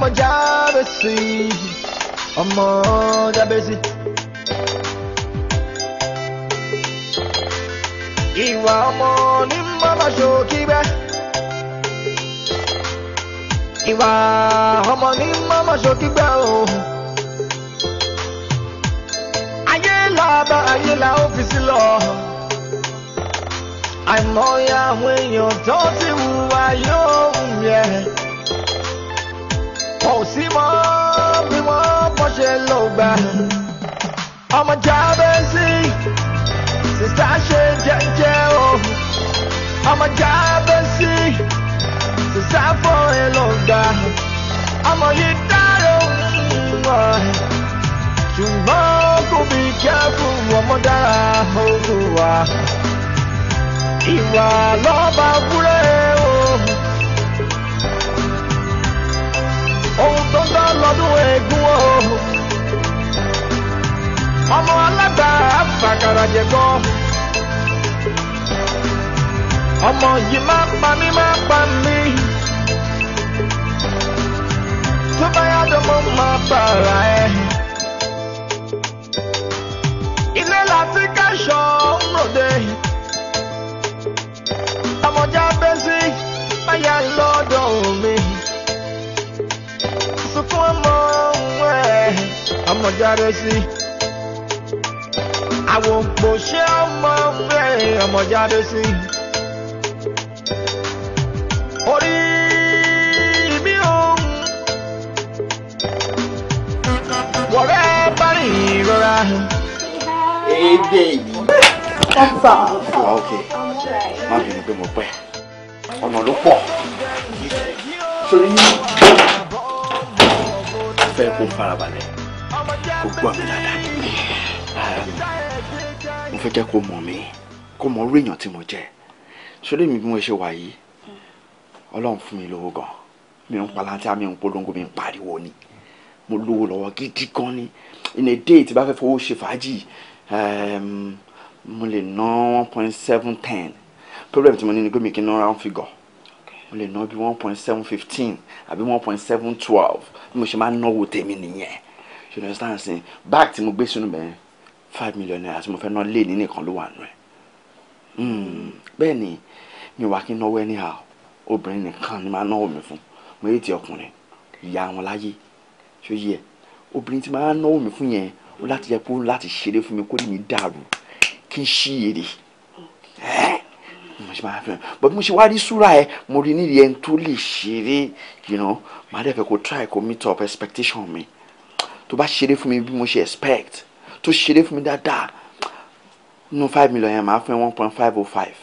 ọmọ jábèsì ọmọ jábèsì. ìwà ọmọ ní mọ́mọ́ ṣòkí bẹ́. ìwà ọmọ ní mọ́mọ́ ṣòkí bẹ́ o. ayé la bá ayé la ó fi sí lọ. àìmọye àwọn èèyàn tó ti hùwà yóò hùwẹ̀ wọn ò sí mọ́ bí wọ́n bọ́ ṣe lò gbà. ọmọ jábẹ́sì sìtá ṣe jẹ́jẹ́ o. ọmọ jábẹ́sì sìtá fún èlò gbà. ọmọ yìí dárò mọ́ ṣùgbọ́n kò bí kẹ́fù ọmọ dára ogun wa. ìwà lọ́ba kúrẹ́ o. ohun tó ń dán lọ́dún eégún o. ọmọ alágbà àfàkàrà jẹ̀gọ́. ọmọ yìí máa pa mí máa pa mí. tó bá yá dán mo máa bàrà ẹ. ilé láti káṣọ ń ọmọ jábẹ́sí báyà lọ́dọ̀ mi tuntun ọmọ òun ẹ̀ ọmọ jáde sí. àwọn gbòṣe ọmọ òun ẹ̀ ọmọ jáde sí. orí mi òun. wọ̀rẹ́ bá rìn ìrora. èdè yìí. ọ̀sán. wà ókè má bínú pé mo pẹ́ ọ̀nà ló pọ̀ sórí yìí fẹ́ kó farabalẹ̀ kó gbọ́ mi dáadáa mo fẹ́ jẹ́ kó mọ̀ mí kó mọ orí èèyàn tí mo jẹ́ sórí mi bí mo ṣe wà yìí ọlọ́run fún mi lówó gan mi ń palantia mi ń polongo mi ń pariwo ni mo lówó lọ́wọ́ gidi gan ni in a day tí bá fẹ́ fowó ṣe fàájì ehm, mo lè ná one point seven ten problem tí mo ní ni pé mi kì í ná round figure mo lè ná bí one point seven fifteen àbí one point seven twelve bí mo ṣe máa ń náwó tèmi nìyẹn you understand sin báàgì tí mo gbé sínú bẹ́ẹ̀ five million naira tí mo fẹ́ ná lé ní nìkan ló wà nù ẹ̀ hmm, bẹ́ẹ̀ ni mi wà kí n náwó anyhow obìnrin nìkan ni máa náwó mi fún mo yé ti ọkùnrin ìyá wọn láyé ṣó yẹ obìnrin tí máa náwó mi fún yẹn ó láti yẹ kó láti ṣeré fún mi kó lè mi dàrú kí n ṣí èrè mo ṣe máa fi hàn but mo ṣe wá rí súra ẹ mo rí nídìí ẹni tó lè ṣeré you know màá dẹ̀ fẹ́ kó try kó meet up expectation mi tó bá ṣeré fún mi bí mo ṣe expect tó ṣeré fún mi dáadáa nínú five million yẹn màá fẹ́ one point five oh five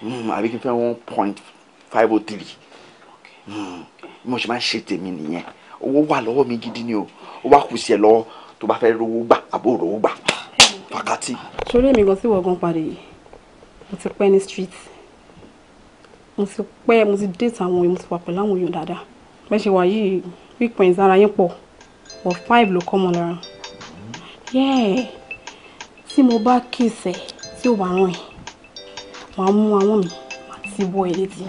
hmm, àbí kí n fẹ́ one point five oh three hmm, bí mo ṣe máa ṣe tèmi nìyẹn owó wà lọ́wọ́ mi gidi ni o ó wá kù sí ẹ lọ́wọ́ tó bá fẹ́ rówó gbà àbó rówó gbà wákàtí. sórí èmi gan sí wọ́n parí yìí mo ti pẹ́ ní street mo ti pẹ́ mo ti date àwọn èèyàn mo ti wà pẹ̀lú àwọn èèyàn dáadáa bẹ́ẹ̀ ṣe wà yìí weak points ara yín pọ̀ wọ̀ five ló kọ́ mọ́ lára tí mo bá kìsẹ̀ tí ò bá ràn ẹ̀ màá mú àwọn mi màá ti bọ ẹ̀ létí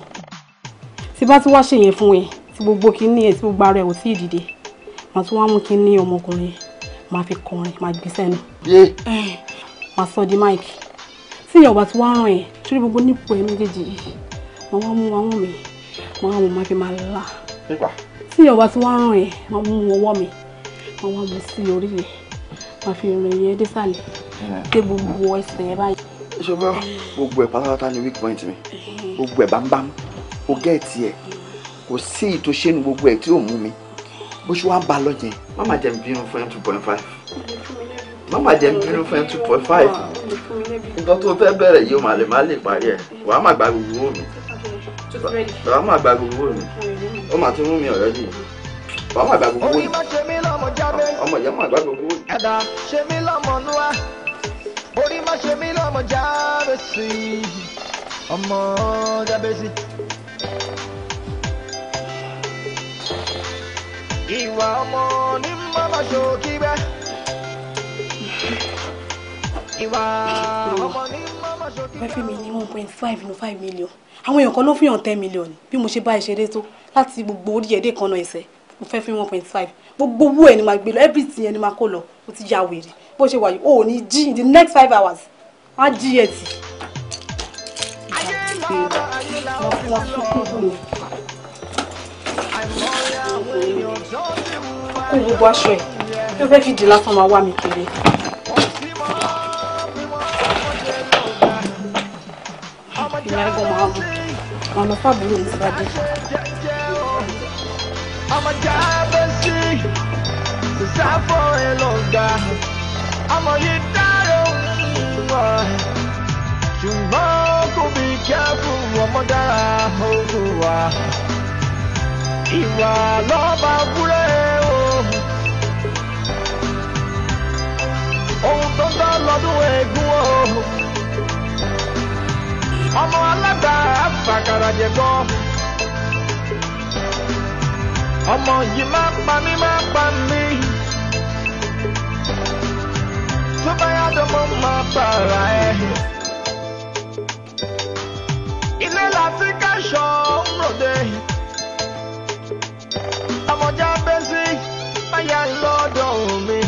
tí bá ti wá ṣèyẹn fún ẹ tí gbogbo kinní ẹ tí gbogbo ara ẹ ò tí ì dìde màá tún wá mú kinní ọmọkùnrin màá fi kọrin màá gbé sẹ́nu eh, màá sọ di mike tí ìyàwó àti wá ràn yẹn torí gbogbo nípò ẹ méjèèjì yìí màá wá mú ọwọ́ mi màá wá mú máa fi máa la tí ìyàwó àti wá ràn yẹn màá mú ọwọ́ mi màá wá mú sí orí yẹn màá fi rìn yẹn désàlẹ̀ dé gbogbo ẹsẹ̀ yẹn báyìí. ìṣòro gbogbo ẹ̀ pátápátá ni weak point mi gbogbo ẹ̀ bámbám o gẹ́ẹ̀tì ẹ̀ kò sí ìtòṣẹ́nu gbogbo ẹ̀ tí ò mú mi bó ṣe wá ń ba lọ má má jẹ́ mi bínú má má jẹ́ bínú fún two point five nǹkan tó fẹ́ bẹ̀rẹ̀ yìí ó má lè má lè parí ẹ̀ wàá má gba gbogbo owó mi wàá má gba gbogbo owó mi ó má ti mú mi ọ̀rẹ́ yìí wàá má gba gbogbo owó mi ọmọ ìyá má gba gbogbo owó mi. ẹ̀dá ṣe mí lọ́mọ núwa orí má ṣe mí lọ́mọ jábèsì ọmọ jábèsì. ìwà ọmọ ní má ṣòkí bẹ́ẹ̀ ìwà ọmọ ní mọ́mọ́ sókè. wọ́n fẹ́ mi ní one point five nínú five million àwọn èèyàn kan ló fihàn ten million bí mo ṣe bá ìṣeré tó láti gbogbo orí ẹ̀dẹ́ kan náà ẹsẹ̀ mo fẹ́ fi one point five gbogbo owó ẹ̀ ni máa gbé lọ everything ẹ̀ ni máa kó lọ mo ti ya wèrè bó ṣe wà yìí o ní jí the next five hours wọ́n á jí ẹ̀ tì. kó gbogbo aṣọ ẹ̀ yóò fẹ́ fìdí lásán máa wá mi kiri. ìyá gan máa mú wọn lọ fàbúrò ní síbájú. ọmọ jábọ́ sí sáfọ́ ẹ lọ gbà wa ìwà lọ́ba búrẹ́ ọ̀rọ̀ yìí má pa mí má pa mí. tó bá yá dọ́mọ́ máa bàrà ẹ̀. ilé láti káṣọ ń ròde. ọmọjà bẹ́sí má yá lọ́dọ̀ mi.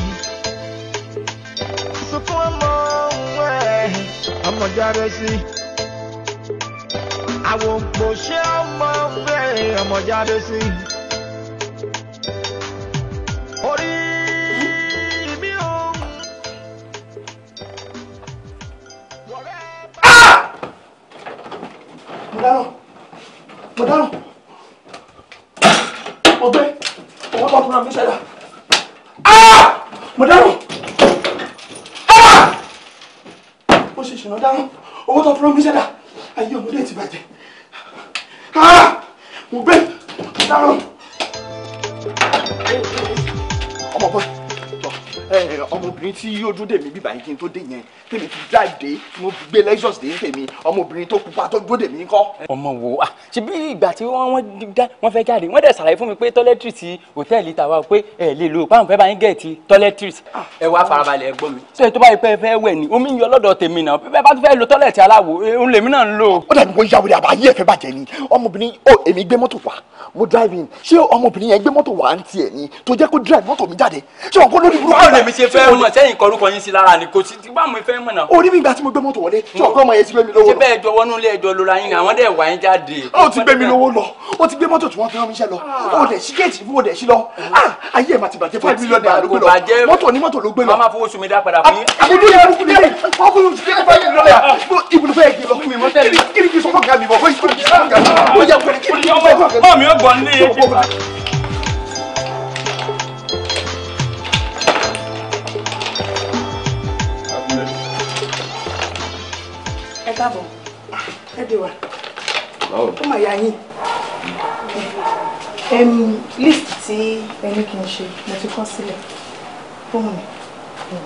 sunkún ọmọ ẹ̀ ọmọjà bẹ́sí. àwọn òpòṣẹ́ ọmọ rẹ̀ ọmọjà bẹ́sí. obìnrin tí yóò dún dèmí bíbá yìí kí n tó dé yẹn tèmi ti jáde mo gbé lexus dé tèmi ọmọbìnrin tó pupa tó dún dèmí kọ́. ọmọ wo ah ṣebí ìgbà tí wọ́n fẹ́ jáde wọ́n dẹ̀ ṣàlàyé fún mi pé toiletries hòtẹ́ẹ̀lì tàwa pé ẹ lè lo páwọn fẹ́ bá yín gẹ̀ẹ́tì toiletries. Ah, ẹ wá farabalẹ̀ ẹ gbọ́ mi. sọ tó bá yẹ pé fẹ́ wẹ̀ ni omi ń yọ lọ́dọ̀ tèmi náà pé bá tún fẹ́ lo tọ́lẹ̀tì aláwo òun eh, lèmi náà ń lò. ó dàbí mo yàwó àbá yí ẹ̀fẹ́ bàjẹ́ ni ọmọbìnrin ó drive in ṣé ọmọbìnrin yẹn gbé mọ́tò wá ń tiẹ̀ ni tó jẹ́ kó drive mọ́tò mi jáde ṣé wọn kó lórí burúkú. báwo lèmi ṣe fẹ́ mọ̀ sẹ́yìn kọrúkọ yín sí lára ni kò sí ti bá mi fẹ́ mọ̀ náà. orí mi ìgbà tí mo gbé mọ́tò wọlé tí ọ̀gá ọmọ yẹn ti gbé mi lówó lọ. ṣé bẹ́ẹ̀ jọ wọnú ilé ẹjọ́ lóra yín ni àwọn dẹ̀ wà yín jáde. ó ti gbé mi lówó lọ ó ti gbé mọ́tò tí wọ́n fi rán mi iṣẹ́ lọ ó dẹ̀ sí géètì fún òdẹ̀ sí lọ ayé ẹ̀ máa bàjẹ́ five million ló gbé lọ mọ́tò ní ló gbé lọ. káàbọ̀ ẹ dè wá ó mà yá yín list tí ẹni kì í ṣe mo ti kọ́ sílẹ̀ fóònù mi.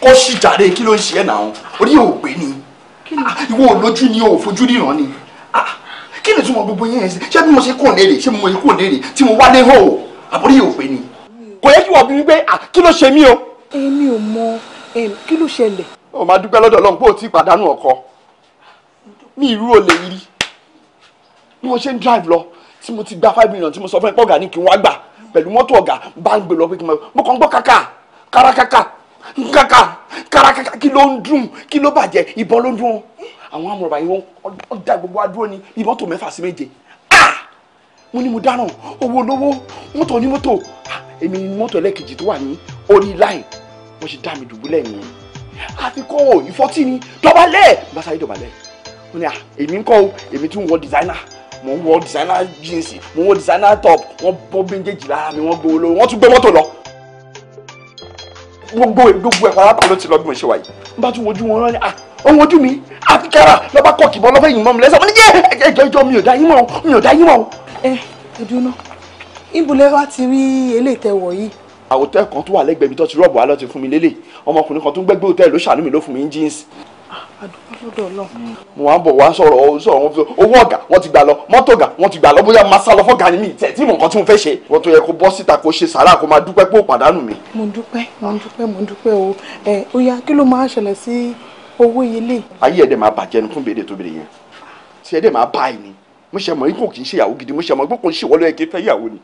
kọ́ sí jàre kí ló ń ṣe ẹ̀ náà orí ò pé ni ah, ìwọ ò lójú ni o ò fojú ríran ni ah, kí ni túmọ̀ gbogbo yẹn ṣé bí mo ṣe kò léèrè ṣé mo ṣe kò léèrè tí mo wá lé hó ah, o àbúrí ò pé ni. kò yẹ kí wọ́n bí mi kí ló ṣe mí o. èmi ò mọ kí ló ṣẹlẹ̀ o máa dúpẹ́ lọ́dọ̀ Ọlọ́run pé o ti pàdánù ọkọ mi irú olè yìí rí bí mo ṣe ń drive lọ tí mo ti gba five million tí mo sọ fún ẹ pé ọ̀gá ni kí n wá gbà pẹ̀lú mọ́tò ọ̀gá bá ń gbé lọ pé kí n máa mo kàn ń gbọ́ kàkà kárakákà kàkà kárakákà kí ló ń dùn kí ló bàjẹ́ ìbọn ló ń dùn àwọn amọ̀ràn yìí wọ́n dá gbogbo adúró ni bí mọ́tò mẹ́fà sí méje mo ní mo dáràn owó lówó mọ́tò onímọ́tò èmi ni mọ́tò ẹlẹ́kejì tó wà ní orí láì wọ́n ṣe dá mi dùbúlẹ̀ yẹn àti kọ́ ò ìfọ́tí ni dọ̀bálẹ̀ gbàsáyé dọ̀bálẹ̀ ó ní à èmi ń kọ́ o èmi tún wọ designer mo ń wọ designer jeans mo ń wọ designer top wọ́n bọ́ méjèèjì lára mi wọ́n gbowó lọ́wọ́ wọ́n tún gbé mọ́tò lọ gbogbo gbogbo ẹ̀ pàápàá ló ti lọ bí mo ṣe wà yìí n bá tún wojú wọn rán ni à òun ojú mi àti kára lọ́ba kọ́ kìbọn lọ́fẹ́ yìí mọ́ mi lẹ́sẹ̀ mo ní jẹ́ ẹjọ́ ẹjọ́ mi ò dá yín mọ́ mi ò dá ẹ àwòtẹ́ kan tó wà lẹ́gbẹ̀ẹ́ mi tó ti rọ́ọ̀bù alọ́ ti fún mi lélẹ̀ ọmọkùnrin kan tó ń gbẹ́gbẹ́ òtẹ́ẹ̀lì ló ṣàánú mi ló fún mi ní jíǹsì. àdúgbò lọ́dọ̀ náà. mo wá ń bọ̀ wá sọ̀rọ̀ sọ̀rọ̀ owó ọ̀gá wọ́n ti gbà lọ mọ́tò ọ̀gá wọ́n ti gbà lọ bóyá máa sá lọ fọ́gà ni mi tẹ̀ tí mò ń kan tí mo fẹ́ ṣe. wọ́n tó yẹ kó bọ́ síta kó ṣe sàrà kó máa dúpẹ́ pé ó pàdánù mi. mo dúpẹ́ mo dúpẹ́ mo dúpẹ́ o ẹ ó yá kí ló máa ṣẹlẹ̀ sí owó ilé. ayé ẹ̀dẹ̀ máa bàjẹ́ ni fún bèrè tó bèrè yẹn ṣé ẹ̀dẹ̀ máa ẹ̀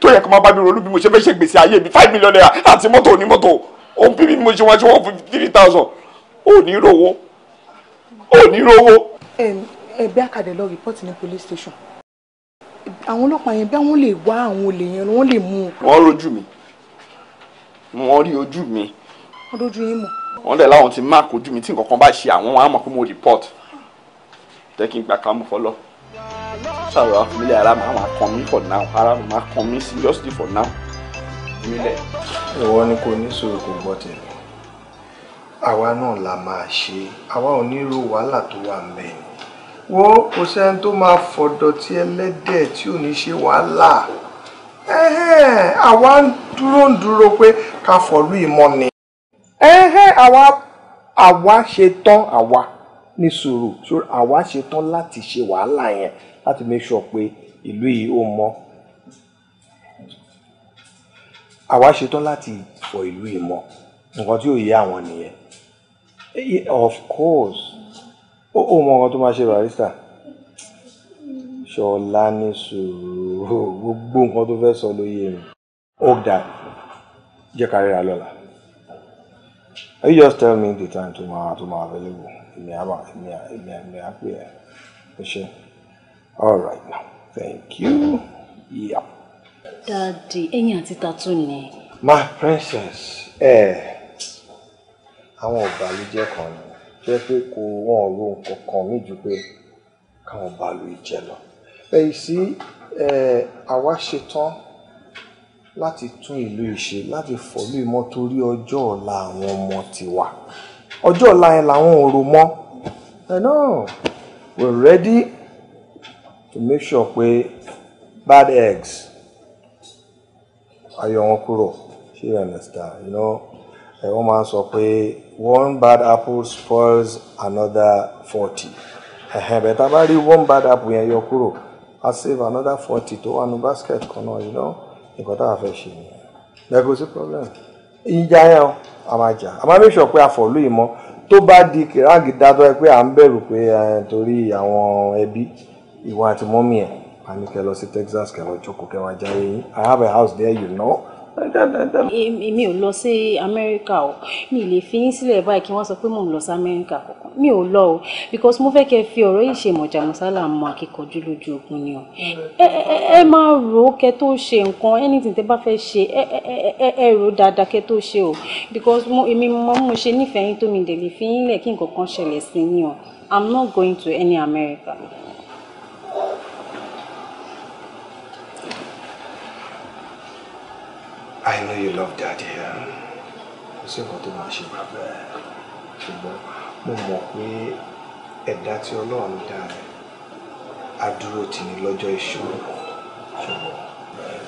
tó yẹ kó máa bá mi ronú bí mo ṣe fẹ́ ṣe gbèsè ayé mi five million naira àti mọ́tò onímọ́tò òun bí mo ṣe wá ṣe one fifty three thousand ò ní rówó ò ní rówó. ẹgbẹ́ àkàdé lọ rìpọ́tì ní police station àwọn ọlọ́pàá yẹn bí wọ́n lè wá àwọn olè yẹn wọ́n lè mú un. wọ́n rojú mi wọ́n rí ojú mi. wọ́n rojú yín mọ̀. wọ́n dẹ̀ láwọn ti máàkì ojú mi tí nǹkan kan bá ṣe àwọn wọn á mọ̀ pé mo rìpọ́tì jẹ́ kí n gbà ṣàrò àwọn fúnmi lẹ ara I'm máa kàn mí for now ara máa kàn mí seriously for now mi lẹ. ìwọ ni kò ní sòrò kò gbọ́ tèmi àwa to la máa ṣe àwa to ní ro wàhálà tó wà mẹ́rin wo kò sẹ́ni tó máa fọ̀dọ̀ tí ẹlẹ́dẹ̀ tí ò ní ṣe wàhálà àwa ń dúró ń dúró pé ká fọ̀lú ìmọ̀ ni àwa ṣe tán àwa ní sùúrù so àwa ṣetán láti ṣe wàhálà yẹn láti make sure pé ìlú yìí ó mọ́ àwa ṣetán láti fọ ìlú yìí mọ́ nǹkan tí ò yé àwọn nìyẹn of course ó ó mọ nǹkan tó máa ṣe barista ṣọlá ní sùúrù gbogbo nǹkan tó fẹ́ sọ ló yé mi ó dà jẹ́ ká ríra lọ́la you just tell me the time tomorrow tomorrow available èmi àmà èmi èmi èmi àpè ẹ ẹ ṣe all right now thank you yeah. dadi ẹ̀yin àti tatu ni. my princess ẹ àwọn ọ̀bàlújẹ́ kan ni jẹ́ pé kò wọ́n ò ro nǹkan kan mí ju pé káwọn ọ̀bàlújẹ́ jẹ lọ ẹ̀yìn sí àwa ṣetán láti tún ìlú ìṣe láti fọ̀lú ìmọ́tórí ọjọ́ ọ̀la àwọn ọmọ tiwa ọjọ́ ọ̀la yẹn làwọn ò rò mọ́ ẹ náà we're ready to make sure pé bad eggs ayọ̀ wọn kúrò ṣé you understand you know ẹ wọ́n máa ń sọ pé one bad apple spoils another forty ẹ̀hẹ̀n bẹ́ẹ̀ tá a bá rí one bad apple yẹn yọ kúrò á save another forty tó wà ní basket kan náà you know nǹkan tá a fẹ́ ṣe nìyẹn ẹ kò sí problem. yíyá yẹn a máa jà a máa pé a fọ̀ tó bá di ráàgì ẹ pé à ń bẹ̀rù pé torí àwọn ẹbí ìwà àti mọ́mí ẹ a lọ sí Texas kẹ́ lọ jókòó jáde I have a house there you know. èmi ò lọ sí amẹ́ríkà o mi lè fi yín sílẹ̀ báyìí kí wọ́n sọ pé mò ń lọ sí amẹ́ríkà kankan mi ò lọ o because mo fẹ́ kẹ́ fi ọ̀rọ̀ yìí ṣe mọ̀jà mọ́sálà mọ́ akíkanjú lójú ogun ni o ẹ máa rò ó kẹ́ tó ṣe nǹkan anything tẹ́ bá fẹ́ ṣe ẹ rò ó dáadáa kẹ́ tó ṣe o because èmi mo mo ṣe nífẹ̀ẹ́ yín tó dẹ̀ lè fi yín lẹ̀ kí nǹkan kan ṣẹlẹ̀ sí yín o i'm not going to any america. I know you love daddy. Kò sí nǹkan tó máa ṣe bàbá ẹ̀. Ṣùgbọ́n mo mọ̀ pé ẹ̀dá tí Ọlọ́run dá rẹ̀ á dúró tì ní lọ́jọ́ ìṣòro. Ṣùgbọ́n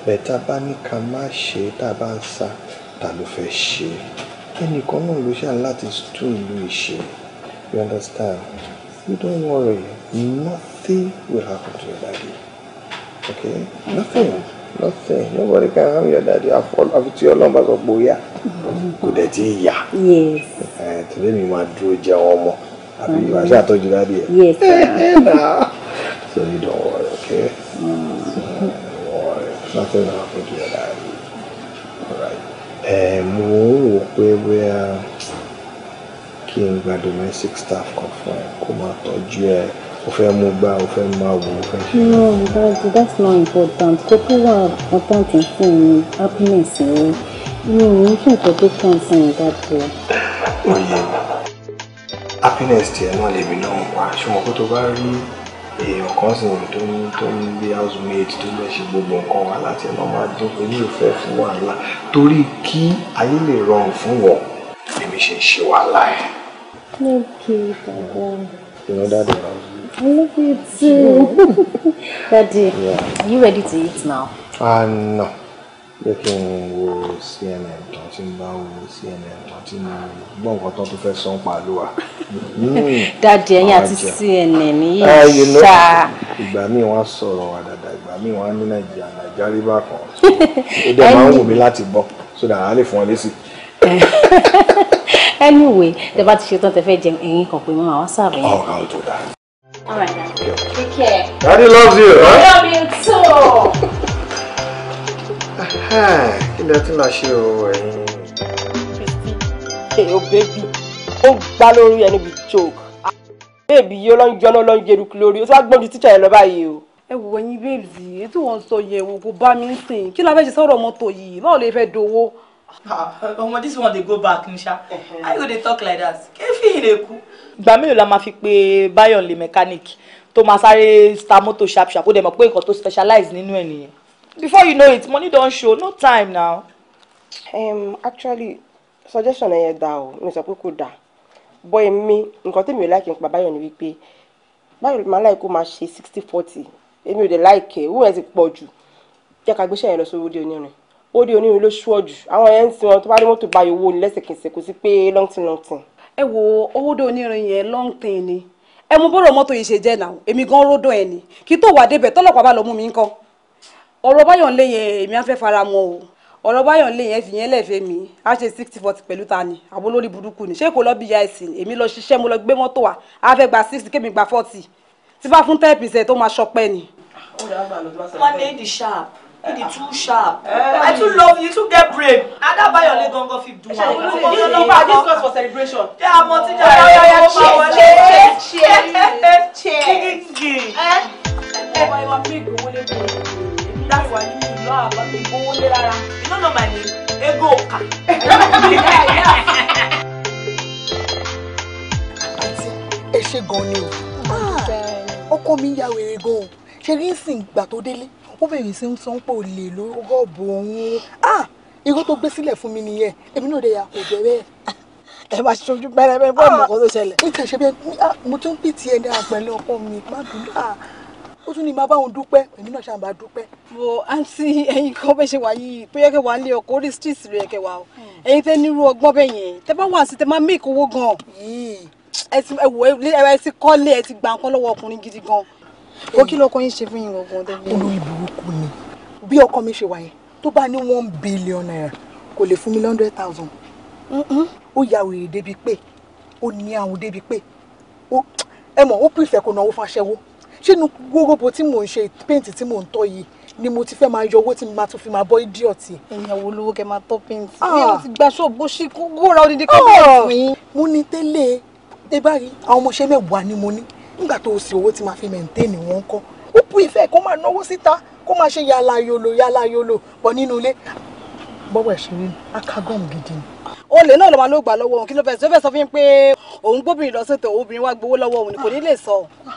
bẹ̀tà bá ní ká má ṣe tá a bá ń sá ta ló fẹ́ ṣe. Ẹnìkan náà ló ṣàn láti tún ìlú ìṣe. You understand? You don't worry. Nothing will happen to your daddy. Okay? Nothing nothing nobody can harm your daddy àfi tí ọlọ́run bá sọ pé ó yà kò dẹ̀ tí ì yà tẹ̀lé mi máa dúró jẹ ọmọ àbí you ṣàtọ́jú daddy ẹ̀ so you don't worry okay mm. don't worry nothing will happen to your daddy All right. ń eh, wò pé bóyá kí n gba domestic staff kan fún ẹ kó máa tọ́jú o fẹ́ mú gbá o fẹ́ máa wò o fẹ́ ṣe. no daddy that's not important kó tó wà important fún mi happiness rẹ eh? mi ò ní kí nǹkan tó kàn sí mi daddy. ó happiness tiẹ̀ náà lèmi náà wà ṣùgbọ́n kó tó bá rí èèyàn kan sì ń tó ní tó ní bí housemate tó lè ṣe gbogbo nǹkan wà láti ẹ̀ náà máa dín pé ní ìfẹ́ fún wàhálà torí kí ayé lè rọrùn fún wọn lèmi ṣe ń ṣe wàhálà ẹ̀. thank you dada. you know dada. I love you too. Daddy, yeah. are you ready to eat now? Uh, no. Looking for CNN, talking about wo CNN, talking Don't want to first song Palua. Daddy, ẹ̀yin àti CNN Yes. Sir, yìí ah, ṣá. Ìgbà míì wọ́n sọ̀rọ̀ wa dáadáa, ìgbà míì wọ́n ní Nàìjíríà, Nàìjíríà rí bákan. back dẹ̀ máa ń wù be láti bọ̀ so that I'll lè fún Anyway, the bá ti ṣetán tẹ fẹ́ jẹun ẹ̀yin kan pé mo máa wá sáàbẹ̀ yẹn. Oh, I'll do that. All Daddy. Take care. Daddy loves you, huh? I love you too. Kí lẹ tún la ṣe o ẹ̀yin? Oh, baby, Oh, gbá lórí ẹni bí joke. Ah, baby, yìí long, you're lọ́n yẹrù lórí, ó ti wá gbọ́n ju tíṣà yẹn lọ báyìí o. Ẹ wo ẹ̀yin baby, ètò wọn sọ yẹ wo kò bá mi ń sìn. Kí la fẹ́ ṣe sọ̀rọ̀ mọ́tò yìí? Báwo lè fẹ́ dowó? Ah, ọmọ this one they go back, Nsha. I go dey talk like that? Kẹ́fì ìrẹ̀kú ìgbà mélòó la máa fi pe Báyọ̀ lè mechanic tó máa sáré sta mọ́tò sharp sharp ó dẹ̀ mọ̀ pé nǹkan tó specialize nínú ẹ̀ nìyẹn before you know it money don show no time now. Um, actually suggestion ẹ̀yẹ da o mi sọ pé kò da bọ́ èmi nǹkan tèmi ò láìkí nípa Báyọ̀ ni wípé Báyọ̀ máa láì kó máa ṣe sixty forty èmi ò dẹ̀ láìkẹ́ owó yẹn ti pọ̀ jù jẹ́ ká gbéṣẹ́ yẹn lọ sí òde onírin òde onírin ló ṣúọ̀ jù àwọn yẹn ń sin wọn tó bá rí mọ́tò báyìí owó ni lẹ́sẹ̀kẹsẹ̀ kò sí pé long time long time ẹ wo owó dé onírin yẹn long time ni ẹ mú bọ́rọ̀ mọ́tò yìí ṣe jẹ́ náà èmi gan ródò ẹ̀ ni kí tó wà débẹ̀ tọ́lọ́pàá bá lọ mú mi ń kọ́ ọ̀rọ̀ báyọ̀ ńlẹ̀ yẹn èmi á fẹ́ fara mọ́ o ọ̀rọ̀ báyọ̀ ńlẹ̀ yẹn fìyẹn lẹ́fẹ̀ẹ́ mi á ṣe sixty forty pẹ̀lú ta ni àbó lórí burúkú ni ṣé kò lọ bí ya ẹ̀sìn èmi lọ ṣiṣẹ́ mo lọ gbé mọ́tò wa á fẹ́ gba sixty kémi gba forty tí bá fún ten percent tó máa ṣọpẹ́ ni. one eighty sharp It is too sharp. Uh, I too love you, too get brain. Na that buy your leg on go fit do am. This number, this was for celebration. Ṣé a mọ tíjà rẹ̀ yóò máa wọlé? Ṣé ṣé ṣé kíkì. Ọmọ ìwà pé ìgbówó lé bẹ̀rẹ̀. Láti wà nínú ìlú àbá pé ìgbówó lé rárá. You no know my name, Ego Oka. Àǹtí, ẹ ṣe gan ni o. Ọkọ mi ń ya wèrè gan o. Ṣé rí ń sìn gbà tó délé? ó bẹ̀rẹ̀ sí ń sọ pé olè ló rọ̀bù òun ah irọ́ tó gbé sílẹ̀ fún mi nìyẹn èmi náà dẹ̀yà kò bẹ̀rẹ̀ ẹ máa ṣojú pẹrẹpẹ bọ́ọ̀ mọ̀ kó tó ṣẹlẹ̀. n kò ṣe bẹ́ẹ̀ mo tún pì tí ẹ dára pẹ̀lú ọkọ mi má dùn á ó tún ní máa bá òun dúpẹ́ èmi náà ṣàǹbá dúpẹ́. wo àǹtí ẹ̀yin kan bẹ́ẹ̀ ṣe wà yìí bóyá kẹwà ń lé ọkọ orí street rẹ̀ kẹwà o hmm. ẹ̀yin tẹ́ nírú ọgbọ́n bẹ́ẹ̀ yẹn tẹ́ bá wà sí tẹ́ máa mí ìkówó gan-an ẹ ti kọ́lé ẹ ti gba nǹkan lọ́wọ́ ọkùnrin gidi gan-an o kí lọkọ yín ṣe fún yín gbọ̀ngàn tó bí. olórí burúkú ni bí ọkọ mi ṣe wà yẹn tó bá ní one billion naira kò lè fún mi one hundred thousand ó ya wèrè débi pé ó ní àwọn débi pé ẹ mọ̀ ó pìfẹ́ kó náwó fáṣẹ́wó ṣé gbogbo tí mò ń ṣe péǹtì tí mò ń tọ́ yìí ni mo ti fẹ́ máa yọ owó tí mo tún fi máa bọ́ idiot. ìyàwó olówó kẹ máa tọ́ péǹtì. Ah. mi ò ti gba ṣọ́ọ̀bù ṣì kó ra odidi kábíyèsí. Ah. mo ní tẹ́lẹ̀ ẹ báyìí àwọn ọmọọṣẹ́ mẹ́wàá ni mo ní nígbà tó o sì owó tí máa fi mẹ̀ǹtẹ́ẹ̀nì wọn kọ́ ó pu ìfẹ́ kó máa náwó síta kó máa ṣe yàlà yòlò yàlà yòlò bọ̀ nínú ilé bọ́wọ́ ẹ̀ ṣeré ni akágọ́m gidi ni. olè náà ló máa ló gbà lọ́wọ́ òun kí ló fẹ́ sọ fẹ́ sọ fún mi pé òun gbóbìnrin lọ sọ́tọ̀ obìnrin wá gbowó lọ́wọ́ òun ni kò ní lè sọ.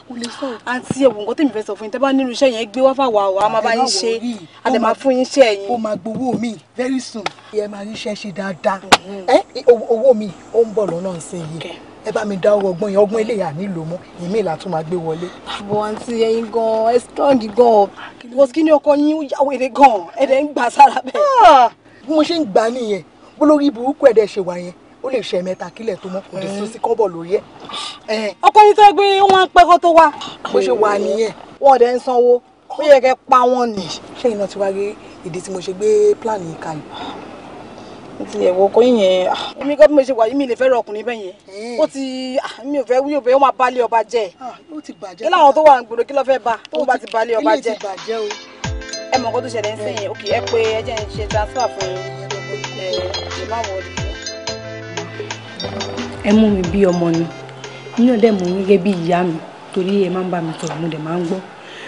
kò lè sọ. àǹtí ẹ̀wọ̀n nǹkan tèmi fẹ́ sọ fún yín tẹ́ bá nínú iṣẹ́ yẹn gbé wá fáwọn àwọn a bá yín ṣe a lè máa fún yín iṣẹ́ yín. ó máa gbowó mi very soon. ìyẹn máa rí iṣẹ́ ṣe dáadáa. owó mi ó ń bọ̀ lọ́nà ìsinyìí ẹ bá mi dá ọgbọ́n yẹn ọgbọ́n eléyà nílò mọ́ ìmí ìlà tún máa gbé wọlé. àbọ̀ àǹtí ẹ̀yin gan-an ẹ strong gan-an because kí ni ọkọ yín ó gan-an ẹ̀dẹ̀ ń gbà sára bẹ́ẹ̀. Ah! bí mo ṣe ń gbà nìyẹn bólórí burúkú ẹ̀dẹ̀ ṣe wà yẹn ó lè ṣe mẹ́ta kílẹ̀ tó mọ́ kò lè sí kọ́bọ̀ lórí ẹ̀. ọkọ yín tó gbé wọn pẹ́ kó tó wá. bó ṣe wà nìyẹn. wọn ò ń sanwó ó yẹ kẹ́ pa wọn nì. ṣé iná ti wá rí ìdí tí mo ṣe gbé plan yìí kalẹ̀ ti ẹ̀wọ̀ kọ́ yẹn. Ah. èmi gbọ́ bí mo ṣe wà yìí mi lè fẹ́ rọ ọkùnrin bẹ́ẹ̀ yẹn hmm. ó ti ah, mi ò fẹ́ wí òbẹ́ ó máa balẹ̀ ọba jẹ́ ah, kí láwọn tó wà ń gbòdò kí ló fẹ́ bá tó bá ti balẹ̀ ọba jẹ́ ẹ mọ̀ nǹkan tó ṣẹlẹ̀ ń sẹ́yìn òkè ẹ pé ẹ jẹ́ ń ṣe transfer fún ẹ ẹ má wọlé. ẹ mú mi bí ọmọ ni mi náà dẹ̀ mú mi gẹ́gẹ́ bí ìyá mi torí ẹ máa ń bá mi sọ̀rọ̀ mo dẹ̀ máa ń gbọ́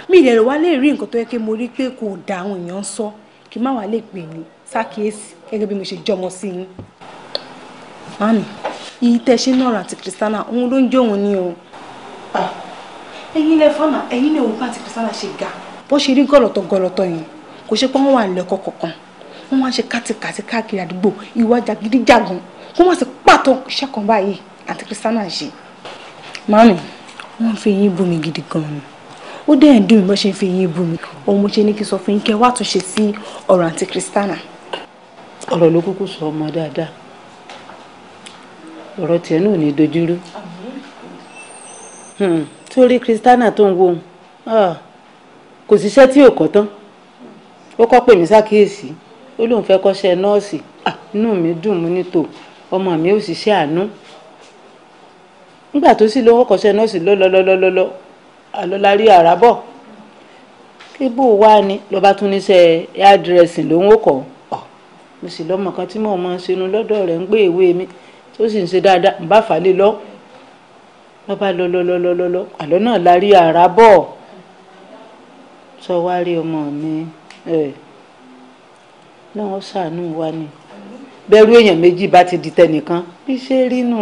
mi ìdẹ̀rẹ̀ wa lè rí nǹkan tó yẹ kí mo rí pé kò dá àwọn èèyàn sọ kí má wàá lè pè mí sákìyèsí gẹ́gẹ́ bí mo ṣe jọmọ sí yín mami iye tẹ ṣe náà àti Christiana òun ló ń jó òun ni o ah, ẹ̀yin lẹ fọnà ẹ̀yin lè òun bá àti Christiana ṣe ga bó ṣe rí gọlọtọ gọlọtọ yẹn kò ṣe pé wọn wà lẹkọ kọ̀ọ̀kan wọn wá ṣe kátikàti káàkiri àdúgbò ìwà jàgídíjàgan kó wọn sì pàtó iṣẹ́ kan báyìí àti Christiana ṣe mami wọn fi yín bú gidi gan-an ni ó dẹ̀ ń dùn mí bó ṣe ń fi yín bú òun mo ṣe ní kí sọ fún yín kẹ́ wá tún ṣe sí ọ̀rọ̀ àti Christiana ọ̀rọ̀ ló kúkú sọ ọmọ dáadáa ọ̀rọ̀ tiẹ̀ náà ní dojúrú torí hmm, kristiana tó ń wo ah, kò síṣẹ́ tí ò kọ́ tán ó kọ́ pè mí sákìyèsí ó lóun fẹ́ kọ́ṣẹ́ nọ́ọ̀sì ah, inú mi dùn mú ní tò ọmọ mi ò ṣiṣẹ́ àánú nígbà tó sì lówó kọ́ṣẹ́ nọ́ọ̀sì lọ́lọ́lọ́lọ́lọ́ àlọ́lárí àràbọ̀ kí bò wá ni lọ́ba tún níṣẹ́ hairdressing lòun ó kọ́ ọ́ mo sì lọ́mọ kan tí mò ń mọ sínú lọ́dọ̀ rẹ̀ ń gbé ìwé mi tó sì ń ṣe dáadáa ń bá fàálẹ̀ lọ lọ́ bá lọ lọ lọ lọ lọ àlọ́ náà la rí àrà bọ̀ sọ wá rí ọmọ mi náà wọ́n ṣàánú wa ni bẹ́rù èèyàn méjì bá ti di tẹnìkan bí ṣe rí nù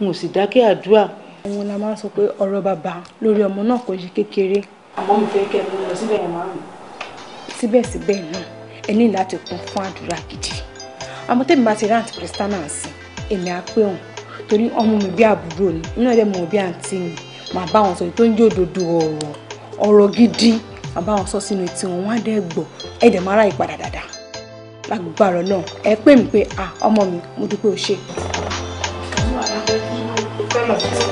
n ò sì dákẹ́ àdúrà. àwọn la máa ń sọ pé ọ̀rọ̀ bàbá lórí ọmọ náà kò ṣe kékeré. àmọ́ mi fẹ́ kẹ́ ẹ lọ síbẹ̀ yẹn márùn-ún. síbẹ̀síbẹ̀ náà ẹ ní láti kún fún àdúrà gidi àmọ́ tẹ́mi bá ti rí àǹtí Christiana sí èmi á pé òun torí ọmọ mi bí àbúrò ni inú ẹ̀dẹ̀ mọ̀ bí àǹtí mi màá bá wọn sọ èyí tó ń jòdòdò ọ̀rọ̀ ọ̀rọ̀ gidi màá bá wọn sọ sínú etí wọn wọ́n á dẹ́ gbọ́ ẹ̀dẹ̀ máa ráyè padà dáadáa lágbára náà ẹ pè mí pé ọmọ mi mo dúpẹ́ o ṣe. Thank you.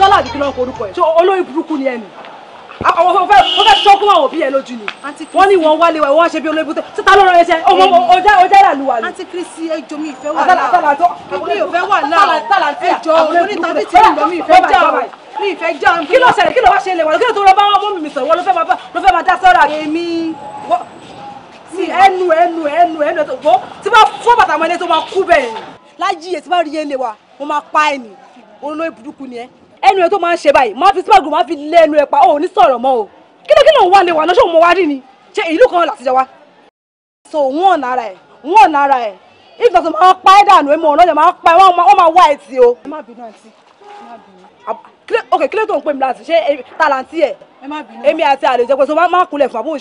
dọ́là àbí kí ló ń kọ orúkọ ẹ̀ ṣé olórí burúkú ni ẹni àwọn ọmọ fẹ́ wọ́n fẹ́ tọ́kún àwọn òbí ẹ lójú ni wọ́n ní wọ́n wálé wa wọ́n ṣe bí olóyìnbó tó síta ló rán ẹsẹ̀ ọmọ ọjà ọjà ìlàlú wa ni. àti kristi ẹjọ mi ìfẹ́ wà náà mi ò fẹ́ wà náà ẹjọ olórí tàbí tí ìlọ mi ìfẹ́ jà o mi ìfẹ́ jà o. kí ló ṣẹlẹ̀ kí ló wá ṣe lè wà kí tó rọ bá wọn mú mi sọ̀rọ̀ ló fẹ́ máa dá sọ́ra. èmi ti ẹnu ẹnu ẹnu ẹnu ẹ̀tọ́ tí bá fọ́ bàtà mọ́ ilé tó máa kú bẹ́ẹ̀ láyé ẹ̀ tí bá rí ẹ lè wa mo máa pa ẹ̀ ní olóyìnbó burúkú ni ẹ ẹnu ẹ tó máa ń ṣe báyìí máa fi sípàgùn máa fi lé ẹnu ẹ pa ò ní sọ̀rọ̀ mọ́ o kí ló kí ló ń wá lé wa náà ṣé òun wá ni ṣe ìlú kan láti jẹ wá. so wọn ò nara ẹ wọn ò nara ẹ if not máa pa ẹ dànù ẹmọ ọ̀nà máa pa ẹ wọn máa o. ẹ má bínú àǹtí má bínú. ok tó ń ṣe ẹ èmi àti àlè jẹ pé so máa fún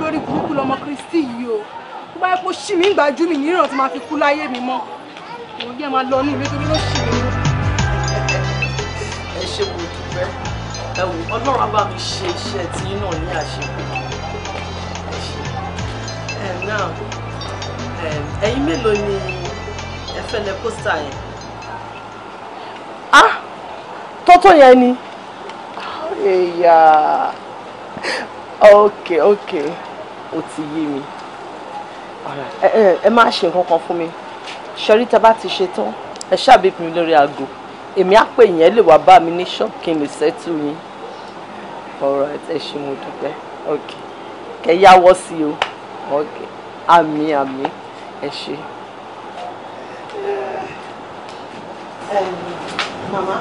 lórí burúkú lọmọ kristi yìí o tó bá yẹ kó ṣì mí gbàjú mi níràn tí máa fi kú láyé mi mọ́ mo yẹ máa lọ ní ilé tó ló ṣì mí. ẹ ṣe mo dúpẹ́ ẹ wò ọlọ́run á bá mi ṣe iṣẹ́ tí náà ní àṣepọ̀ ẹ ṣe ẹ náà ẹ̀yin mélòó ni ẹ fẹ́ pósítà yẹn. ah tọ́tọ̀ yẹn ni. èèyàn ok ok ó ti yé mi ẹ má ṣe nǹkan kan fún mi ṣẹ́rí tá a bá ti ṣe tán ẹ ṣàbí mi lórí aago èmi á pè yẹn lè wá bá mi ní ṣọ́ọ̀bù kí n lè ṣẹ́tù yín ọ̀rọ̀ ẹ ṣe mo dúpẹ́ ok kẹ yáwọ́ sí o ok àmì àmì ẹ ṣe. màmá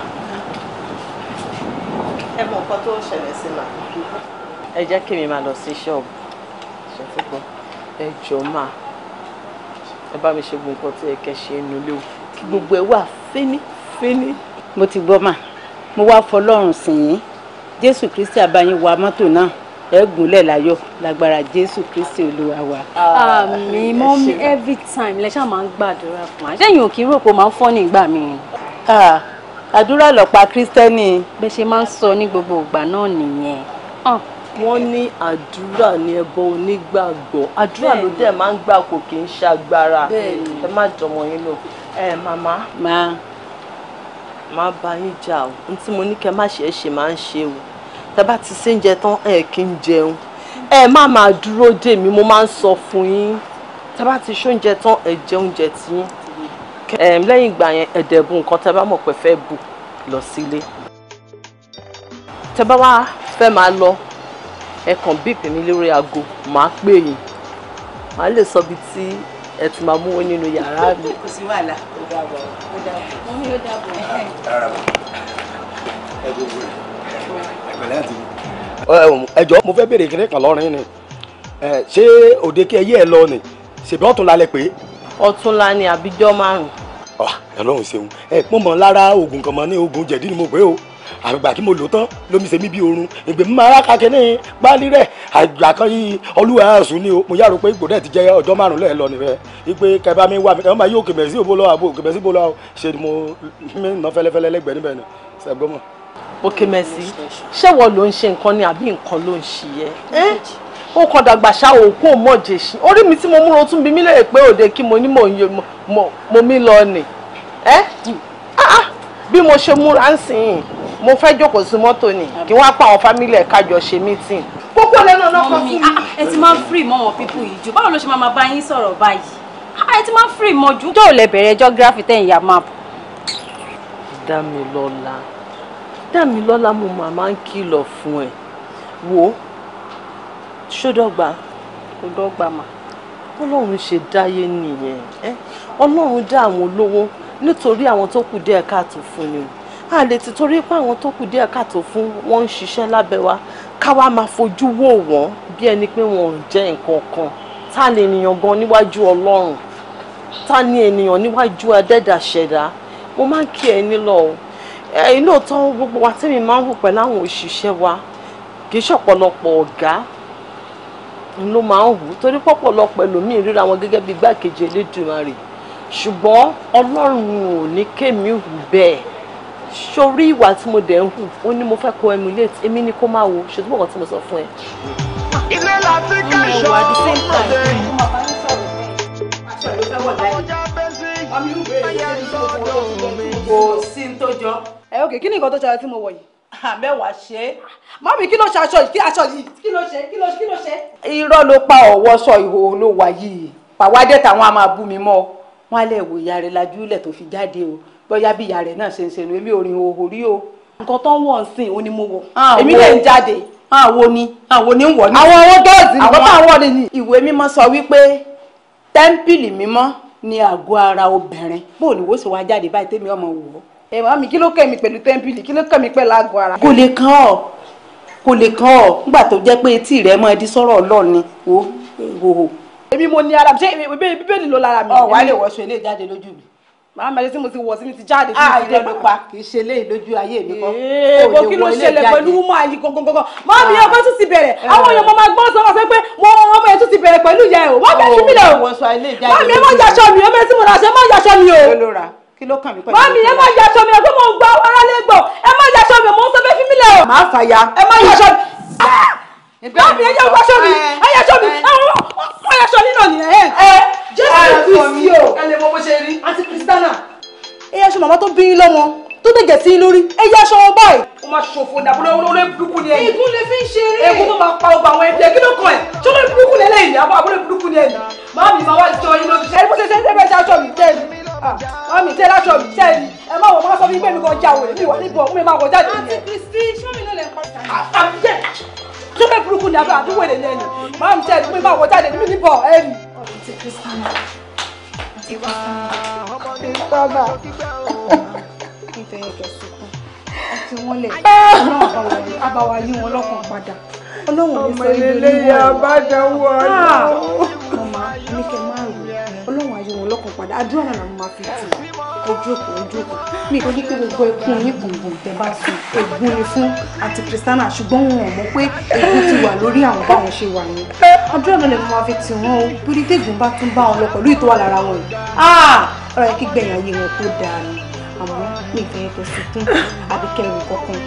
ẹ mọ nǹkan tó ń ṣẹlẹ̀ sí màmá ẹ jẹ́ kí mi máa lọ sí ṣọ́ọ̀bù ṣètò gbọ́ ẹ jọ máa ẹ bá mi ṣe gbogbo nǹkan tí ẹ kẹ́ ṣe nínú ilé o kí gbogbo ẹ wà fínífíní. mo ti gbọ́ mà mo wá fọlọ́run sìn yín jésù kristi àbáyín wa mọ́tò náà ẹ gúnlẹ̀ láyọ̀ lágbára jésù kristi olúwa wa. àmì mọ́mí every time lẹ́ṣà máa ń gbàdúrà fún wa ṣẹ́yìn ò kí rò pé ó máa ń fọ́ ní ìgbà mi. àdúrà lọ́pàá kristẹni. bẹ́ẹ̀ ṣe máa ń sọ ní gbogbo ìgbà náà nìyẹn wọ́n ní àdúrà ni ẹbọ onígbàgbọ́ àdúrà ló dẹ̀ máa ń gbà kò kì í ṣàgbára ẹ má jọmọ yín lò ẹ màmá má bá yín jà o n tí mo ní kẹ́ má ṣe é ṣe máa ń ṣe o tẹ bá ti ṣe ń jẹ tán ẹ kí ń jẹun ẹ má máa dúró dè mí mo máa ń sọ fún yín tẹ bá ti ṣóúnjẹ tán ẹ jẹ oúnjẹ tiyín lẹ́yìn ìgbà yẹn ẹ̀dẹ̀bù nǹkan tẹ bá mọ̀ pé fẹ́ bù lọ sílé tẹ bá wá fẹ́ máa lọ ẹ kàn bíp mi lórí aago màá pè yín màá lè sọ bí tí ẹ ti máa múwó nínú yàrá mi. kò sí wàhálà ó dàbọ̀ ó dàbọ̀ mú mi ó dàbọ̀. ẹ gbogbo rẹ ẹgbẹ̀lẹ́ àti. ẹ jọ̀ọ́ mo fẹ́ béèrè kékeré kan lọ́rin ni ṣé òde kí ẹ yé ẹ lọ ni ṣèbí ọ̀tún lálẹ́ pé. ọ̀tún la ni àbíjọ́ márùn-ún. Ah, ọlọ́run ṣeun ẹ pọ́n mọ́ lára oògùn kan mọ́ ní oògùn jẹ̀dí ni mo pé o àgbà tí mo lò tán lómi ṣe mí bí oorun ìgbè mímọ arákàkẹ́ ní páálí rẹ̀ àgbà kan yìí olúwa àṣù ni o mo yàrá pé ìgbòdẹ́ ti jẹ́ ọjọ́ márùn lẹ́ẹ̀ lọ nìrẹ́ ipe kẹba mi wà mí kẹba máa yí òkè bẹ̀rẹ̀ sí òbólọ́ àbò òkè bẹ̀rẹ̀ sí òbólọ́ ṣe ni mo mi ná fẹ́lẹ́fẹ́lẹ́ lẹ́gbẹ̀ẹ́ níbẹ̀ ni ṣẹ́gbọ́n mọ̀. òkè mẹ́sì ṣé wọ́n ló ń ṣe nǹkan ni àbí nǹkan ló ń ṣe yẹ ó kọ dàgbà ṣá òkú mọ̀jẹ̀ sí orí mi tí mo múra ó tún bí mi lè pé òde kí mo ní mo mí lọ nì ah, ah. bí mo ṣe múra ń sìn yìí mo fẹ́ jókòó sí mọ́tò ni kí wọ́n á pa àwọn fámílì ẹ̀ kájọ ṣe mítìn. gbogbo lẹ́nu ọ̀nà kan fún mi. Ah, ah, ẹ ti máa ń fírì mọ́ wọn pípù yìí jù báwo ló ṣe máa bá yín sọ̀rọ̀ báyìí ah, ẹ ti máa ń fírì mọ́ jù. jọ́ọ̀ lẹ bẹ̀rẹ̀ geography tẹ̀yìn ya map. Dámilọ́lá Dámilọ́lá mo máa máa ń kìlọ̀ fún ẹ wo ṣódọ́gba kò dọ́gba mà ọlọ́run ṣe dáyé nìyẹn ọlọ́run dá àwọn olówó nítorí àwọn tó kù díẹ̀ káàtó fún ni a lè ti torí pé àwọn tó kù díẹ̀ káàtó fún wọn ń ṣiṣẹ́ lábẹ́ wa ká wá máa fojú wò wọ́n bí ẹni pé wọn jẹ́ nǹkan kan ta ni ènìyàn gan níwájú ọlọ́run ta ni ènìyàn níwájú adẹ́dàṣẹ̀dá mo máa ń kí ẹ nílọ o inú ọ̀tọ̀ gbogbo wa tẹ́mi máa ń wò pẹ̀lú àwọn òṣìṣẹ́ wa kì í ṣọ̀pọ̀lọpọ̀ ọ̀gá ló máa ń wù torí pọ̀pọ̀lọpọ̀ ẹlòmíì ríra wọn gẹ́gẹ́ bí igbákejì Elédùmarè ṣùgbọ́n ọlọ́run ò ní kémi hù bẹ́ẹ̀ sórí ìwà tí mo dẹ̀ ń hù ó ní mo fẹ́ kó emulate èmi ni kó máa wo ṣùgbọ́n ọ̀kan tí mo sọ fún ẹ. ilé láti kẹsàn-án mo wà ní same time. kò sí ẹ ok kí ni nǹkan tó ṣe ara tí mo wọ̀ yìí ah, mẹ́wàá ṣe é mọ́mí kí ló ṣe aṣọ yìí kí aṣọ yìí kí ló ṣe kí ló ṣe kí ló ṣe. irọ́ ló pa ọ̀wọ́ sọ ìhòòhò ló wà yìí pàwádẹ́ táwọn á máa bú mi mọ́ wọn á lẹ̀ wò ìyá rẹ̀ lajú lẹ̀ tó fi jáde o bóyá bí ìyá rẹ̀ náà ṣe ń ṣe nu èmi ò rìn òhò rí o nǹkan tó ń wọ̀ ń sìn ó ní mo wọ̀ ah, èmi lè ń jáde àwọn ah, ni àwọn ah, ni ń wọ̀ ní. àwọn owó tóòsì ni wọ́n àwọn ni. ìwé mímọ́ sọ wípé tẹ́ḿpìlì mímọ́ ni àgọ́ ara obìnrin bó ni wọ́n sì wá jáde báyìí tẹ́mi ọmọ wò ó. ẹ wá mi kí ló kẹ́mi pẹ̀lú tẹ́ḿpìlì kí ló kẹ́mi pẹ̀lú àgọ́ ara. kò lè kàn ọ́ kò lè kàn ọ́ nígbà tó jẹ́ pé etí rẹ̀ mọ́ ẹdí ni wò ó. èmi mo ní ara mi ṣé bíbélì ló lára mi. ọ̀ wá màá máa ṣe tí mo ti wọ̀ sí mi ti jáde tí ah, mo ti rẹ̀ lópa kì í ṣe léyìn lójú ayé mi kan. Eh, èèbò kí ló ṣẹlẹ̀ pẹ̀lú wúmọ̀ ayé gangan máa mi ah. ọkọ tún ti bẹ̀rẹ̀ eh. àwọn èèyàn máa gbọ́ sọ́wọ́ sọ pé mo ọmọ yẹn tún ti bẹ̀rẹ̀ pẹ̀lú ìyá ẹ̀ o wọ́n fẹ́ kí o máa mi ẹ má jaṣọ mi ọmọ yẹn tí mo rà ṣe má jaṣọ mi o. kí ló kàn máa mi ẹ má jaṣọ mi ọgbọ́n mo gbọ́ o. má báàbí ẹ yẹ wáṣọ mi ẹ yẹ aṣọ mi ọ yẹ aṣọ nínà ni ẹ. ẹ jésù kristi o ẹ lè mọ bó ṣe rí àti kristana. ẹ yẹ aṣọ màmá tó bí yín lọ́mọ tó dẹ̀jẹ̀ sí lórí ẹ yẹ aṣọ wọn báyìí. ó máa ṣòfò dàbúrò olórí burúkú ni ẹ. ègún lè fi ń ṣe eré. ègún tó máa pa ọgbà àwọn ẹbí ẹ kí ló kàn ẹ ṣé olórí burúkú ni ẹlẹ́yìn àbọ̀ àbúrò burúkú ni ẹ̀yìn. máa mi máa wá jọ yín lójú. ẹ bó ṣe ṣe ń tẹ́gbẹ́ ṣe aṣọ mi tẹ́ni. Ah, máa mi tẹ́ láṣọ mi tẹ́ni. ẹ má wọ máa sọ fún mi pé mi kàn já òwe mi wà níbi ọ̀hún mi máa kọjá jù. àti kristi ṣé mi náà lè pa ah, ah, sọ́bẹ̀ burúkú ni àbúrò àdúgbò èdè lẹ́nu máa ń tẹ́ ẹ̀dùn pé máa wọ jáde nínú níbọ̀ ẹ̀rì. bàbá ìfẹ́ ẹ̀kẹ́ ní sọ ilé lẹ́yìn àbájáwọ́ ọlọ́run máa rò ọlọ́run ayé wọn lọ́kàn padà àdúrà làwọn máa fi tì í ojú òkú mi ò ní pé gbogbo ẹkún oníkùnbùn tẹ bá sùn ègún ni fún àti kìrìsìtánà ṣùgbọ́n wọn ò mọ̀ pé ègún ti wà lórí àwọn báwọn ṣe wà ni ọjọ́ ọ̀nà lè mọ àfi tì wọ́n o torí tẹ́gùn bá tún bá wọn lọ pẹ̀lú ìtọ́wà lára wọn yìí ah! ọ̀rọ̀ yẹn kí gbẹ̀yìn ayé wọn kó dáa ni àmọ́ mi ìfẹ́ yẹn tó sunkún àbíkẹ́rù kankan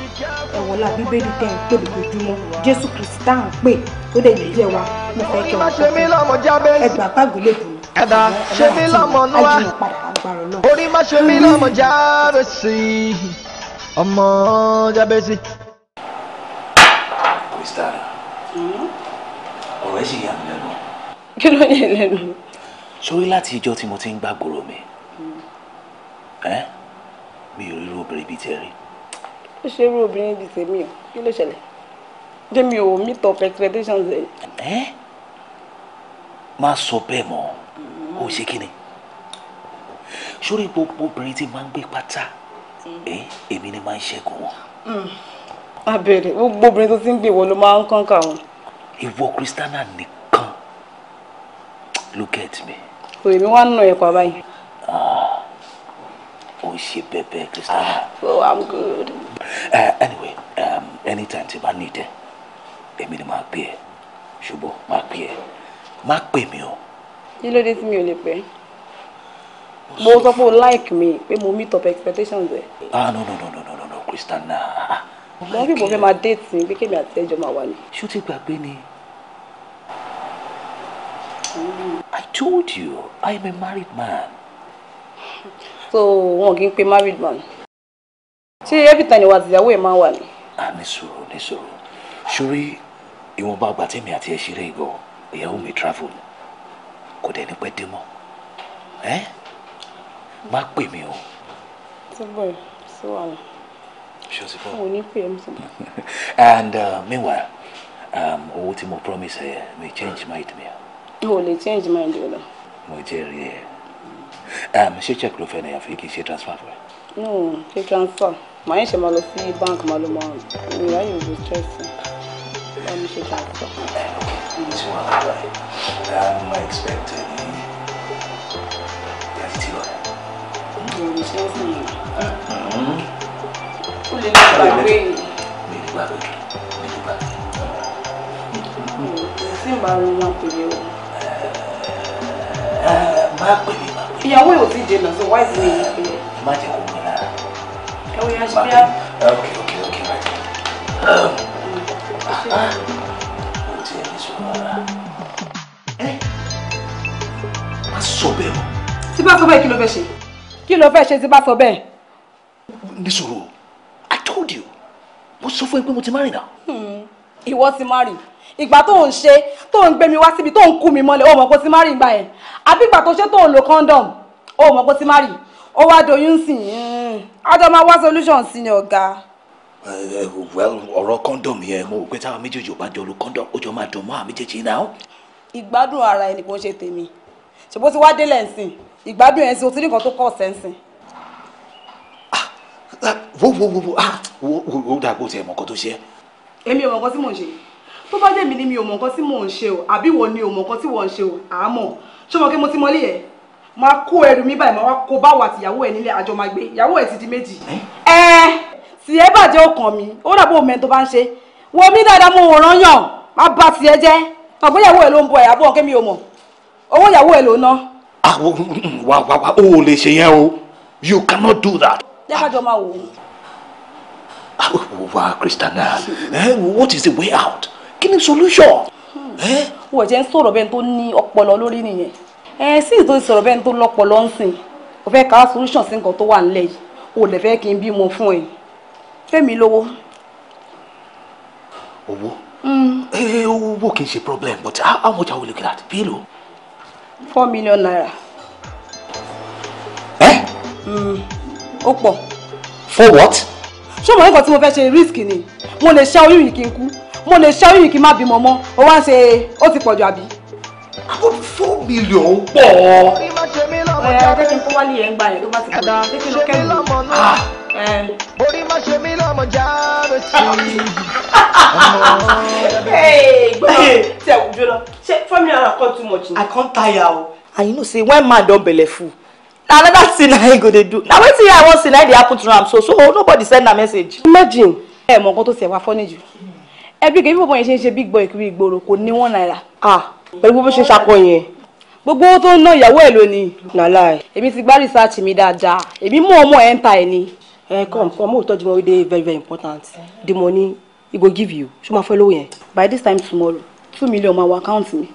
ẹ̀wọ̀lá bíbélì tẹ̀ ń pè lójoojúmọ́ jésù kristi tá à ń pè tó dẹ̀ yìí jẹ́ wa mo fẹ́ kẹ́wàá kankan ẹgbàá pàgọ́ lè bù ẹ̀dá ṣe mí lọ́mọ náà lágbára náà. orí má ṣe mí lọ́mọ jábèsì ọmọ jábèsì. mr hmm? ọ̀rọ̀ ẹ̀ sì yà mí lẹ́nu. kí ló yẹ lẹ́nu. sórí láti ìjọ tí mo ti ń gbàgbọ́rọ̀ mi hmm. mi ò rí irú obìnrin bíi tẹ̀rí. ó ṣe irú obìnrin bíi tèmi o kí ló ṣẹlẹ̀ jẹ́mi ò meet up expectations ẹ̀. ẹ má sọ bẹ́ẹ̀ mọ́ hmm. ó ṣe kí ni sórí gbogbo obìnrin tí máa ń gbé pátá èmi ni máa ń ṣẹ́gun wọn. Mm. abẹ́rẹ́ gbogbo obìnrin tó ti ń gbé ìwọ ló máa ń kọ́ńkà wọn. ìwọ kristana nìkan look at me. kò èmi wá nù ẹ̀ pa báyìí. o ah, ṣe bẹbẹ kristana. Ah, oh i'm good. Uh, anyway um, anytime tí bá need ẹ èmi ni máa gbé ẹ ṣùgbọ́n máa gbé ẹ má pè mí o. kí ló dé tí mi ò lè pẹ́ mo sọ pé o like me pé mo meet up expectations ẹ. ah no no no no no no no! mo bí mo fẹ́ máa date ni pé kémi àti ẹjọ́ máa wà ní. ṣé o ti gbàgbé ni. I told you I am a married man. so wọn kì í pe married man. ṣé every time ìwà àtìyàwó ẹ̀ máa wà ah, ní. a ní sọ̀rọ̀ ní sọ̀rọ̀ sórí ìwọ̀nba àgbà tèmi àti ẹ̀ ṣeré ìgò ìyàwó mi travel kò dẹ̀ ní pẹ́ dé mọ́. Eh? má pè mí o. túbọ̀ sí wàhálà. ṣé o and uh, meanwhile um, owó tí mo promise ẹ mi change mind mi. o lè change mind o lọ. mo jẹ́rìí ẹ um, ṣé check ló fẹ́ ni àfi kì í ṣe transfer fún ẹ. no ṣe transfer màá yẹn ṣe máa lọ sí bank máa lọ máa mi ráyè òbí stress bá mi ṣe transfer. ẹ eh, ok tí wọn á gbà expecting ẹ òòrùn ṣe ń sìn yìí. ó lè ní gbàgbé ni. mi ò gbàgbé mi ò gbàgbé. sí ìbára wọn pèlè o. má pèlè má pèlè. ìyàwó yóò ti dènà sí wáìsì ní ìlú pèlè. má ok ok ok right. o ti ẹ̀ ní sọ̀rọ̀ rárá. ẹ má sọ bẹ́ẹ̀ mọ́. tí bá sọ bẹ́ẹ̀ kí ló fẹ́ ṣe kí ló fẹ́ ṣe tí bá sọ bẹ́ẹ̀. nísòro i told you mo sọ fún ẹ pé mo ti márìn náà. Hmm, ìwọ ti márìn ìgbà tó ń ṣe tó ń gbé mi wá síbi tó ń kú mi mọ́lẹ̀ ó mọ̀ kó ti márìn ìgbà yẹn àbí ìgbà tó ṣe tó ń lo condom ó mọ̀ kó ti márìn ó wá doyún sí i ájọ hmm, máa wá solution sí ni ọ̀gá. Eh, eh, well ọ̀rọ̀ condom yẹn mo rò pé táwọn méjèèjì ò bá jọ lo condom ó jọ máa dùn mọ́ àwọn méjèèjì náà. ìgbádùn ara ẹni kò ń ṣe tèmi ṣùgbọ́n ti wá délẹ̀ ń sìn ìgbádùn ẹ̀ ń sin o ti ní nǹkan tó kọ̀ sẹ́nsìn. Ah, wo wo wo wo ah, wo dàgbò tiẹ̀ mọ̀ nǹkan tó ṣe é. èmi ò mọ̀ nǹkan tí mò ń ṣe tó bá jẹ́ mi ni mi ò mọ̀ nǹkan tí mò ń ṣe o àbí wo ni ò mọ̀ nǹkan tí wọ́n ń ṣe o àmọ́ ṣé mo kí mo ti mọ́lé yẹn máa kó ẹrù mi báyìí máa wá kó báwo àti ìyàwó ẹ nílé àjọ máa gbé ìyàwó ẹ ti di méjì. ẹ tí ẹ bàjẹ́ ọkàn mi ó dàbí òmẹ tó bá ń ṣe wo mi dáadáa mo wòran yàn má bà tiẹ̀ jẹ́ ọ̀gbọ́n ẹ ló ń bọ ẹ̀yàbọ̀ kémi ò mọ̀ owó ìyàwó ẹ ló ná wà wà wà o lè ṣe yẹn o you cannot do that. lẹ́kọ̀jọ́ máa wò ó. Ah, wà Christiana ah. eh, what is the way out kí ni solution. Eh? wọ́n jẹ́ ń sọ̀rọ̀ bẹ́ẹ̀ tó ní ọpọlọ lórí nìyẹn ẹ sì tó ń sọ̀rọ̀ bẹ́ẹ̀ tó lọ́pọlọ ń sìn o fẹ́ ká solution sí nǹkan tó wà nílẹ̀ yìí o lè fẹ́ kí n bímọ fún ẹ fẹ́mi lówó. owó mm. eh, owó kì í ṣe problem but how much are we looking at? bílò four million naira. ẹ. Eh? Mm, ó pọ̀. for what. ṣé mo nǹkan tí mo fẹ́ ṣe risk ni mo lè ṣá oyún yìí kí n kú mo lè ṣá oyún yìí kí n má bímọ mọ́ ó wá ń ṣe ó ti pọ̀jù àbí. àwọn four million pọ̀. ọ̀ya ẹ jẹ́ kí n kó wálé yẹn gbà yẹn ló bá ti pọ̀ jù kí n kẹ́rù. Eh. orí má ṣe mí lọ́mọ járe sí i. gbọ́dọ̀ tí a kò ṣé family ara kan too much ni. i come tire o. and ah, you know say when man don belle full na another thing na him go dey do na wetin i wan see na dey happen to am so so nobody send am message. imagine ẹ mọ nǹkan tó ṣe wá fọ́ níjù ẹbí kejì bọ̀bọ̀ yẹn ṣe ń ṣe big boy kiri ìgboro kò ní one naira. ah pẹ̀lú bó ṣe ṣakọ yẹn gbogbo owó tó ń ná ìyàwó ẹ̀ lónìí. nàlá ẹ̀. èmi ti gbá rìsáàcì mi dáadáa èmi mú ọmọ ẹ̀ ń ta ẹ̀ ni ẹ come come mo touch wọn dey very very important the money he go give you ṣé my máa fẹ́ by this time tomorrow two million máa wọ àkáǹtì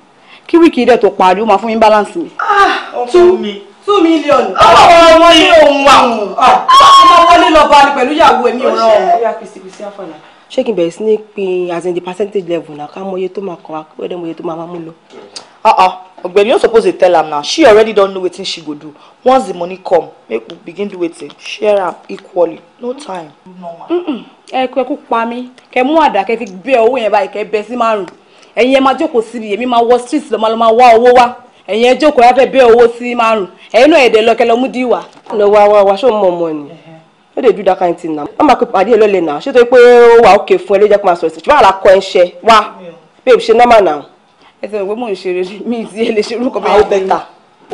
Can we keep that tó parí ó máa fún mi balance mi. Ah, two two million. ọmọ ah, ọmọ yìí òun wà. ọmọ wọlé lọ bá a pẹ̀lú ìyàwó ẹ̀mí ọ̀rọ̀ ọ̀hún. ṣé kí n bẹ̀rẹ̀ sí ní pin as in the percentage level náà ká mọ iye tó máa kàn wá wẹ́dẹ̀ mọ iye tó máa máa mú lọ. Mm. Ah, ogbeni you suppose dey tell am now she already don know wetin she go do once the money come make we begin do wetin share am equally no time. ẹ kú ẹ kú pa mí kẹ mú àdá kẹ fi bẹ owó yẹn báyìí kẹ bẹ sí márùn ẹ̀yin ẹ máa jókòó síbi èmi máa wọ street lọ máa lọ máa wá owó wá ẹ̀yin ẹ jókòó yàtọ̀ bẹ owó sí márùn ẹ̀yin náà ẹ̀dẹ̀ lọ kẹ lọ mú dí wá. lọ wá wá wá ṣó mọ ọmọ ni ó lè do that kind thing na wọn máa pe pàdé ẹ lọlẹ náà ṣé tó yẹ pé ó wà ókè fún ẹ ló jẹ pé máa sọ ìṣèjọba àlàkọ ẹ ẹ sọ pé mò ń ṣeré mi ti ẹ lè ṣe orúkọ bẹ́ẹ̀. àwọn ah,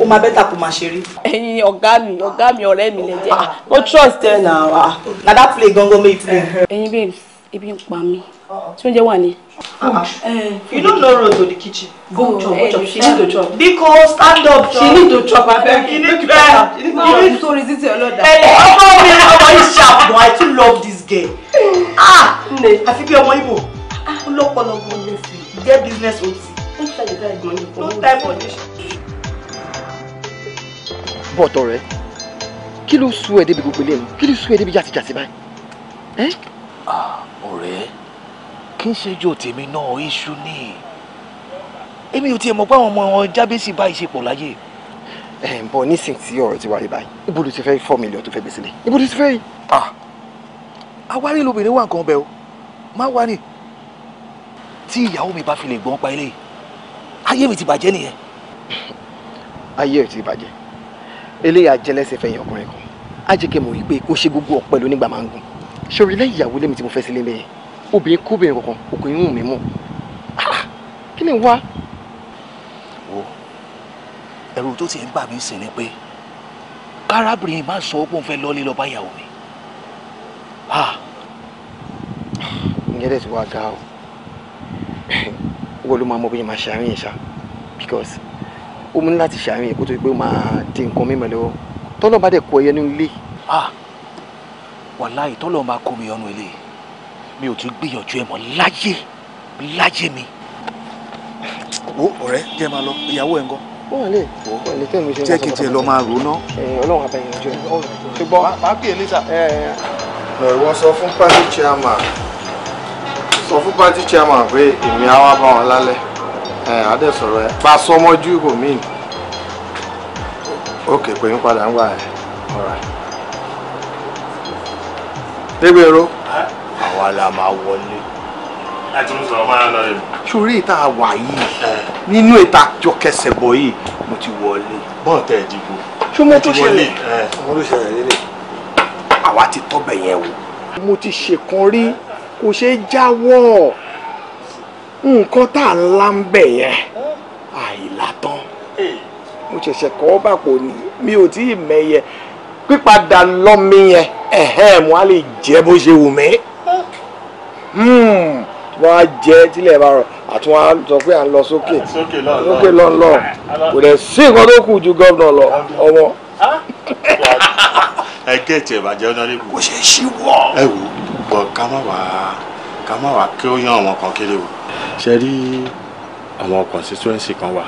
bẹ́tà ó máa bẹ́tà kó máa ṣeré. ẹ̀yin ọ̀gá mi ọ̀gá mi ọ̀rẹ́ mi lè jẹ́. Ah, mo trust there na ah, na that play gangan make play. ẹ̀yin babes ebi ń pa mí tí oúnjẹ wà ní. Eh, you no know road to the kitchen. go oh, chop go eh, chop she need to chop. biko stand up chop. she need to chop abeg. you need to chop. you need to resist your lord. Eh, ọmọ mi ọmọ yìí sharp But i too love this girl. ah nne àfi bí ọmọ ibo ó lọ́pọ̀lọpọ̀ get business oats. Don't tell the guy it's money for me. Don't tell me. Bọ́tọ̀ rẹ̀, kí ló sún ẹ débi gbogbo eléyìí? Kí ló sún ẹ débi jàtijàti báyìí? Ẹ́. Ọ̀rẹ́, kí n ṣe jọ tèmi náà iṣu ni. Èmi ò tiẹ̀ mọ̀ pé àwọn ọmọ wọn jábẹ́sì bá ìṣepọ̀ láyé. Ẹ̀ ń bọ̀ nísìn tí ti wáyé báyìí. Ibo ló ti fẹ́ four million tó fẹ́ gbèsè lé? Ibo ló ti fẹ́ yìí? Àwárí lobìnrin wà nǹkan ọbẹ̀ o, má wá ní tí ìyàwó mi bá fi lè gbọ́n pa eléyìí ayé mi ti bàjẹ́ nìyẹn. ayé ẹ̀ ti bàjẹ́ eléyà jẹlẹsẹ fẹ̀yìn ọkùnrin kan á jẹ́ kí mo rí i pé kó ṣe gbogbo ọ̀pẹ lónígbà máa ń gùn ṣòrí lẹ́yìn ìyàwó lèmi tí mo fẹ́ sílé mẹ́yẹn obìnrin kóbìnrin kankan òkú inú mi mọ̀ ah, kí ni wá. wo ẹ̀rù tó ti ń bà mí sí ni pé kárábìnrin má sọ pé òun fẹ́ lọ́ọ́lé lọ́ọ́ bá ìyàwó mi. Ah. ìyẹn dẹ̀ ti wá ga o wọ́n ló máa mọ bóyá máa ṣàárín ìṣá because ó mú láti ṣàárín ìkó tó pé ó máa di nǹkan mímọ́ lọ́wọ́ tọ́lọ́ bá dẹ̀ kó ẹyẹ ní ilé. Ah, wàláì tọ́lọ́ máa kó mi ọ̀nà ilé mi ò tún gbìyànjú ẹ̀ mọ́ láyé láyé mi. wo ọ̀rẹ́ jẹ́ máa lọ ìyàwó ẹ̀ ń gọ́. wọ́n lè wọ́n lè tẹ́ mi ṣe ń bá sọ̀rọ̀ jẹ́ kí tiẹ̀ lọ máa rò ó ná. ọlọ́run àbẹ̀yìn ọjọ́ ṣùgbọ́n. má pè sọ fún party chairman pé èmi á wá bá wọn lálẹ́ ẹ̀ á dẹ̀ sọ̀rọ̀ ẹ̀ bá sọmọ́jú kò mí òkè pé ń padà ń gbà ẹ̀ ọ̀rà. dégbèrò àwa la máa wọlé. láti mú sọ̀rọ̀ máa ń lọ rẹ̀. sórí ìta àwà yìí nínú ìta àjọ kẹsẹ̀ bọ̀ yìí mo ti wọlé. bọ́ọ̀ tẹ̀ ìdìbò. ṣé mo tún ṣẹlẹ̀ mo tún ṣẹlẹ̀ nílé. àwa ti tọ́bẹ̀ yẹn wò. mo ti ṣèkan rí kò ṣe é jáwọ́ nǹkan tá à ń la ń bẹ̀ yẹn àìlàtàn mo ṣẹ̀ṣẹ̀ kọ́ ọ́ bà pò ní mi ò tí ì mẹ́yẹ pípadà lọ mi yẹn ẹ̀hẹ́n mo á lè jẹ́ bó ṣe wù mí wọ́n hmm, á jẹ́ tílẹ̀ bá rọ̀ àtún á sọ pé à ń lọ sókè sókè lọ lọ kò dẹ̀ sí nǹkan tó kù ju gómìnà lọ ọmọ. ẹ gé ètò ìbàjẹ́ ọ̀nà rẹ̀ kù. kò ṣeé ṣíwọ́. ẹ wò ó bọ̀ ká má wà ká má wà kí ó yan àwọn kan kiri o ṣe rí àwọn constituency kan wà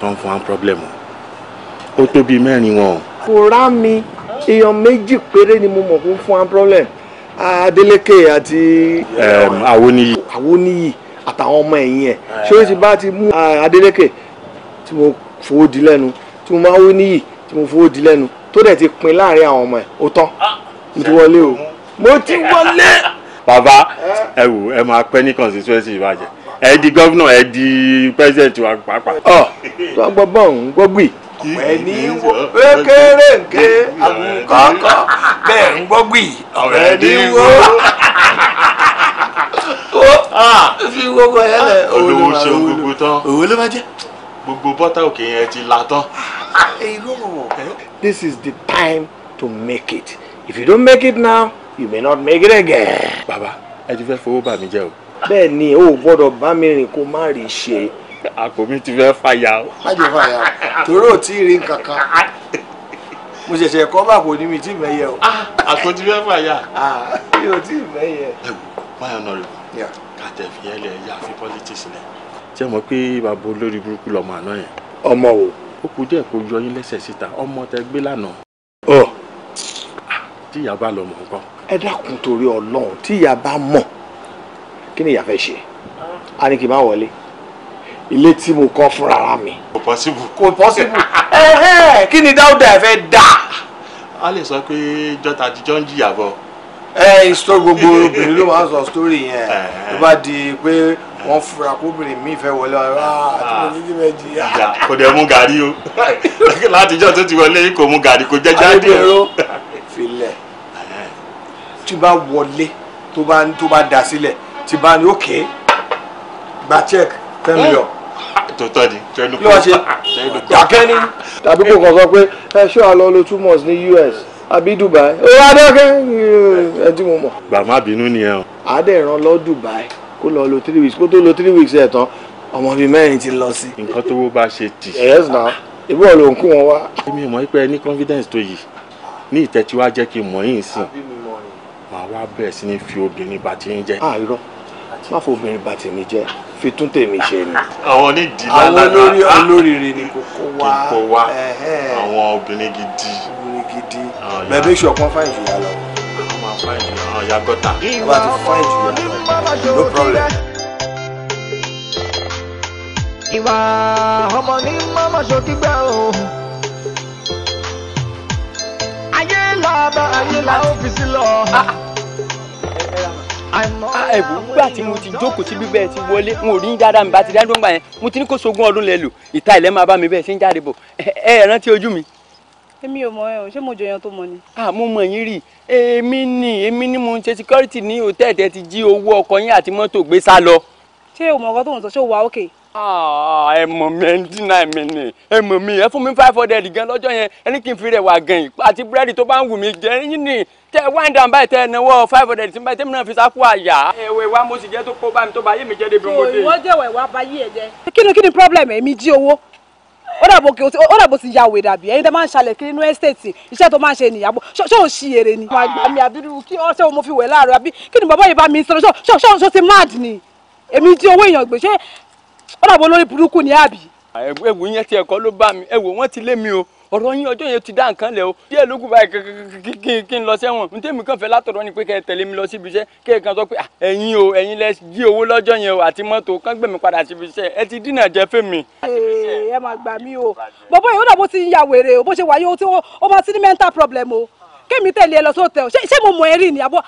tó ń fún wa problem ó tó bíi mẹ́rin wọn. kò rá mi èèyàn méjì péré ni mo mọ̀ kó fún wa problem Adeleke àti. Eh, Awoniyi. Awoniyi àtàwọn ọmọ ẹ̀yìn ẹ̀ eh. ṣé o ti bá ti mú ah, Adeleke tí mo fowó di lẹ́nu tí mo máa wó níyì tí mo fowó di lẹ́nu tó dẹ̀ ti pin láàrin àwọn ọmọ ẹ̀ ó tán mo ti wọlé o mo ti wọlé. bàbá ẹ wò ẹ máa pẹ́ ní constituency ìbàjẹ́ ẹ di gọ́vnà ẹ di president wa pàápàá. ọ tó ń gbọ́bọ̀ ń gbọ́gbì. ọ̀pẹ ní wo kékeré àmúkọ́kọ́ bẹ́ẹ̀ ń gbọ́gbì ọ̀pẹ ní wo fi gbogbo yẹn lẹ olówó ṣe gbogbo tán òwò ló jẹ gbogbo bọ́tà òkè yẹn ti la tán. Ah, this is the time to make it if you don't make it now you may not make it again. Baba. ẹ ti fẹ́ fowó bà mí jẹ́ o. bẹ́ẹ̀ ni o gbọ́dọ̀ bá mi rìn kó má rí ṣe. àpò mi ti fẹ́ fàyà o. má jẹ́ fàyà torí ò tí ì rí nǹkan kan mo ṣẹ̀ṣẹ̀ kọ́ bá kò ní mi tí mẹ́yẹ o. Ah, àpò ti fẹ́ fàyà. Ah, mi ò tí ì mẹ́yẹ. ẹ wò máa ń nọrọ kàtẹ fìyẹlẹ ya fi politics lẹ. ṣé mo pé bàbá olórí burúkú lọmọ àná yẹn. ọmọ o. ó kù díẹ̀ kó yọ yín lẹ́sẹ̀ síta ọmọ tẹ gbé lánàá. ọ oh. ah, tíyàbá lọmọ nǹkan ẹ dákun torí ọlọ́run tí ìyá bá mọ̀ kí ni ìyá fẹ́ ṣe a ní kí n má wọlé ilé tí mo kọ́ fúnra mi. kò pọ́sibù. kò pọ́sibù kí ni dáúdà ẹ fẹ́ dà. a lè sọ pé jọta àtijọ́ ń jìyà bọ̀. ẹ ìṣó gbogbo obìnrin ló máa ń sọ sítórì yẹn ló bá di pé wọ́n fura kóbìnrin mi fẹ́ wọlé wa ah, àti mo ní kíbẹ̀ jìyà. kò dẹ̀ mú gàrí o látijọ́ tó ti wọlé kò mú gàrí kò jẹ́ jáde o tí bá wọlé tó bá tó bá dà sílẹ̀ tí bá ní òkè gba check ten hmm? million. tòótọ́ ni tẹnu kò dákẹ́ni. tàbí kò kàn sọ pé ẹ ṣọ́ àlọ́ lo two months ní US àbí Dubai ó wá dọ́kẹ́ ẹ tí mo mọ̀. gbàmá bínú nìyẹn o. àádẹ́rán lọ Dubai kó lọ lo three weeks kó tó lo three weeks ẹ̀ tán ọmọ bíi mẹ́rin ti lọ sí. nǹkan tó bá ṣe tì. yes na ìbú ọ̀rọ̀ òǹkú wọn wá. èmi mọ̀ pé ẹ ní confidence tó yìí ní ìtẹ̀tíwá jẹ́ kí n mọ̀ yín sí i màá wá bẹ̀rẹ̀ sí ní fi obìnrin bá ti ń jẹ́. à ah, irọ́ má fọ obìnrin bá tèmi jẹ́ fi tún tèmi ṣe ni. àwọn onídìí lálẹ́ àwọn olórí ah! olóríire ni kò kó wá àwọn obìnrin gidi. obìnrin gidi bẹ̀rẹ̀ ṣe ọ̀pọ̀ fáìn jù lọ. àwọn máa fáìn jù àwọn ìyá gọ́tà. ìwà ọ̀nìmọ̀lọ́jọ́ no problem. ìwà ọmọ ní mọ́mọ́sọ kígbà o. lábẹ́ ayé la ó fi sí lọ. Ah. Ah, ẹ̀bù nígbà tí mo ti jókòó tí bíbẹ́ ti wọlé n ò rí dáadáa mi bá ti dáadọ́ gbà yẹn mo ti ní kó sogún ọdún lẹ ìta ilẹ̀ máa bá mi bẹ́ẹ̀ ṣe ń jáde bọ̀ ẹ ẹ rántí ojú mi. èmi ò mọ ẹ o ṣé mo jọyàn tó mọ ni. Ah, mo mọ yín rí èmi ni èmi ni mo ń ṣe security ní hòtẹ́ẹ̀tì ti jí owó ọkọ yín àti mọ́tò gbé sá lọ. ṣé o mọ̀ ọkọ tó ń sọ ṣé o wà ókè. Okay? Ah, ẹ mọ̀ mi ẹ ń dínà mi ni ẹ mọ̀ mi ẹ fún mi five hundred gan lọ́jọ́ yẹn ẹni kì í fi rẹ̀ wà gan yìí àti búrẹ́dì tó bá ń wù mí jẹ ẹ̀yìn ni tẹ wáìn dàn báyìí tẹ ẹ náwó five hundred tí tẹ́mi náà fi sáko àyà. ẹ̀wẹ̀ wa mo sì jẹ́ tó kó bá mi tó bá yé mi jẹ́ débi mo dé. ìwọ jẹ́ wẹ̀ wá bá yé ẹ jẹ. kí ni kí ni problem èmi jí owó ó dàbò kí ó dàbò ti ya òwe dàbí ẹyin tẹ máa ń ṣàlẹ̀ kiri inú ẹ́stéètì iṣẹ́ tó máa ń ṣe nìyàbò ṣé ò ń ṣí èrè ni. àwọn àgbà mi àbí kí ọṣẹ wo mo fi wẹ̀ láàárọ̀ àbí kí ni bàbá yìí bá mi sọ̀rọ̀ ṣó ṣó ṣó ti mad ni èmi jí owó èèyàn gbèsè ó dàbọ̀ lórí burúkú ni àbí. ẹ̀wò yẹn ti ẹ̀kọ́ ló bá mi ẹ̀wò wọ́n ti lé mi o ọ̀rọ̀ yín ọjọ́ yẹn ti dá nǹkan lẹ̀ o díẹ̀ ló kù báyìí kí n lọ sẹ́wọ̀n n tẹ́mi kàn fẹ́ látọ̀rọ̀ ni pé kẹ́ ẹ tẹ̀lé mi lọ síbi iṣẹ́ kẹ́ ẹ kan sọ pé ẹ̀yin o ẹ̀yin lẹ jí owó lọ́jọ́ yẹn o àti mọ́tò kán gbẹ̀mí padà síbi iṣẹ́ ẹ ti dínà jẹ fẹ́mi. ẹ ẹ máa gbà mí o bọ́bọ́ yìí ó dàbó ti ń ya wèrè o bó ṣe wáyé o tí ó bá ti ní mental problem o kémi tẹ̀lé ẹ lọ sóòtẹ́ o ṣé mo mọ̀ ẹ́ ni àbọ̀.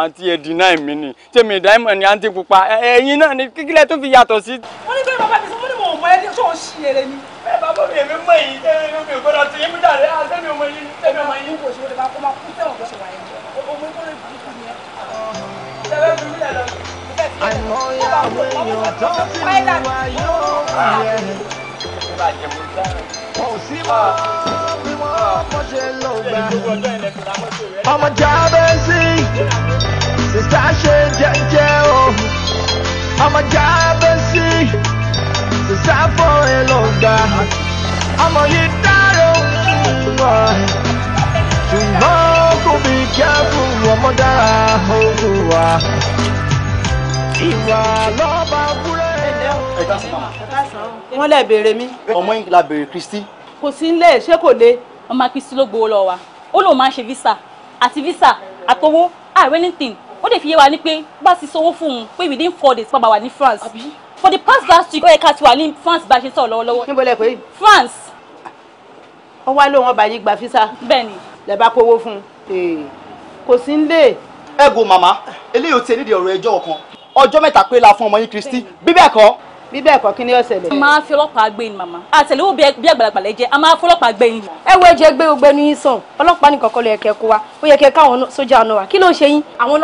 àǹtí ẹ deny mi ni tèmi diamond ni àǹtí pupa ẹ̀yin náà ni kíkílẹ̀ tó fi yàtọ̀ sí. wọ́n ní bẹ́ẹ̀ bàbá mi sọ wọ́n ní mo mọ̀ ẹ́ rí ṣó ń ṣí eré ni. bẹ́ẹ̀ mi èmi mọ̀ èyí tẹ́lẹ̀ mi ò gbọ́dọ̀ tì í mú dàrẹ́ ọmọ yìí tẹ́mi ọmọ yìí. kò sí o kó máa kú tẹ́wọ̀n bó ṣe wà ọmọ ìkọ́lẹ̀ ìbùkún ni ẹ. tẹ́lẹ̀ ọmọ jábẹ́sì sista ṣe jẹ́jẹ́ o ọmọ jábẹ́sì sista fọ́ ẹlọ́gbà ọmọ yìí dárò wá ṣùgbọ́n kò bí kẹ́fù ọmọ dára òkú wa ìwà lọ́ba búrẹ́ ẹ̀dá sàn. wọ́n lè béèrè mi. ọmọ yìí la béèrè Kristi. kò sí nílé ṣé kò dé wọn máa pín sí ló gbowó lọ wa ó lóun máa ń ṣe visa àti visa àtowó àìwé ah, anything ó dẹ̀ fi yé wa ní pé bá ti sanwó fún un pé within four days pàbà wà ní France for the past last week ó yẹ ká ti wà ní France bá a ṣe sọ lọ́wọ́lọ́wọ́. níbo lẹ pé France. ó wá lóun ọba yìí gba visa. bẹ́ẹ̀ni. lẹ bá kówó fún un. kò sí ń ẹ go màmá eléyìí ò ti ẹ nídìí ọ̀rọ̀ ẹjọ́ kan ọjọ́ mẹ́ta pé la fún ọmọ yín Kristi bíbẹ̀ kọ́ bí bẹ́ẹ̀ kọ́ kí ni ó ṣẹlẹ̀. a máa fi ọlọ́pàá gbé yín màmá àtẹ̀lé wo bí àgbàlagbà lẹ jẹ́ a máa fi ọlọ́pàá gbé yín. ẹ wo ẹjẹ gbé gbogbo ẹnu yín sàn ọlọ́pàá nìkan kọ́ ló yẹ kẹ́ kó wa ó yẹ kẹ́ káwọn sójà náà wà kí ló ń ṣe yín àwọn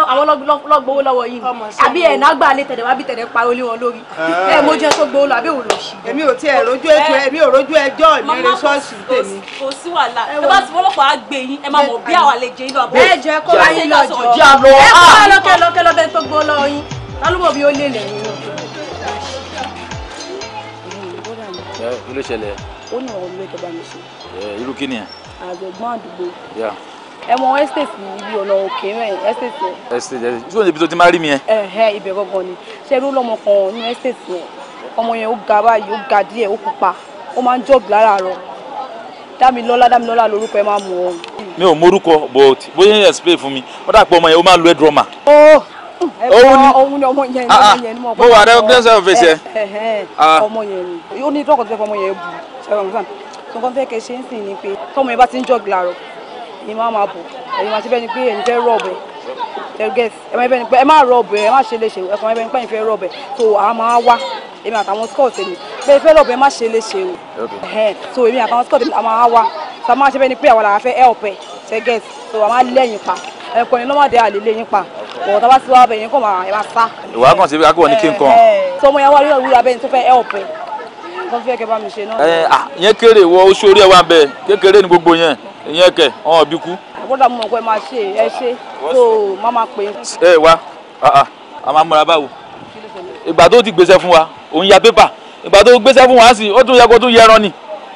lọ́gbọ́wọ́ lọ́wọ́ yín àbí ẹ̀ náà gbà lé tẹ̀lé wá bí tẹ̀lé pa olé wọn lórí ah. ẹ mójú ẹ tó gbowó lọ àbí òwúrò sí. èmi ò tiẹ̀ rojú ẹjọ́ èmi ò rojú ẹjọ́ mi rè ṣọ́ọ̀ṣì tèmi. kò sí wàhálà ẹ bá ti fọlọ́pàá gbé yín ẹ máa mọ̀ bí àwọn àlejò yín lọ bọ́. bẹ́ẹ̀ jẹ́ kó wáyé lọ́jọ́ ẹ kó wá lọ́kẹ́ lọ́kẹ́ lọ́bẹ̀ tó gbowó lọ́wọ́ yín lálùbọ̀ bí ó lè lẹ́yìn náà. kí ló ṣẹlẹ̀. ó ní ọ̀rọ̀ mi lọ́jọ́ bá mi ṣe. irú kí ni ẹ. àjọ̀gbọ́n àdúgbò. ẹ mọ estate ní ibi ọ̀nà òkè rẹ̀ estate yẹn. estate yẹn ṣé o ní ibi tó ti máa rí mi yẹn. ẹ̀hẹ́ ibẹ̀ gangan ni ṣé ló lọ́mọ kan ní estate yẹn ọmọ yẹn ó ga báyìí ó ga díẹ̀ ó pupa ó máa ń jọ̀gì láràárọ̀ dámilọ́lá dámilọ́lá lórúkọ ẹ máa mọ̀ ọ́. mi ò mórúkọ but bóyá explain fún mi wọ́n dà pé ọmọ yẹn ó máa lo ẹ̀ drọ́mà. ó òun ni òun ni ọmọ yẹn ni ah, ah. ọmọ yẹn ni mo wà rẹ gbé sẹ́wọ̀n fèsì ẹ̀. ọmọ yẹn ni ó ní dọ́kọ̀ tó fẹ́ fọmọ yẹn bù sẹ́wọ̀n sàn tó kàn fẹ́ kẹ́ ṣe ń sìn ni pé tọmọ yẹn bá ti ń jọ gìlàrọ̀ ni máa máa bọ̀ ẹ̀yin máa ti bẹ́ni pé ẹ̀yin fẹ́ rọ̀bẹ̀ tẹ̀gẹ́s ẹ má rọ̀bẹ̀ ẹ má ṣe léṣe ẹ kàn bẹ́ni pé ẹ̀yin fẹ́ rọ̀bẹ̀ tó a máa wá èmi àtàwọn scott ẹ̀mí pé ẹ fẹ́ rọ̀bẹ̀ ẹ má ṣe léṣe o eh, eh. so èmi àtàwọn scott ẹ̀mí a máa wá so a máa ṣe bẹ́ni pé àwọn làwọn fẹ́ help ẹ tẹ̀gẹ́s so a máa lẹ́yìn pa ẹ̀kọ́ yẹn lọ́mọdé àlélẹ́ yín pa ọ̀wọ́ tábà sí wa bẹ̀ yín kọ̀ máa ẹ̀ máa sá. ìwà kan sí ibi akẹ́wọ̀n ní kí n kàn. tọmọ yẹn wá rí òwúrọ̀ abẹ́ni tó fẹ́ ẹ̀ ọ̀pẹ kan fẹ́ kẹ́ bá mi ṣe náà. ẹ à yẹn kéré wọ oṣù orí ẹ wà bẹ kékeré ni gbogbo yẹn ìyẹn kẹ ọhún ọbí kú. àbúrò mo mọ̀ pé máa ṣe ẹ ṣe tó má máa pè. ẹ wá a máa múra báwo ìgbà tó ti gbèsè fún wa òun ya pépà ìgbà tó gbèsè fún wa sí ó tún yẹ kó tún yẹran ni.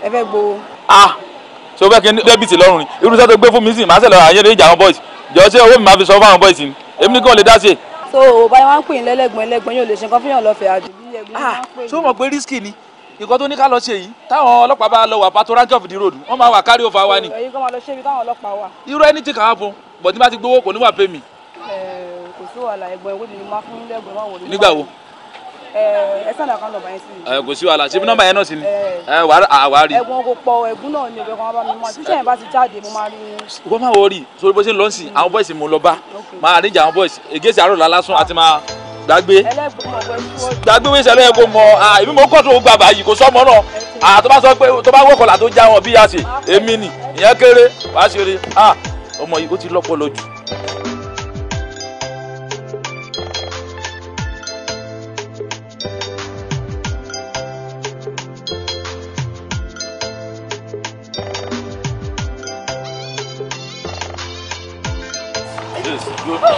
ẹ fẹ́ gbowó. ah so bẹ́ẹ̀ kí n bẹ́ẹ̀ bìtì lọ́rùn ni irú sẹ́tọ̀ gbé fún mi sì máa ṣẹlẹ̀ àyẹ̀rẹ̀ ìjà àwọn boys jọ ṣé owó mi máa fi sọ fáwọn boys ni èmi nìkan lè dá sí i. so báyọ̀ wá ń pè ní lẹ́lẹ́gbọ̀n ẹlẹ́gbọ̀n yóò lè ṣe nǹkan fíyàn lọ́fẹ̀ẹ́ àjò bí ẹgbẹ́ ah, wọn pè ní. risky ni nǹkan tó ní ká lọ ṣe yìí táwọn ọlọ́pàá bá lọ wà pàtó of the road wọ́n máa wà carry over wa ni. èyí kan máa lọ ṣe ibi táwọn ọlọ́pàá wà. irú ẹni tí kàá fún bọ̀dí bá ti gbowó pay mi. ẹ eh, kò sí wàhálà ẹ̀gbọ́n ẹ̀wọ́ mi ni máa fún lẹ́gbọ̀n máa wò ló. Eh, ẹ sàn àkàn lọ́ba sí mi. Eh, kò sí wàhálà síbi nọ́mbà yẹn náà sí ni eh, àwa rí. ẹ̀gbọ́n kò pọ̀ ẹ̀gbọ́n náà ni ẹ̀gbọ́n kan bá mi mọ́ àti sẹ́yìn bá ti jáde mo máa rí wọ́n máa wọ rí sórí bó ṣe ń lọ sí àwọn bọ́ìsì mo lọ bá máa àríjà àwọn bọ́ìsì ègésì àárọ̀ lálásùn àti máa gbàgbé gbàgbé wíṣẹ lẹ́yìn kó mọ ìbí mo kọ́ tó gba báyìí kò sọ́mọ náà tó bá sọ pé tó bá wọ́kọ̀lá tó já wọn bí a ṣe èmi nì ìyẹn kéré wàá ṣeré ọmọ yìí ó ti lọ́pọ̀ lọ ace yóò tán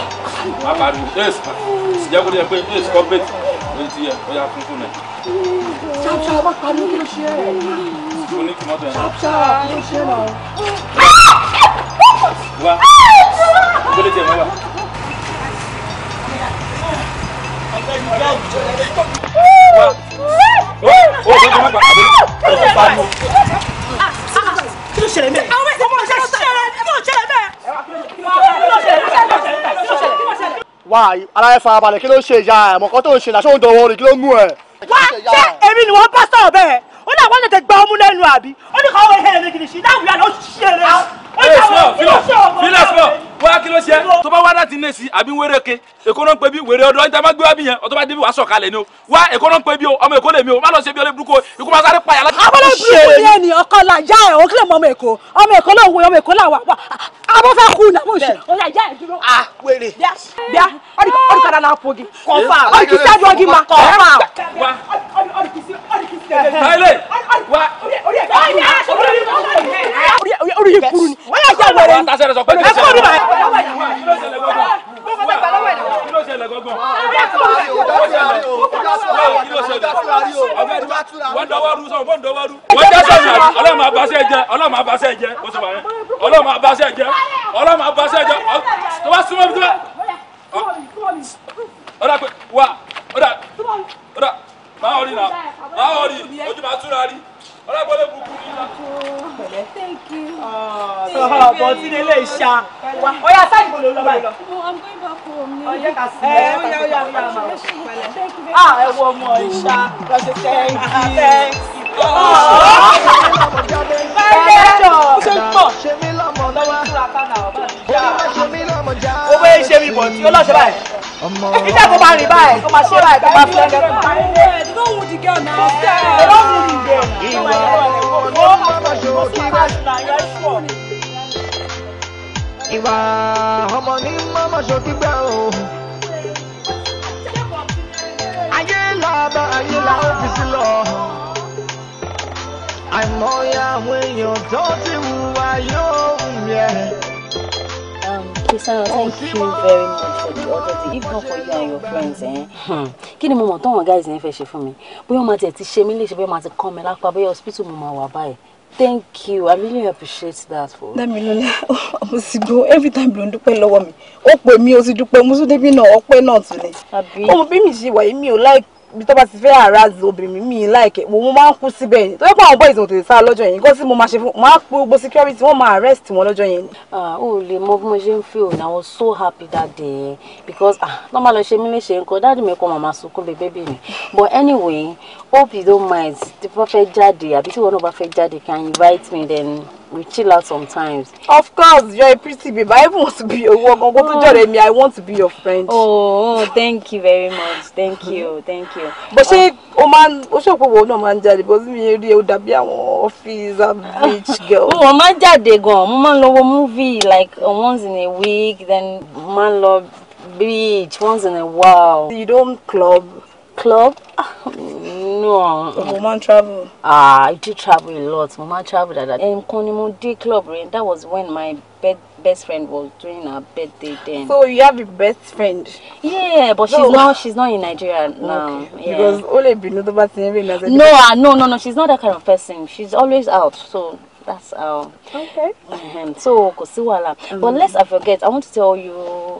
má pariwo ace jẹ́ kó jẹ́ pé ace corporate ló ti yẹ ó yà fún fún ẹ̀. ṣáṣá má pariwo kí ló ṣe é. mo ní kí mọ́tò yẹn. ṣáṣá kí ló ṣe é náà. wá gbọ́dọ̀ tiẹ̀ mọ́ wa. wá ó ó sọ́jọ́ má pa àbí ó sọ́ pariwo. kí ló ṣẹlẹ̀ mẹ́rin. àwọn ẹ̀sìn kò ṣẹlẹ̀ mẹ́rin. kí ló ṣẹlẹ̀ mẹ́rin wá ara ẹ farabalẹ̀ kí ló ń ṣe ìyá ẹ̀ mọ̀kọ́ tó ń ṣe ìdáṣọ́ òǹdọ̀wọ́ rẹ̀ kí ló ń mú ẹ̀. wá ṣé èmi ni wọ́n bá sọ̀rọ̀ ó ní àwọn tètè gba ọmú lẹ́nu àbí ó ní káwọn ẹ̀hẹ́ mi kìlì sí láwùjọ àná ṣe rẹ̀ ah, ó ní àwọn kí ló ṣe ọmọ rẹ̀ fílẹ̀ fún wa kí ló ṣe tó bá wá láti ilé sí àbí wéré ke èkó náà ń pè bí wéré ọdọ níta má gbé wá bí yẹn ọtọ́ bá débi wàá sọ̀kalẹ̀ ni o wá èkó náà ń pè bí o ọmọ èkó lèmi o má lọ ṣe bí ọlẹ́ burúkú ikú máa sáré payà láti. abọ́lá burúkú ni ẹnì ọkọ la já ẹ̀ òun mọ ọmọ èkó ọmọ èkó náà wo ọmọ èkó là wà abọ́ fẹ́ kú ní abọ́ ọjà já ẹ̀ dúró. a ah, wèrè. bíá ọdún kadà náà pogi. kọ́fà ọdún kìí báyìí wa orí yìí kúrú ni wọ́n yà jẹ́ wẹ̀rẹ̀ ni ẹ kọ́ ni bàyà. wọ́n dọwọ́ ru sọ̀rọ̀ wọ́n dọwọ́ ru. wọ́n jẹ́ sọ̀rọ̀ ọlọ́mọ abasẹ́ jẹ ọlọ́mọ abasẹ́ jẹ oṣù bàyẹn ọlọ́mọ abasẹ́ jẹ ọlọ́mọ abasẹ́ jẹ tó bá súnmọ́ bí tó bá. ọ̀dà pé wa ọ̀dà máa rí na máa rí ojú máa túra rí ọlọ́gbọ́dọ̀ kúkú ní ìlà. ọ̀bọ̀ ah, tí ní ilé ìṣá wa ọ̀yà sáyìn kò ló lọ báyìí. ọ̀yẹ́ kà sí ẹ̀ ẹ̀ ọ̀yà ọ̀yà ọ̀yà ọ̀yà ah ẹ wọ ọmọ ìṣá lọ sí tẹ́ǹkì. Owó ṣe ah, mi bọ̀ tí ó lọ́ọ́ ṣe báyìí ọmọ ìdílé kó máa rìn báyìí kó máa ṣe báyìí kó máa fi ẹgbẹ́ kó máa rìn báyìí. ìdílé òun ti gẹ̀ ọ̀nà ọ̀sẹ̀ ẹ̀ lọ́wọ́ mi gẹ̀. ìwà ọmọ ọmọ kí wá. ìwà ọmọ ní mọ́mọ́ ṣòkígbẹ́ o. ayé làbá ayé là ó fi sí lọ. àìmọye àwọn èèyàn tó ti wù wá yóò wù yẹn. Sayo, thank you very much for the order, even for you and your friends. Eh? Hmm. Kí ni mo mọ̀ tọ́wọ̀n guys yẹn fẹ́ ṣe fún mi? Bóyá wọ́n máa tiẹ̀ ti ṣe mí léṣe, bóyá wọ́n máa ti kán mi lápá, bóyá hospital mo máa wà báyìí. Thank you. I really appreciate that for. Damilola, mo sì gbọ́ every time ló ń dúpẹ́ lọ́wọ́ mi. Ó pè mí, ó sì dúpẹ́, mo tún débí náà, ọpẹ́ náà tún ni. Àbí. Ọmọ bí mi ṣe wà yìí mi ò láìpẹ́ bí tó bá ti fẹ́ àràzì obìnrin mi láìkẹ́ mo máa ń kú síbẹ̀ ni tó yẹ pé àwọn boys ò tètè sá lọ́jọ́ yẹn nǹkan tí mo máa ṣe fún máa pe gbogbo security wọ́n máa arrest wọn lọ́jọ́ yẹn. o lè mọ bí mo ṣe ń feel na I was so happy that day because wọ́n máa lọ ṣe mí léṣe nǹkan dáàdì mi kọ́ màmá sunkún bèbè bì mí but anyway hope you don't mind tí wọ́n fẹ́ jáde àbí tí wọ́n náà bá fẹ́ jáde can invite me then we chill out sometimes. of course you're a pretty baby. i want to be your work uncle tó jọ̀rọ̀ oh. i want to be your friend. oh, oh thank you very much thank you thank you. But um, say, o máa ń o ṣe òpó wo náà máa ń jáde bó mi rí office and beach girl. Oh, mo máa ń go. Man love mo movie like uh, once in a week then man love beach once in a while. you don't club club? no. Oh, mo máa travel. Ah, I do travel a lot. Mo máa ń travel dáadáa. Nǹkan ni mo dé club rẹ̀. That was when my bed, best friend was doing her birthday then. So you have a best friend? Yeah, but so, she's not she's not in Nigeria now. Okay. Yeah. Because Ole Binu tó bá ti ń rìn ah, no, no, no. She's not that kind of person. She's always out. So That's all. Okay. Um, so, Kosiwala. Um, mm. but lest I forget, I want to tell you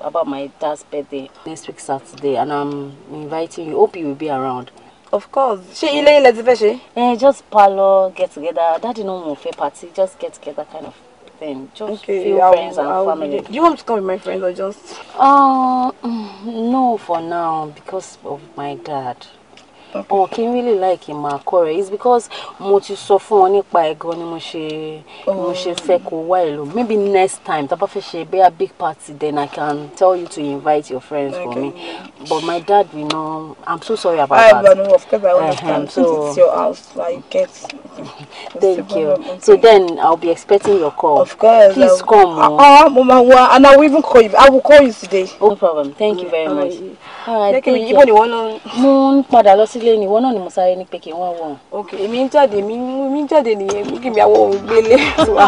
about my dad's birthday next week, Saturday, and I'm inviting you. Hope you will be around. Of course. She ile ilẹ̀ ti fẹ́ Eh, just parlour, get together. Daddy no mo fẹ́ party, just get together kind of thing. Just okay, few I'll, friends and I'll family. Do you want to come with my friends or just? Uh, mm, no, for now because of my dad. Oh, can really like him, Akore. it's because mo ti sọ fún wọn nípa ẹ̀ gan ni mo ṣe mo ṣe oh. fẹ́ kó wá ẹ̀ maybe next time tá a bá fẹ́ ṣe bẹ́ẹ̀ big party then I can tell you to invite your friends for me but my dad you know I'm so sorry about that. I know of course I understand uh-huh, so, it's your house like get. thank you so then I'll be expecting your call. of course please come. Ah, ah mama wa and I will even call you I will call you today. no problem thank you mm, very much. Ah, jẹ́kìmí ibo ni wọ́n lọ. mo ń padà lọ sílé ni ìwọ náà ni mo sáré ní pé kí wọ́n wọ̀. ok èmi ń jáde mi mi ń jáde nìyẹn mú kí mi àwọn òun gbélé.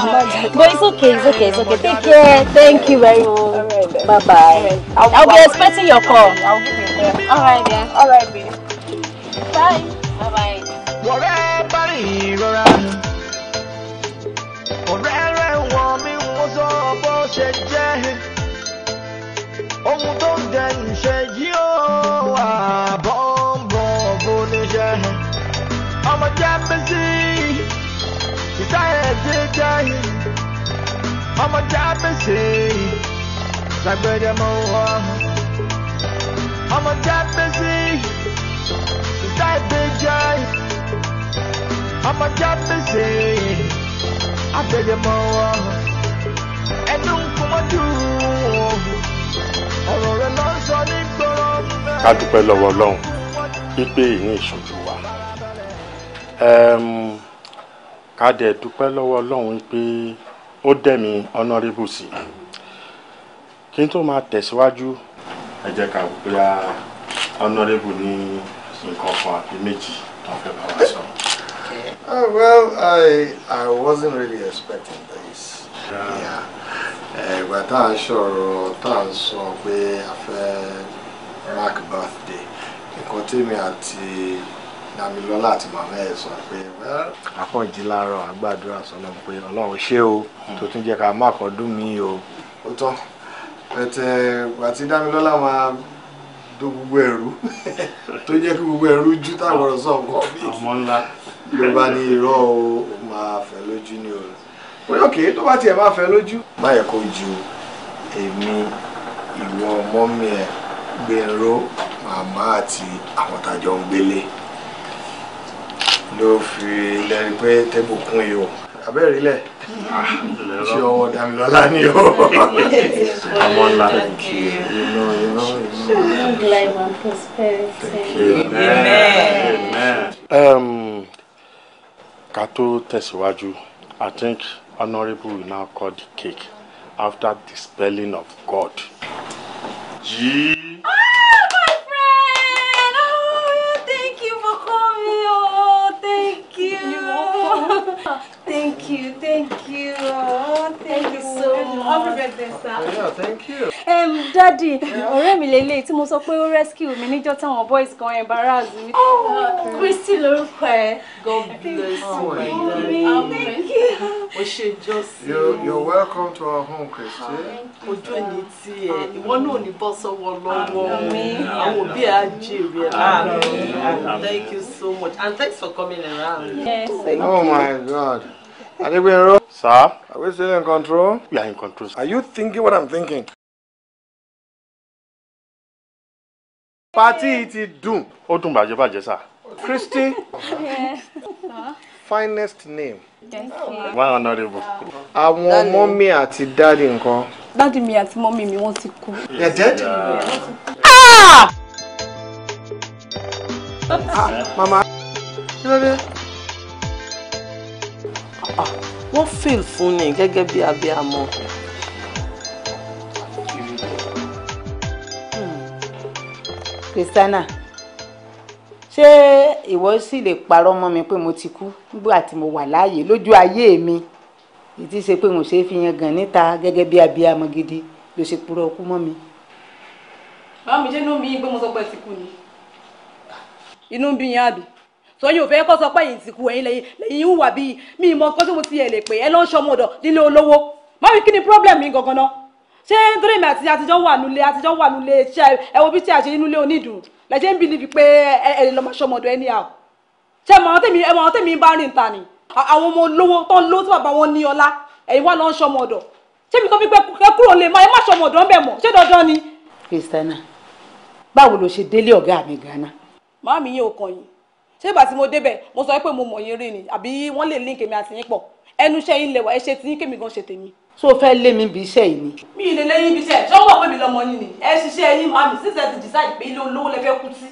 but it's okay it's okay it's okay take care thank you very much right, bye bye right. I'll, I'll be expecting your call. I'll give you a call. all right then. all right babe. bye. bye bye. ọ̀rẹ́ parí ìrora ọ̀rẹ́ rẹ̀ wọ̀n mi wọ́n sọ bó ṣe jẹ́ ohun tó ń dẹyìn ṣe yí ó àbọ̀ ń bọ̀ bó ní ṣe hàn ọmọ jẹ́ bísí ìta ẹ̀jẹ̀ jẹ́ ọmọ jẹ́ bísí lágbẹ́dẹ́ mọ́ ọmọ jẹ́ bísí ìta ẹ̀jẹ̀ jẹ́ ọmọ jẹ́ bísí àgbẹ́dẹ́ mọ́ wọn ẹnu nkùmọ́dún ká lọ́wọ́ ọlọ́run wípé ìyẹn ìṣojú wa ká dúpẹ́ lọ́wọ́ ọlọ́run wípé ó dẹ̀mí ọ̀nàrẹ́bù sí i kí n tó máa tẹ̀síwájú ẹ jẹ́ ká wípé ọ̀nàrẹ́bù ní nǹkan kan àbí méjì tó fẹ́ bá wa sọ. Oh, well, I, I wasn't really expecting this. Yeah. Yeah. ìgbà tá a sọ̀rọ̀ tá a sọ pé a fẹ́ mark birthday nǹkan ati àti ati àti màmá ẹ̀ sọ pé àkànjí láàárọ̀ àgbàdúrà sọ́nà pé o tó tún jẹ́ ká má kàn dùn o. ó tán pẹ̀tẹ̀ eh, ìgbà tí Damilọ́lá gbogbo gbogbo o mo ní òkè tó bá tiẹ̀ máa fẹ́ lójú. má yẹ kó ju èmi ìwọ mọ́mí ẹ gbẹ̀rọ màmá àti àwọn tàjọ ń gbélé ló fi lẹ́rìí pé tẹ́bù kún yìí o abẹ́rẹ́ lẹ̀ ṣé ọwọ́ Dámilọ́lá ni o. àmọ́ ńlá. thank you. you know you know you thank you. amen. amen. Um, ká tó tẹ̀síwájú I think honorable will now cut the cake after the spelling of God. Yee. Thank you, thank you. Oh, thank, thank you so much. Happy birthday, sir. Yeah, thank you. Daddy, ọ̀rẹ́ mi lélẹ̀ tí mo sọ pé ó rescue mi níjọ́ táwọn boys kan embarrass Oh, uh, Christy lórúkọ ẹ. God bless you. Oh my God. Thank you. O ṣe jọ́sí. You're welcome to our home, Christy. Oh, Ojú ẹni tí ẹ, ìwọ náà ní bọ́ sọ́wọ́ lọ́wọ́. Àwọn òbí ẹ á jèrè ẹ láàrin. Thank you so much and thanks for coming around. Yes, thank oh you. my God. Adegbero. Sir? Are we still in control? We are in control. Sir. Are you thinking what I'm thinking? pati ti dùn. ó dùn bàjẹ́ bàjẹ́ sà. christy finest name. why honourable. àwọn mọ́mí àti dáàdì nǹkan. dáàdì mi àti mọ́mí mi wọ́n ti kú. they're dead. ah! ah mama kí ló dé. Ah, ah, wọ́n fìl fún ni gẹ́gẹ́ bí abiyamọ. Christiana ṣé ìwọ sì lè parọ́ mọ́ mi pé mo ti kú nígbà tí mo wà láàyè lójú ayé mi ìtí ṣe pé mo ṣe é fi yan gan níta gẹ́gẹ́ bí abiyamọ gidi ló ṣe purọ́ ọkú mọ́ mi. báwo mi ṣe inú mi pé mo sọ pé ti kú ni inú bí yẹn àbí sọyìn òfin ẹkọ sọ pé ẹ̀yin ti kú ẹ̀yin lẹ́yìn lẹ́yìn ń wà bíi mi mọ pé tí mo ti ẹ lè pè ẹ lọ ń ṣọmọdọ nílé olówó mọ mi kí ni problem mi gangan náà ṣé nítorí mi àti àtijọ́ wà nulẹ̀ àtijọ́ wà nulẹ̀ ṣe ẹ bí tí a ṣe nulẹ̀ onídùn lẹ́jẹ̀ ń bí níbi pé ẹ ẹ lè lọ́mọ ṣọmọdọ̀ ẹni àw ṣé ẹ mọ̀ ọ́n tèmi bá rìn ta ni àwọn ọmọ olówó tó ń lówó tí bàbá wọn ní ọlá ẹ̀yin wà lọ́n ṣọmọdọ̀ ṣé mi kàn fi pé ẹ kúrò lè má ẹ má ṣọmọdọ̀ ń bẹ̀ mọ̀ ṣé dandan ni. Kristiana báwo ló ṣe délé ọ̀gá mi gánà. màámi yín ò kàn yín ṣé ìgbà tí mo débẹ̀ mo sọ pé mo mọ̀ yín rí ni àbí wọ́n lè link èmi àti yín pọ̀ ẹnu iṣẹ́ yín lẹ̀wà ẹ ṣe ti yín kémi gan ṣe tèmi so fẹ́ lé mi bí iṣẹ́ yìí ni. mi ì lè lẹ́yìn ibi iṣẹ́ ṣọ́wọ́ pé mi lọ́mọ yín ni ẹ ṣiṣẹ́ yín màmí sísẹ ti decide pé ilé olówó lẹ fẹ́ kú sí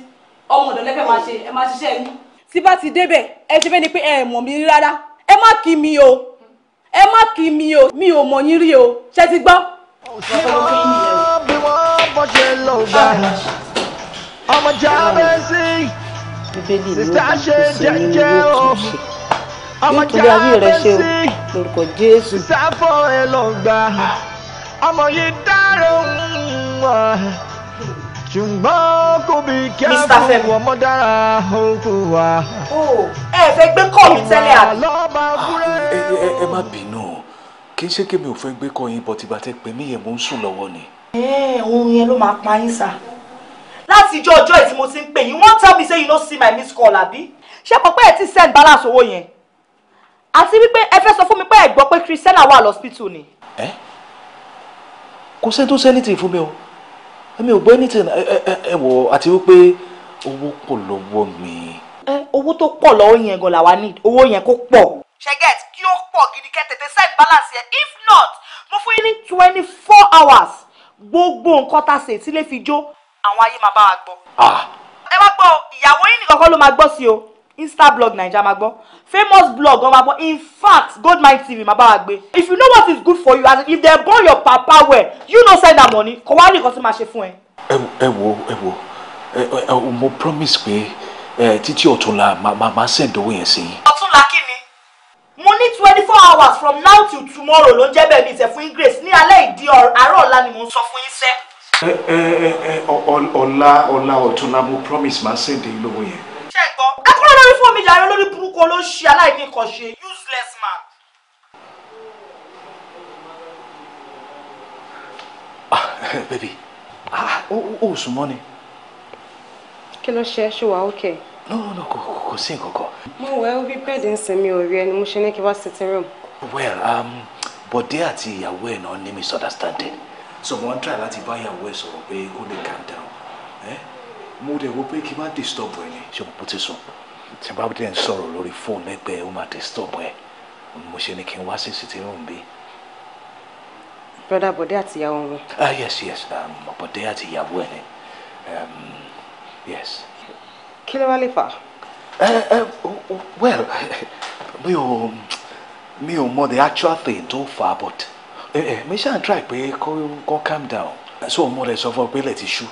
ọmọ ọ̀dọ̀ lẹ fẹ́ máa ṣe ẹ máa ṣiṣẹ́ yín. tí bá ti débẹ̀ ẹ ṣe fẹ́ ni pé ẹ mọ̀ mi rárá ẹ má kí mi o ẹ má kí mi o mi ò mọ̀ yín rí o ṣe ti gbọ́. bí wọ́n bọ́ ṣe sísá ṣe jẹ́jẹ́ o ọmọ jábẹ́sì lórúkọ jésù. sáfọ ẹ lọ gbà ọmọ yìí dárò ń wà ṣùgbọ́n kò bí kẹ́kọ̀ọ́ ọmọ dára òkú wa. ẹ fẹ́ gbé kọ́ mi tẹ́lẹ̀ àbí. Ah, ẹ má bínú kì í ṣe kí mi ò fẹ́ gbé kọ́ yín bọ́ tí bá tẹ́ pé mí yẹn mò ń sùn lọ́wọ́ ni. Eh, ohun yẹn ló máa pa yín sá láti ijọ́ ọjọ́ ìtí mo ti ń pè yín wọ́n tell me say you no see my missed call àbí ṣé pọ̀ pé ẹ ti send balance owó yẹn àti wípé ẹ fẹ́ sọ fún mi pé ẹ gbọ́ pé Christiana wà lọ́sítù ni. ẹ kò sẹ́ni tó sẹ́ni tì fún mi o èmi ò gbọ́ anything ẹ wọ àti wípé owó pọ̀ lọ́wọ́ mi. ẹ owó tó pọ̀ lọ́wọ́ yẹn gan làwa ní owó yẹn kó pọ̀. ṣẹ́gẹ̀t kí ó pọ̀ gidi kẹ́ tètè send balance yẹn if not mo fún yín ní twenty four hours gbogbo nǹkan tá a ṣe ìtílé fi jó àwọn ayé máa bá wa gbọ́. Ah. ẹ wá gbọ́ ìyàwó yín nìkan kọ́ ló máa gbọ́ sí o. Insta blog naija máa gbọ́ famous blog ọ máa in fact goldmine tv máa bá wa gbé if you know what is good for you as if dem born your papa well you no send am money kò wá rí nǹkan tí máa ṣe fún ẹ. ẹ wo ẹ wo ẹ ẹ mo promise pé títí ọ̀túnla máa máa send owó yẹn sí i. ọ̀túnla kí ni. mo ní twenty four hours from now till tomorrow ló ń jẹ́ bẹ́ẹ̀ ní ìṣẹ̀ fún ingrace ní alẹ́ ìdí àárọ̀ ọ̀la ni mo ń sọ fún yín sẹ́. ẹ ẹ ẹ ọ̀la ọ̀la ọ̀túnla mo promise ma send èyí yẹn ṣe gbọ́. ẹ kúrò lórí fún mi jàre lórí burúkú olóṣì aláìníkànṣe useless man. ah baby ah o ò sùn mọ́ ni. kí ló ṣe ṣé wàá ókè. no no kò kò sí nǹkan kan. mo wẹ ó bí bẹ́ẹ̀dì ń sinmi òrí ẹni mo ṣe ní kí wá sitting room. well um, bọ̀dé àti ìyàwó ẹ̀ náà ní misunderstanding so mo ń try láti bá ìyàwó ẹ̀ sọ̀rọ̀ pé kó lè calm down. Eh? mo dẹ̀ wo pé kí n má disturb ẹ ni ṣé mo kú ti sùn tí n bá dẹ̀ ń sọ̀rọ̀ lórí fóònù lẹ́gbẹ̀ẹ́ ó máa disturb ẹ mo ṣe ni kí n wá sí sitting bí. brother bọ̀dé àti ìyàwó wọn. ah yes yes ah, bọ̀dé àti ìyàwó ẹ ni um, yes. kí ló wá lè fà. Eh, eh, well mi ò mi ò mọ the actual thing tó fà á but eh, mi ṣáà ń try pé kó calm down so mo rẹ̀ sọ fún ọ pé lè ti ṣú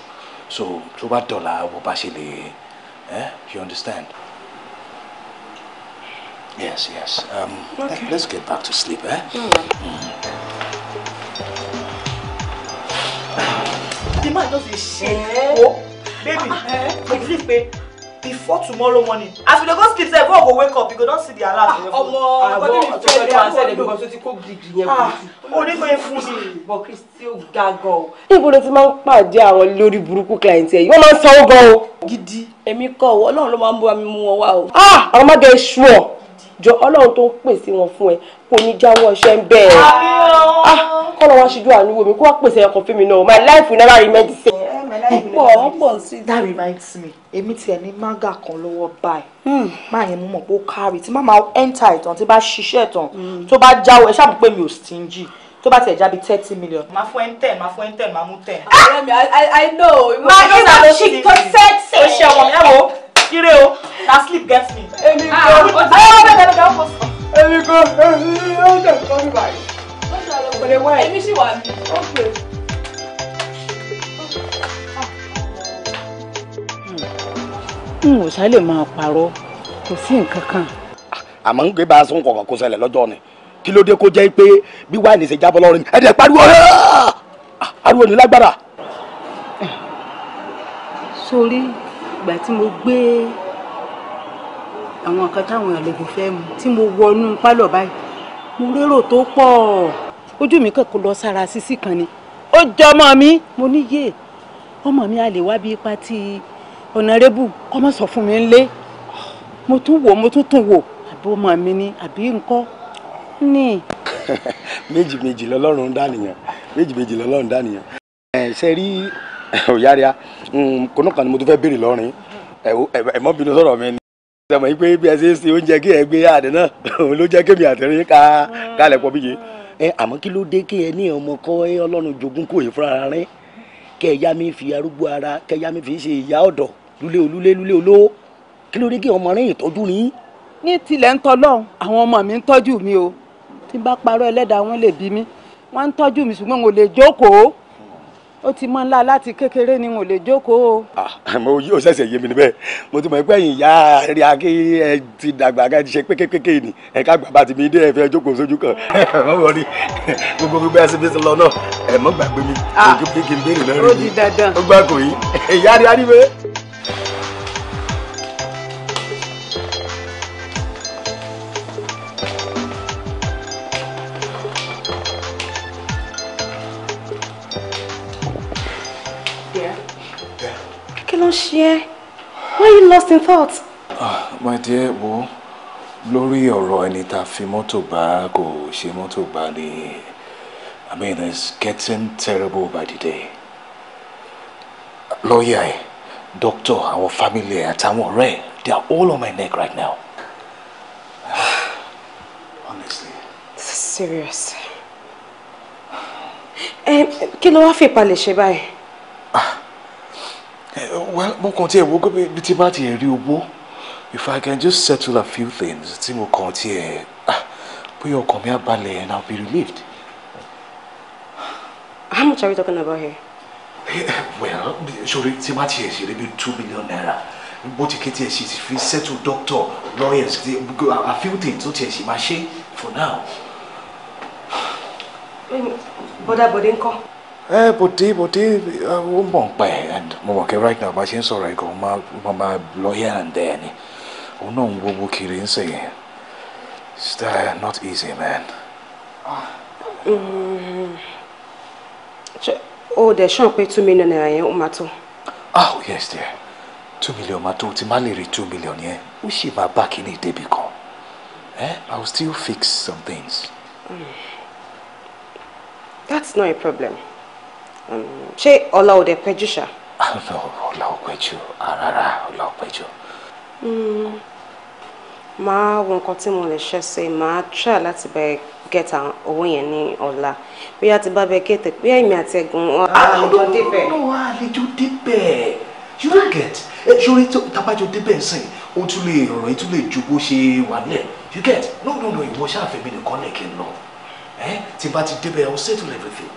so tó bá dọ̀la wo bá ṣe lè eh you understand. Yes, yes. Um, okay. let, let's get back to sleep, eh? Mm. Mm. The man does is shit. Eh? Oh, baby, mo ti sleep. pé before tomorrow morning as we dey go sleep sef one go wake up you go don see the alarm. Ah, ọmọ ọgbọdọ mi fẹẹ lé àwọn ọdọ because o ti kó gidi yẹn ah, kó o ní pé fún mi. bọ kristi ó ga gan o. níbo ló ti máa ń pàdé àwọn lórí burúkú client ẹ yìí wọ́n máa ń sanwó gan o. gidi èmi kọ ọ Ọlọ́run ló máa ń bọ mi mú wọn wá o. ah àwọn má bẹ ṣú ọ jọ Ọlọ́run tó ń pèsè wọn fún ẹ kò ní jáwọ́ iṣẹ́ ń bẹ ẹ. ah kọ́ lọ́ wá ṣíjú àánú wo mi kó wá pèsè ẹ̀kọ́ fún mi náà my life will never remain the same pọ̀ wọ́n pọ̀ sí i. that reminds me èmi tiẹ̀ ní manga kan lọ́wọ́ báyìí hmm. máa yẹn mú mọ̀ pé ó kárì tí máa máa ẹ́ńtà ìtàn tí bá ṣiṣẹ́ ìtàn hmm. tó bá jáwọ́ ẹ ṣáà mọ̀ pé mi ò stingy tó bá tiẹ̀ jábí thirty million. máa fún ẹ ń ten. máa fún ẹ ń tẹ̀ máa mú tẹ̀. Ah! ọ̀rẹ́ mi i know ìwọ ló dà lọ sí i tó sẹ́ẹ̀tì. o ṣe ọmọ mi ẹ wo ire o na sleep get me. èmi kò ah, ó bẹ̀rẹ̀ bẹ̀rẹ̀ bẹ̀rẹ̀ fọ́ sí. èmi kò ó jẹ̀ kọ́ mi báyìí. ó ṣe àlọ́ pẹ̀lẹ́ wáyé. èmi sì wà mí. n ò sá lè máa parọ́ kò sí nǹkan kan. àmọ́ ń gbé bá a sún kọ̀ọ̀kan kó ṣẹlẹ̀ lọ́jọ́ ni kí ló dé kó jẹ́ pé bí wáìnì ṣe jábọ́ lọ́rùn ẹ̀dẹ̀ pariwo ah, ariwo ní lágbára. sórí ìgbà tí mo gbé àwọn kan táwọn àlejò fẹ́ mu tí mo wọnú pálọ̀ báyìí mo rérò tó pọ̀ ojú mi kàn kó lọ sára sísì kan ni ó jọ ọmọ mi mo ní yé ọmọ mi a lè wá bí ipa tí. ọ̀nàrẹ́bù kọ́ mọ̀ sọ fún mi ń lé mo tún wò mo tún tún wò àbí ọmọ mi ni àbí ńkọ́ ní. méjì méjì lọ́lọ́run dánìyàn méjì méjì lọ́lọ́run dánìyàn. ẹ ṣe rí hmm, kan ni mo tún fẹ́ ẹ sọ̀rọ̀ mi ni sọmọ yìí pé bí ẹ ṣe ń ṣe oúnjẹ kí ẹ gbé àdé náà òun ló jẹ́ kémi àtẹ̀rín ká kálẹ̀ pọ̀ bíye ẹ àmọ́ kí ló dé kí ẹ ní ọmọ kọ́ ẹ ọlọ́run jogún kò fúnra rẹ ẹ yá mi fi arúgbó ara ẹ lulẹ̀ olúlé lulẹ̀ olówó kí ló dé kí ọmọ rẹ̀ yìí tọ́jú ni. ní tilẹ̀ ń tọ́lọ́ àwọn ọmọ mi ń tọ́jú mi o tí bá parọ́ ẹlẹ́dàá wọn lè bí mi wọ́n ń tọ́jú mi ṣùgbọ́n n ò lè jókòó ó ti mọ́ ńlá láti kékeré ni n ò lè jókòó. àmọ́ ah, ó ṣẹ̀ṣẹ̀ yé mi níbẹ̀ mo ti mọ̀ ẹgbẹ́ yìí ya rí akí ẹ ti dàgbà ká ti ṣe pékékéké ni ẹ ká gbàgbà tí mi dé ẹ fẹ́ jókòó sójú kan ẹ mọ̀ wọ́n rí gbogbo gbogbo ẹ síbi lọ náà ẹ mọ̀ gbàgbé mi ah. kí n béèrè lọ́rùn mi ó gbà kò yí ìyá rí arí bẹ́ẹ̀ ṣe ẹ́ why you lost in thought. ah my dear wo lórí ọ̀rọ̀ ẹni tá a fi mọ́tò bá kò ṣe mọ́tò bá ni i mean it's getting terrible by the day lọ́ọ̀yà ẹ̀ doctor our family and àtàwọn ọ̀rẹ́ they are all on my neck right now. honestly. this is serious. Eh, kí ló wá fi ìpalẹ̀ ṣe báyìí. Eh, well mo kàn tiẹ̀ wo pé bí ti bá tiẹ̀ rí owó if i can just settle a few things tí mo kàn tiẹ̀ ah, bóyá Put your á balẹ̀ and I'll be relieved. how much are we talking about here. Eh, well sori tí má tiẹ̀ ṣe débi two million naira bó ti ké tiẹ̀ ṣe ti fi settle doctor lawyers a few things tó tiẹ̀ ṣe máa ṣe for now. bọ́dà bọ́dé ń kọ́. ẹ bòde bòde ó mọ̀ ń pa ẹ̀ and mo mọ̀ kẹ́ right now bá ṣe ń sọ̀rọ̀ ẹ̀ gan mo máa lọ́yà and there ni òun náà ń wọ́wọ́ kiri ń sèyìn it's not easy man. Ah. Mm. Sure. Oh, dẹ̀ ṣàn pé two million naira yẹn ó máa tó. Ah, oh, yes dear two million máa tó tí má lè rí two million yẹn ó sì máa bá kíní débi kan eh i will still fix some things. Mm. that's not a problem She um, ọlá òde pẹ́jú ṣá. Ah, no ọlá ò pẹ́jú ah, rárá ọlá Ma, pẹ́jú. Hmm. máa to nǹkan tí mo lè ṣe ṣe máa try láti bẹ get owó yẹn ní ọ̀la bóyá ti bá bẹ kéètè pé èmi àti ẹ̀gùn àlejò ah, débẹ̀. no àlejò débẹ̀ you don't get ṣorí eh, tabajọ débẹ̀ sìn ó tún lè rọ̀ ẹ́ tún lè ju bó ṣe wà nílẹ̀ you get no no no ìwọ ṣáàfẹ́ mi nìkan ní kí n lọ eh, tí bá ti débẹ̀ I will settle everything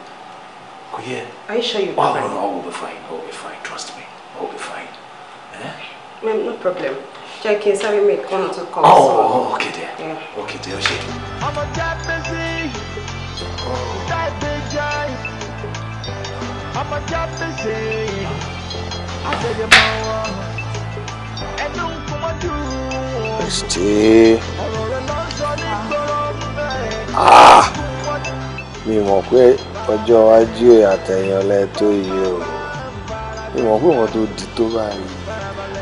kò yẹ. are you sure you be oh, fine. oh no I will be fine I will be fine trust me I will be fine. Eh? Ma'am, no problem jẹ́ kí n sáré mi ìkànnà tó kàn sí. ọ̀ òkè dẹ̀ òkè dẹ̀ ó ṣe. ọmọ jáde sí jáde jẹ́ ọmọ jáde sí àtẹ̀yẹmọ ẹnu kọ́mọ́dù. ẹ̀sìtì. mi mọ̀ pé ọjọ́ ajé àtẹ̀yìn ọ̀lẹ́ tó yẹ o mi mọ̀ pé wọ́n tó di tó báyìí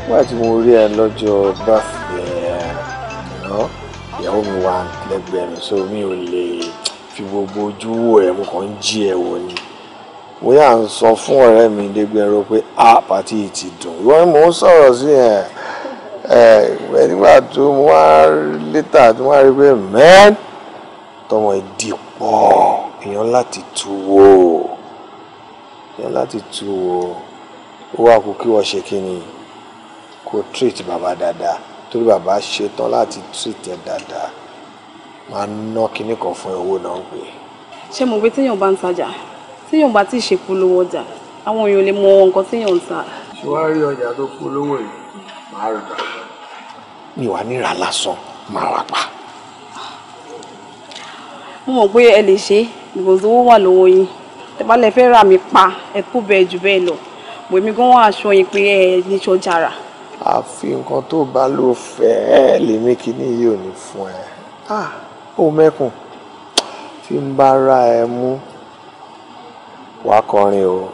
nígbà tí mo rí ẹ lọ́jọ́ báfẹ́ ẹ̀rọ ìyàwó mi wà lẹ́gbẹ̀ẹ́ mi so mi ò lè fi gbogbo ojú wò ẹ mo kàn ń jí ẹ wò ni mo yà ń sọ fún ọ̀rẹ́ mi lẹ́gbẹ̀ẹ́rọ pé a pàtí ti dùn ìwọ ni mò ń sọ̀rọ̀ sí ẹ̀ ẹ̀ nígbà tó mo wá létà tó wá rí pé mẹ́ẹ́ tọmọ ìdí pọ̀ èèyàn láti tu wo èèyàn láti tu wo ó wà kó kí wọ́n ṣe kí ni kó treat bàbá dáadáa torí bàbá ṣetán láti treat ẹ dáadáa máa ná kinní kan fún ẹ owó náà ń pè. ṣé mo gbé téèyàn bá ń tajà téèyàn bá ti ṣe polówó ọjà àwọn èèyàn lè mọ nǹkan téèyàn ń ta. ṣé wàá rí ọjà tó polówó yìí máa rà mi wà níra lásán máa wà pa. mo mọ̀ pé ẹ lè ṣe ìgbòho owó wà lọ́wọ́ yín tẹ fẹ́ rà mí pa ẹ kú bẹ́ẹ̀ jù bẹ́ẹ̀ lọ bòmí gan wà aṣọ yín pé ẹ níṣọ́ jàrà àfi nǹkan tó bá lò fẹ́ẹ́ lè mí kíní yìí ò ní fún ẹ ah, ó mẹ́kùn tí ń bá ra ẹ mú wàá kọrin o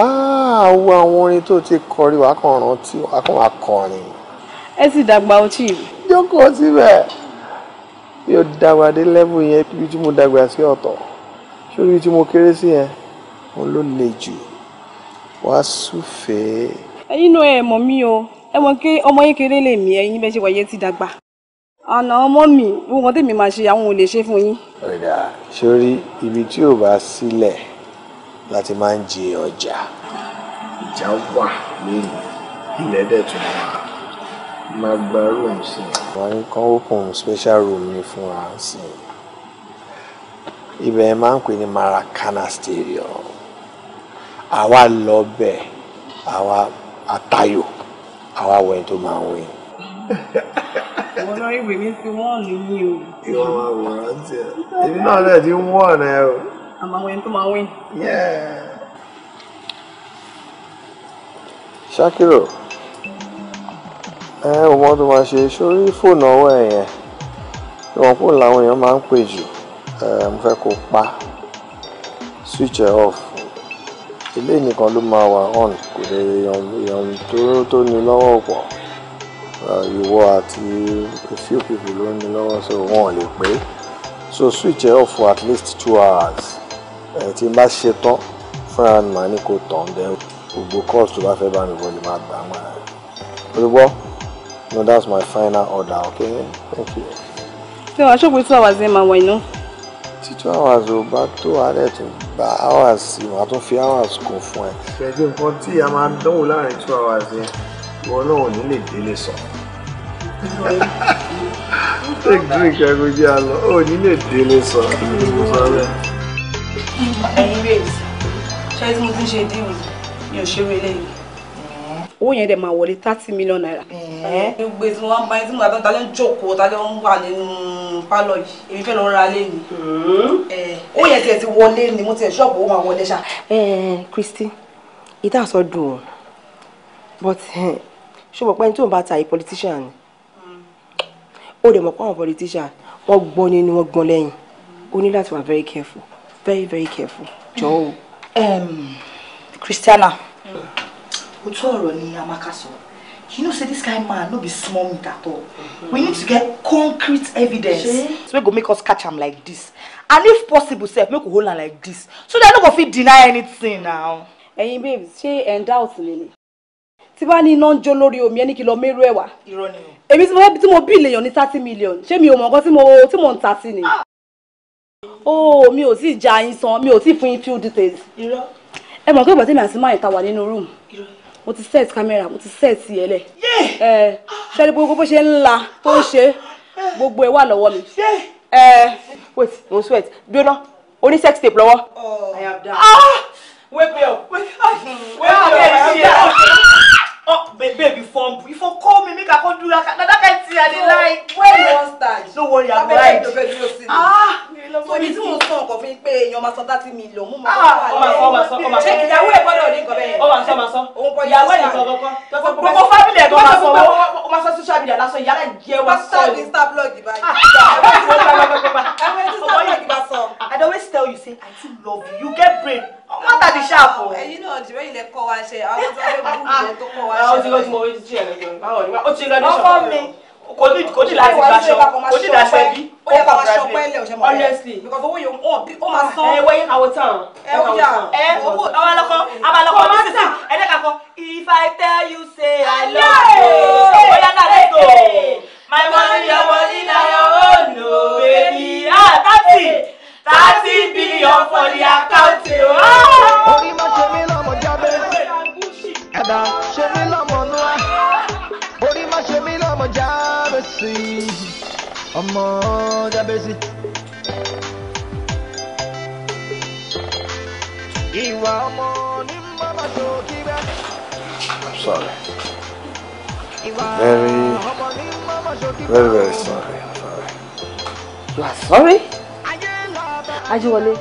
ah, wo àwọn orin tó ti kọrin wàá kàn rántí wàá kàn wá kọrin. ẹ sì dàgbà ojú ìlú. jókòó síbẹ̀ yóò dàgbà dé lẹ́bù yẹn ibi tí mo dàgbà sí ọ̀tọ̀ sórí tí mo kéré sí yẹn òun ló le jù wàá súfèé ẹ̀yin náà ẹ mọ̀ mí o ẹ mọ̀ pé ọmọ yín kéré lè mí ẹ̀yin bẹ́ẹ̀ ṣe wáyé ti dàgbà àná ọmọ mi gbogbo nǹkan tèmi máa ṣe àwọn ò lè ṣe fún yín. ọ̀dà sórí ibi tí ò bá sílẹ̀ láti máa ń jẹ ọjà ìjà wà lẹ́nu ilẹ̀ dẹ̀ tún wà máa gba room sí i. wọ́n ní kán open special room ní fún wa sí i ibẹ̀ máa ń pè ní Maracana Stadium àwa lọ bẹ̀ àwa àtayò àwọn awọ ẹni tó máa ń wẹ̀. wọn náà ìwé mi ti wọ́ọ̀nù yìí o. ìwọ máa wọ̀ ọ́ ti ẹ̀ èmi ti ń wọ̀ọ̀nù ẹ o. àmọ́ àwọn ẹni tó máa ń wẹ̀. ṣákìrò ẹ ò mọ tó máa ṣe sórí fóònù ọwọ́ ẹ yẹn ìwọ̀n fóònù làwọn èèyàn máa ń pè jù mo fẹ́ kó pa switch off ilé nìkan ló máa wà on kò lè èèyàn tó ní lọ́wọ́ pọ̀ ìwọ àti a few people ló ní lọ́wọ́ so wọn ò lè pé so switch off for at least two hours ẹ̀ tí n bá ṣe tán fúnra mi màá ní kó tàn dẹ́ gbogbo calls tó bá fẹ́ bá mi wọlé máa gbà máa rẹ̀ olùgbọ́ no that's my final order okay thank you. ṣé wàá ṣòpin two hours yẹn máa wọ̀ iná. tí two hours ò bá tó àárẹ̀ tó gba hours ìwà tó fi hours kún fún ẹ. ṣèjì nǹkan tí a máa ń dánwò láàrin two hours yẹn ìwọ náà ò ní lè délé sọ. take drink ẹgbẹ́ jẹ́ àlọ́ ò ní lè délé sọ. ẹyin rèézi ṣé tí mo ti ń ṣe díìmù mi ò ṣeré lẹ́yìn owó yẹn dẹ̀ máa wọlé thirty million naira. ẹ gbèsè wọn bá ẹ tí mo bá tán ta jókòó ta ló wà nínú pálọ̀ yìí èmi fẹ́ lọ lé ni hmm? eh, ó yẹ tiẹ̀ ti wọlé ni mo tiẹ̀ ṣọ́ọ̀bù ó máa wọlé ṣá. Eh, Christy ìdá sọ dùn o but eh, ṣùgbọ́n pẹ́ni tó ń bá ta yìí politician ni ó hmm. dẹ̀ mọ̀ pé àwọn politician wọ́n gbọ́n nínú wọ́n gbọ́n lẹ́yìn o ní láti wà very careful very very careful jọ̀ọ́ o. Christiana òtún hmm. ọ̀rọ̀ ni Amaka sọ you know say this kind man no be small meat at all we need to get concrete evidence so we go make us catch him like this. and if possible say make we hold him like this so dem no go fit deny anything now. Hey babes ṣé and ń dá òsùn lélẹ̀ tí bá ní iná ń jó lórí omi ẹni mo fẹ́ tí mo bí million ṣé mi ò mọ̀ nǹkan tí mo tí mo ń ta ni. Ah! Oh, mi ò tí ja yín san mi ò tí ì fún few details. E mọ̀ pé ìgbà tí mi àti máyì ta wà nínú rúùmù mo ti set camera mo ti set yẹn lẹ̀ ẹ ṣẹ́ni gbogbo bó ṣe ń la tó ń ṣe gbogbo ẹ wà lọ́wọ́ mi ẹ wait mo sweat dúró oní sex tape lọ́wọ́. Oh, I am ah! hmm, down. wake me up wake me up wake me up. Oh, baby, before for call me, make I come do that. That kind of thing I dey like. When you No worry, I'm right. Ah, so ní tí mo sọ nǹkan fún yín pé èèyàn máa san thirty million mú màá wà lẹ́yìn. ọmọ sọ ọmọ sọ. ṣé ìyàwó ẹ̀ gbọ́dọ̀ ní nǹkan bẹ́ẹ̀. ọmọ sọ ọmọ sọ. òun kọ ìyàwó ẹ̀ nìkan kọ́kọ́. gbogbo fámìlì ẹ̀ tó máa sọ owó. ó máa sọ social media lásán ìyá rẹ̀ jẹ́ wá sọ. wọ́n ti sá blog ìbá yìí. àwọn ti sá blog ìbá sọ. I dey always tell you say I too love you, you get brain wọ́n tàbí ṣáàpù. ẹ̀yin náà ti rẹ́yìn lẹ wa ṣe àwọn tó ń bú ìjọ tó kọ́ wa ṣe. àwọn tí wọ́n ti mọ orí ti ẹ̀rọ ìjọba wọn ni mi kò ní kò ní láti gbaṣọ kò ní daṣọ ẹbí ó yẹ ká máa ṣọpẹ́ lẹ̀ ọ̀ṣẹ́ mọ́ honestly because owó yẹn ó máa san. Eh, eh, eh, ẹ wẹ́yìn àwọn tán ẹ wọ́n yà ẹ owó abalọ́kọ́ abalọ́kọ́ máa ń sà ẹ̀ẹ́dẹ́gbàkọ́ if i tell you say i love you ó yá náà lẹ́tọ̀ọ́ my money your money na your own o baby ah, thirty billion for the account o. orí má ṣe mí lọ́mọ jábẹ́ ẹ̀dá ṣe mí lọ́mọ nua orí má ṣe mí lọ́mọ jábẹ́ sí ọmọ jábẹ́ sí. ìwà ọmọ ní mọ́mọ́ tó kí bẹ́ẹ̀. I'm sorry. Very, very, very sorry. I'm sorry. You are sorry? Ajiwale,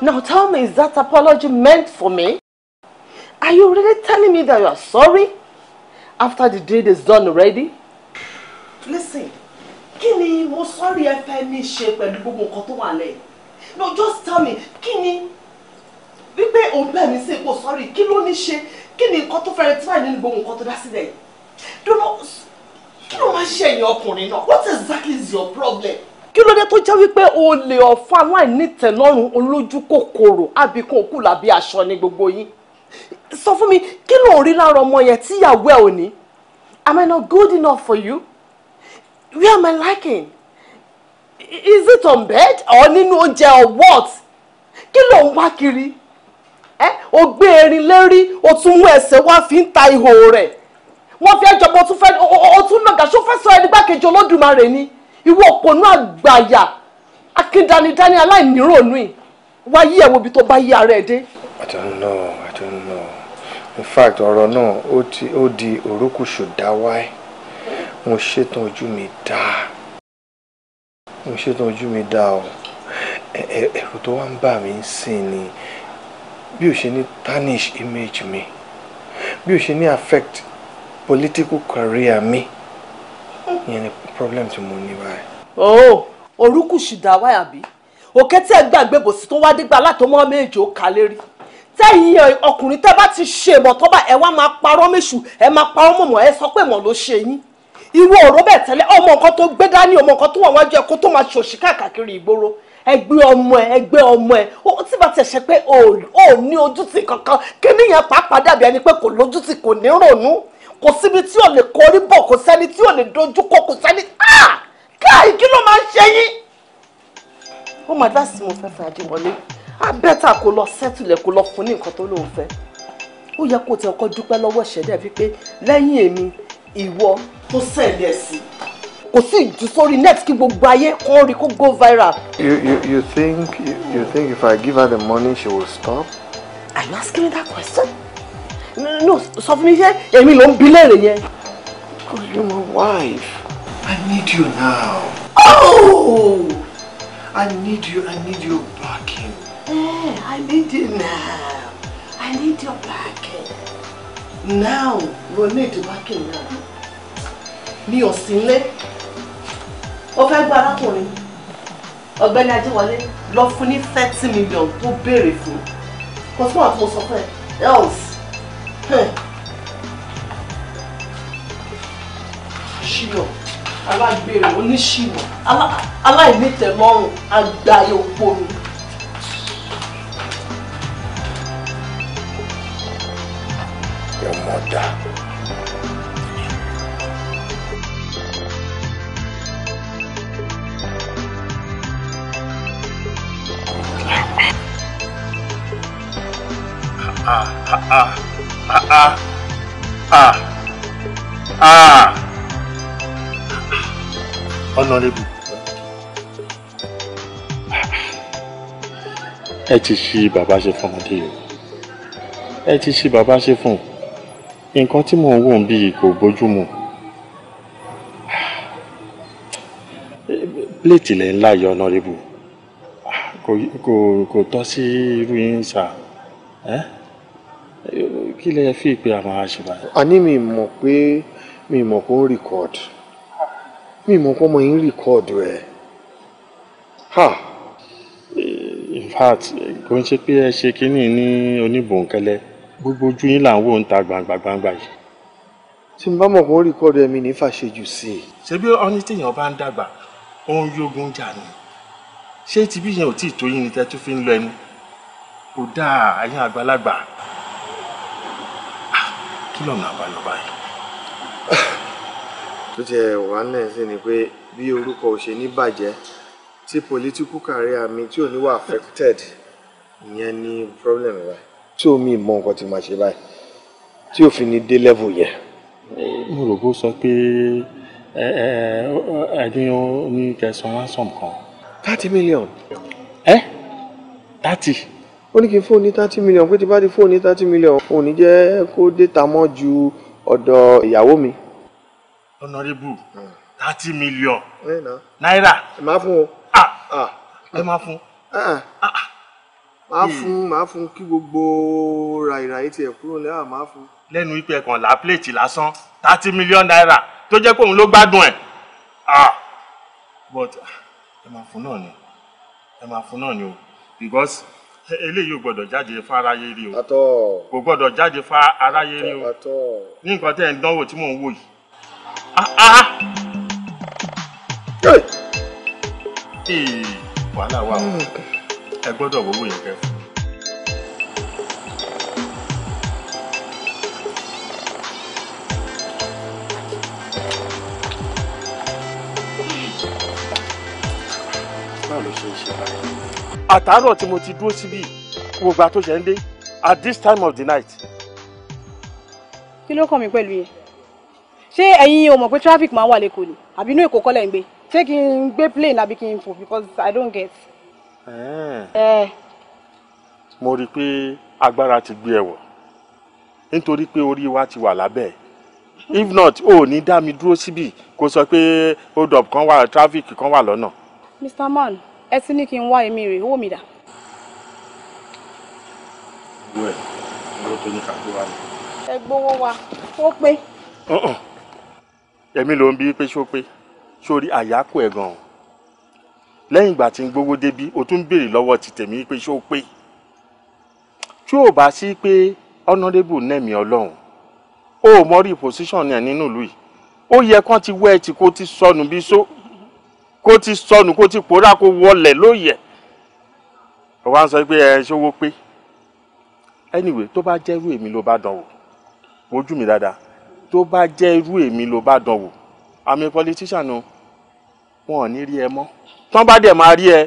now tell me, is that apology meant for me? Are you really telling me that you are sorry after the deed is done already? Listen, Kini, ni mo sọ́rí ẹ fẹ́ ní ṣe pẹ̀lú gbogbo nǹkan tó wà lẹ́yìn? No, just tell me, Kini, we pay òun bẹ̀ mí sí ipò sọ́rí kí ló ní ṣe kí ni nǹkan tó fẹ́rẹ̀ tí wà nínú gbogbo nǹkan tó dá sílẹ̀ yìí? Dúró kí ló máa ṣe ẹ̀yìn ọkùnrin What exactly is your problem? kí ló dé tó jẹ́ wípé olè ọ̀fà aláìnítẹ̀lọ́rùn olójú kòkòrò abikun òkú làbí aṣọ ni gbogbo yín sọ fún mi kí ló ń rí lára ọmọ yẹn tíyàwó ẹ ò ní am I not good enough for you where am I lacking is it on bed or nínú oúnjẹ or what kí ló ń wá kiri ẹ o gbé erin lérí o tún mú ẹsẹ̀ wá fi ń ta ihò rẹ̀ wọ́n fi ẹjọ́ bó tún fẹ́ o tún nàgà ṣó fẹ́ sọ ẹni gbàkejì Olódùmarè ni ìwọ òpònú àgbàyà akíndanidání aláìníròónú yìí wá yí ẹ̀wò ibi tó bá yí ara ẹ̀ dé. I don't know I don't know in fact ọ̀rọ̀ náà ó di òrókùṣù dáwáì mo ṣetán ojú mi dáa mo ṣetán ojú mi dáa o ẹ̀rù tó wá ń bà mí sìn ni bí o ṣe ní tarnish image mi bí o ṣe ní affect political career mi ìyẹn ni problem tí mo ní báyìí. o orúkúṣù dàwa àbí òkè tí ẹ gbàgbé bòsí tó wá dégbà látọmọ méje ó kà lérí tẹ̀yin ọkùnrin tẹ́ bá ti ṣe ìmọ̀ tó bá ẹ wá máa parọ́ méṣù ẹ máa parọ́ mọ̀mọ́ ẹ sọ pé mọ̀ ló ṣe yín irú ọ̀rọ̀ bẹ́ẹ̀ tẹ́lẹ̀ ọmọ nǹkan tó gbé dání ọmọ nǹkan tó wà wájú ẹ kó tó máa ṣòṣì káàkiri ìgboro ẹgbẹ́ ọmọ ẹ ẹgbẹ́ ọmọ ẹ ó ti bá ti pé ò ní ojútì kankan kí níyẹn pàápàá dàbí ẹni pé kò lójútì kò ní rònú kò síbi tí ò lè kọrí bọ̀ kò sẹ́ni tí ò lè dojú kọ kò sẹ́ni ah! káì kí ló máa ń ṣe yín. ó mà dá sí mo fẹ́ fẹ́ adéwọlé abẹ́ta kò lọ sẹ́tùlẹ̀ kò lọ fún ní nǹkan tó lóun fẹ́ ó yẹ kó tiẹ̀ kọ́ dúpẹ́ lọ́wọ́ ìṣẹ̀dá wípé lẹ́yìn èmi ìwọ tó sẹ̀lẹ̀ sí kò sí ìjú sórí net kí gbogbo ayé kó rí kó go viral. you you you think you, you think if I give her the money she will stop. are you asking me that question no sọ fún mi ṣé èmi ló ń bi léèrè yẹn. because oh, you're my wife I need you now. Oh! I need you I need your backing. Hey, eh, I need you now I need your backing. Now we need your backing now. mi ò sí ilé ó fẹ́ gba arákùnrin ọ̀gbẹ́ni ajéwọlé lọ fún ní thirty million tó béèrè fún kò sí wọn àti mo sọ fún ẹ ẹ ṣìnà alágbèrè oníṣìnà aláìnítẹ̀lọ́rùn àgbáyé òpó mi. your mother. Ah, ah, ah. ah. Ah, ah ah ah honorable. ẹ ti ṣe bàbá ṣe fún ọmọdé o ẹ ti ṣe bàbá ṣe fún nǹkan tí mò ń wò ń bí kò bójú mu pléètì lẹ̀ ńlá yìí honorable kò tọ́ sí irú yín sà Eh? kí lẹ fi ìpè àmọ́ àṣẹ báyìí. a ní mi mọ̀ pé mi mọ̀ kó ń record mi mọ̀ kó mọ̀ ń record rẹ̀ ha. Eh, in fact kò ń ṣe pé ẹ ṣe kínní ní oníbòǹkẹ́lẹ́ gbogbo ojú yín là ń wò ń ta gbangba gbangba yìí. tí mo bá mọ̀ kó ń record rẹ̀ mi ní fàṣejù sí i. ṣebí ọ́nì téèyàn bá ń dàgbà ó ń yógun jà ni ṣé tibí yẹn ò tí ì tó yín ni tẹ́ fi ń lọ ẹnu kò dáa àyín àgbàlagbà kí lọ́nà àbáyọ báyìí. tó tiẹ̀ wà náà sí ni pé bí orúkọ ò ṣe ní bàjẹ́ tí political career mi tí ò ní wà affected ìyẹn ni problem wa tí omi mọ nǹkan tí màá ṣe báyìí tí ò fi ní dé level yẹn. mo rò bó sọ pé ẹ̀ẹ́dúnyàn ní kẹsàn-án sàn kan. thirty million. ẹ thirty. Eh? ó ní kí n thirty million pé tí bá ti fóun thirty million òun ní jẹ́ kó déta mọ́ ju ọ̀dọ̀ ìyàwó mi. honourable thirty million Naira. ẹ máa fún o. ẹ máa fún. máa fún máa fún kí gbogbo ràìràì tiẹ̀ kúrò lẹ́wà máa fún. lẹ́nu ìpè ẹ̀kan là pléètì lásán thirty million naira. tó jẹ́ pé òun ló gbádùn ẹ̀ but ẹ máa fún náà ni ẹ máa fún náà ni o because eléyìí ò gbọ́dọ̀ jáde fún aráyé rí o kò gbọdọ jáde fún aráyé rí o ní nǹkan tẹ́ ẹ̀ ń dánwò tí mò ń wò yìí. wàhálà wà o mm, ẹ gbọdọ wọ́wọ́ yẹn kẹ́ fún. báwo ló ṣe ń ṣe báyìí. àtàárọ̀ tí mo ti dúró síbí wo ìgbà tó ṣe ń dé at this time of the night. kí ló kàn mí pẹ̀lú yẹn ṣé ẹ̀yin ò mọ̀ pé traffic máa ń wà lẹ́kọ̀ọ́ ni àbí inú èkó kọ́lẹ̀ ń gbé ṣé kí n gbé plane àbí kí n fò because i don't get. Eh. mo rí i pé agbára ti gbé ewo nítorí pé orí wa ti wà lábẹ́ if not o ni ní dá mi dúró síbí kó sọ pé hold up kan wà traffic kan wà lọ́nà. mr man ẹ ti ní kí n wá èmi rè owó mi dà. ìwé ìwé tó ní kàkó wa ni. ẹ gbowó wa ó pé. èmi ló ń bí pé ṣó pé sórí àyákò ẹ̀ gan-an lẹ́yìn ìgbà tí ń gbowó débí o tún ń béèrè lọ́wọ́ ti tèmi pé ṣó pé tí ò bá sí pé honourable nẹ̀mí ọlọ́run o ò mọ rí position ní ẹ̀ nínú ìlú yìí ó yẹ kán ti wẹ́ ẹ tí kò ti sọnù bí so kó ti sọnù kó ti pòórá kó wọlẹ̀ lóye ẹ wá ń sọ pé ẹ ṣówó pé anyway tó bá jẹ́ irú èmi ló bá dán wò wojú mi dáadáa tó bá jẹ́ irú èmi ló bá dán wò àmì politician o wọn ò ní rí ẹ mọ́ tán bá dẹ̀ máa rí ẹ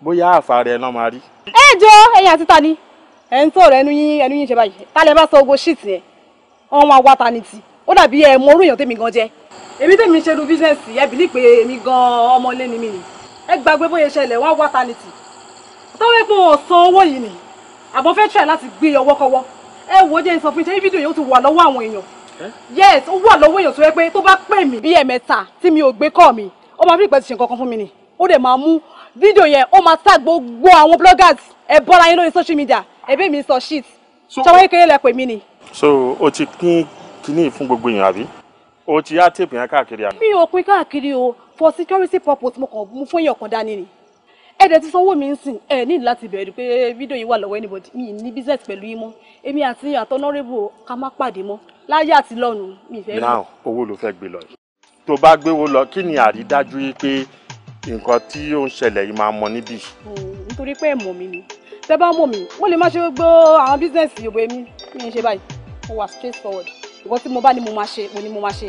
bóyá àfàrẹ ẹ náà máa rí. ẹ jọ ẹ̀yin àti ta ni ẹ ń tó rẹ ẹnu yín ẹnu yín ṣe báyìí ta bá sọ ogo shit yẹn ọmọ àwa ta ni ti ó dàbí ẹ mọ orú èèyàn tèmi gan jẹ èmi tèmi ṣe irú bísíǹsì ẹ bìlí pé èmi gan-an ọmọ ilé ni mí ni ẹ gbàgbé bóyá ṣẹlẹ̀ wọ́n wá tanìtì tọ́wọ́ pé wọ́n san owó yìí ni àbọ̀ fẹ́ try láti gbé ọwọ́ kọ́wọ́ ẹ wò ó jẹ́ ìsọfún ìṣe fídíò yìí ó ti wà lọ́wọ́ àwọn èèyàn yes ó wà lọ́wọ́ èèyàn tó yẹ pé tó bá pè mí bí ẹ̀mẹ́ta tí mi ò gbé kọ́ mi ó máa fi ìpẹ́ ti ṣe nǹkan kan fún mi ni ó dẹ̀ máa mú fídíò yẹn ó máa tag gbogbo àwọn bloggers ẹ bọ́ra yín lórí social media ẹ̀bí mi sọ shit ṣọwọ́ kékeré lẹ pè mí ni. so o ti kún kinní fún gbogbo èèyàn àbí o ti yá téèpù yẹn káàkiri àná. mi ò pín káàkiri o for security purpose mo kàn mú fún èèyàn kan dání ni ẹ dẹ̀ ti sanwó mi ń sìn ẹ ní láti bẹ̀rù pé fídíò yìí wà lọ́wọ́ anybody mi ní business pẹ̀lú yín mọ́ èmi àti àtọ́nọ́rẹ́bù ká má pàdé mọ́ láyé àti lọ́run mi fẹ́ rí. now owó ló fẹ́ gbé lọ yìí tó bá gbéwó lọ kí ni àrídájú yìí pé nǹkan tí ó ń ṣẹlẹ̀ yìí máa mọ níbí. nítorí pé ẹ̀mọ́ mi ni tẹ́ bá mọ̀ mi mo lè má ṣe gbọ́ àwọn bísíǹsì òbò mi mi ń ṣe báyìí mo wà straight forward nǹkan tí mo bá ní mo máa ṣe mo ní mo máa ṣe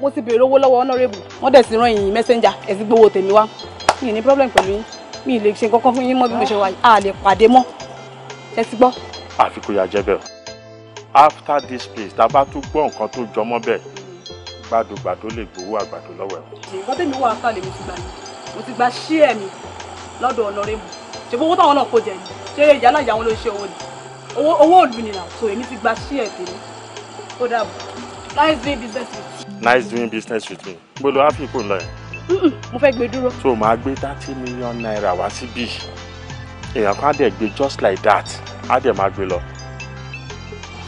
mo ti béèrè owó lọ́wọ́ honourable wọ́n dẹ̀ sí rán yìnyín messenger ẹ̀ sì gbowó tèmi wá mi ì ní problem pẹ̀lú yín mi ì lè ṣe nǹkan kan fún yín mọ́ bí mo ṣe wà yìí a lè pàdé mọ́ ṣe ti gbọ́. àfi kó ya jẹ́ bẹ́ẹ̀ after this place tá a bá tún gbọ́ nǹkan tó jọmọ́ bẹ́ẹ̀ gbàdúgbàdú lè gbowó àgbàdo lọ́wọ́ ẹ̀. nǹkan tèmi wà áfà lèmi ti gbà ní mo ti gba ṣí ẹ̀mí lọ́dọ̀ honourable ṣe gbogbo táwọn náà kó jẹ ní ṣe ìyá náà ìyá wọn ló ṣe owó ni owó òlù nìyà so èmi ti gba ṣí ẹ̀ tèmi ó dàbọ̀ nice doing business with you. nice doing business with me mo lo happy kò ń lọ yẹn. mo so màá gbé thirty million naira wá síbí èèyàn kan á dẹ̀ gbé just like that á dẹ̀ máa gbé lọ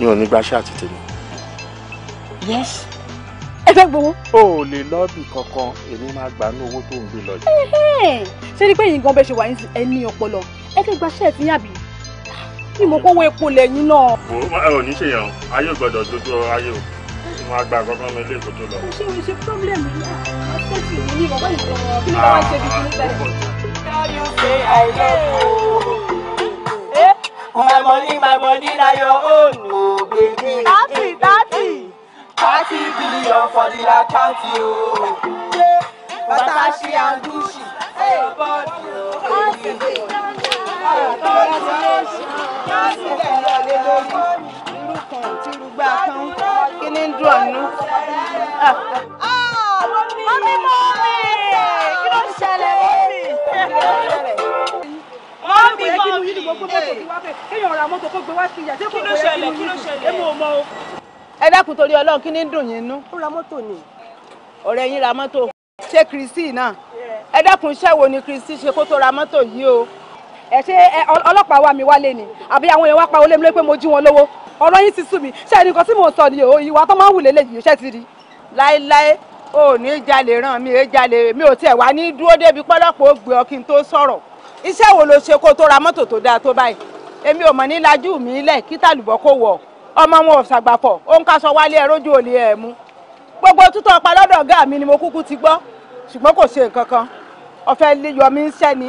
mi ò ní gbaṣẹ́ àti tèmi. yes ẹ fẹ́ gbowó. o ò lè lọ́ọ̀bì kankan èmi máa gbà ní owó tó ń gbé lọ yìí. ṣé ni pé yìí gan bẹ́ẹ̀ ṣe wà ní ẹni ọpọlọ ẹ fẹ́ gbaṣẹ́ ẹ̀ fi yàn bí kì mọ̀ kówó epo lẹ́yìn náà. ẹ ní ṣe ayé gbọ́dọ̀ dojú ayé o wọn gba àkọ́kọ́ mi ilé ìkó lọ. ṣé o ṣe problem yìí àtẹ́sí mi ní ọ̀gá ìjọba kí ló wá ṣe bí kí ló bẹ̀rẹ̀. Ah, tell you say i love you. Eh? my money my money na your own o oh, baby. thirty thirty. thirty billion for the account o. bàtàṣì and gucci. Hey, bọ́ọ̀lù. Oh, Congratulations sílẹ̀ ń lọlé lórí irú kan ò tí irú gbá kan kí ni ń dùn ọ̀nù. mọ́mí mọ́mí kí ló ń ṣẹlẹ̀ mọ́mí. mọ́mí mọ́mí kéèyàn ra mọ́tò kó gbé wá sí ìyá tí kò gbé yẹ kí ló ṣẹlẹ̀ èmi ò mọ o. ẹ dákun torí ọlọ́run kí ni ń dùn yín nú. ó ra mọ́tò ni. ọ̀rẹ́ yín ra mọ́tò ṣé Kristi náà ẹ dákun iṣẹ́ wo ni Kristi ṣe kó tó ra mọ́tò yìí o ẹ ṣe ọlọ́pàá wa mi wálé ni àbí àwọn èèyàn wá pa olé mi pé mo jí wọn lówó ọ̀rọ̀ yín ti sú mi ṣé ẹnì kan tí mò ń sọ ni o ìwà tó máa ń wù lélẹ́yìí ṣẹ́ ti rí. láéláé ò ní jalè ràn mí èé e jalè mi ò tiẹ̀ wá ní dúró débi pọ́lọ́pọ̀ ó gbé ọ kí n tó sọ̀rọ̀ iṣẹ́ wo ló ṣe kó tó ra mọ́tò tó dáa tó báyìí èmi ò mọ̀ ní lajú mi lẹ̀ kí tàlùbọ̀ kó wọ̀ ọmọ wọn ò ṣàgbàfọ̀ ó ń kaṣọ wálé ẹ rójú òlì ẹ̀ mú gbogbo tútọ́ ọpa lọ́dọ̀ ọ̀gá mi ni mo kúkú ti gbọ́ ṣùgbọ́n kò ṣe nǹkan kan ọ̀fẹ́ yọmí ń ṣẹ́ni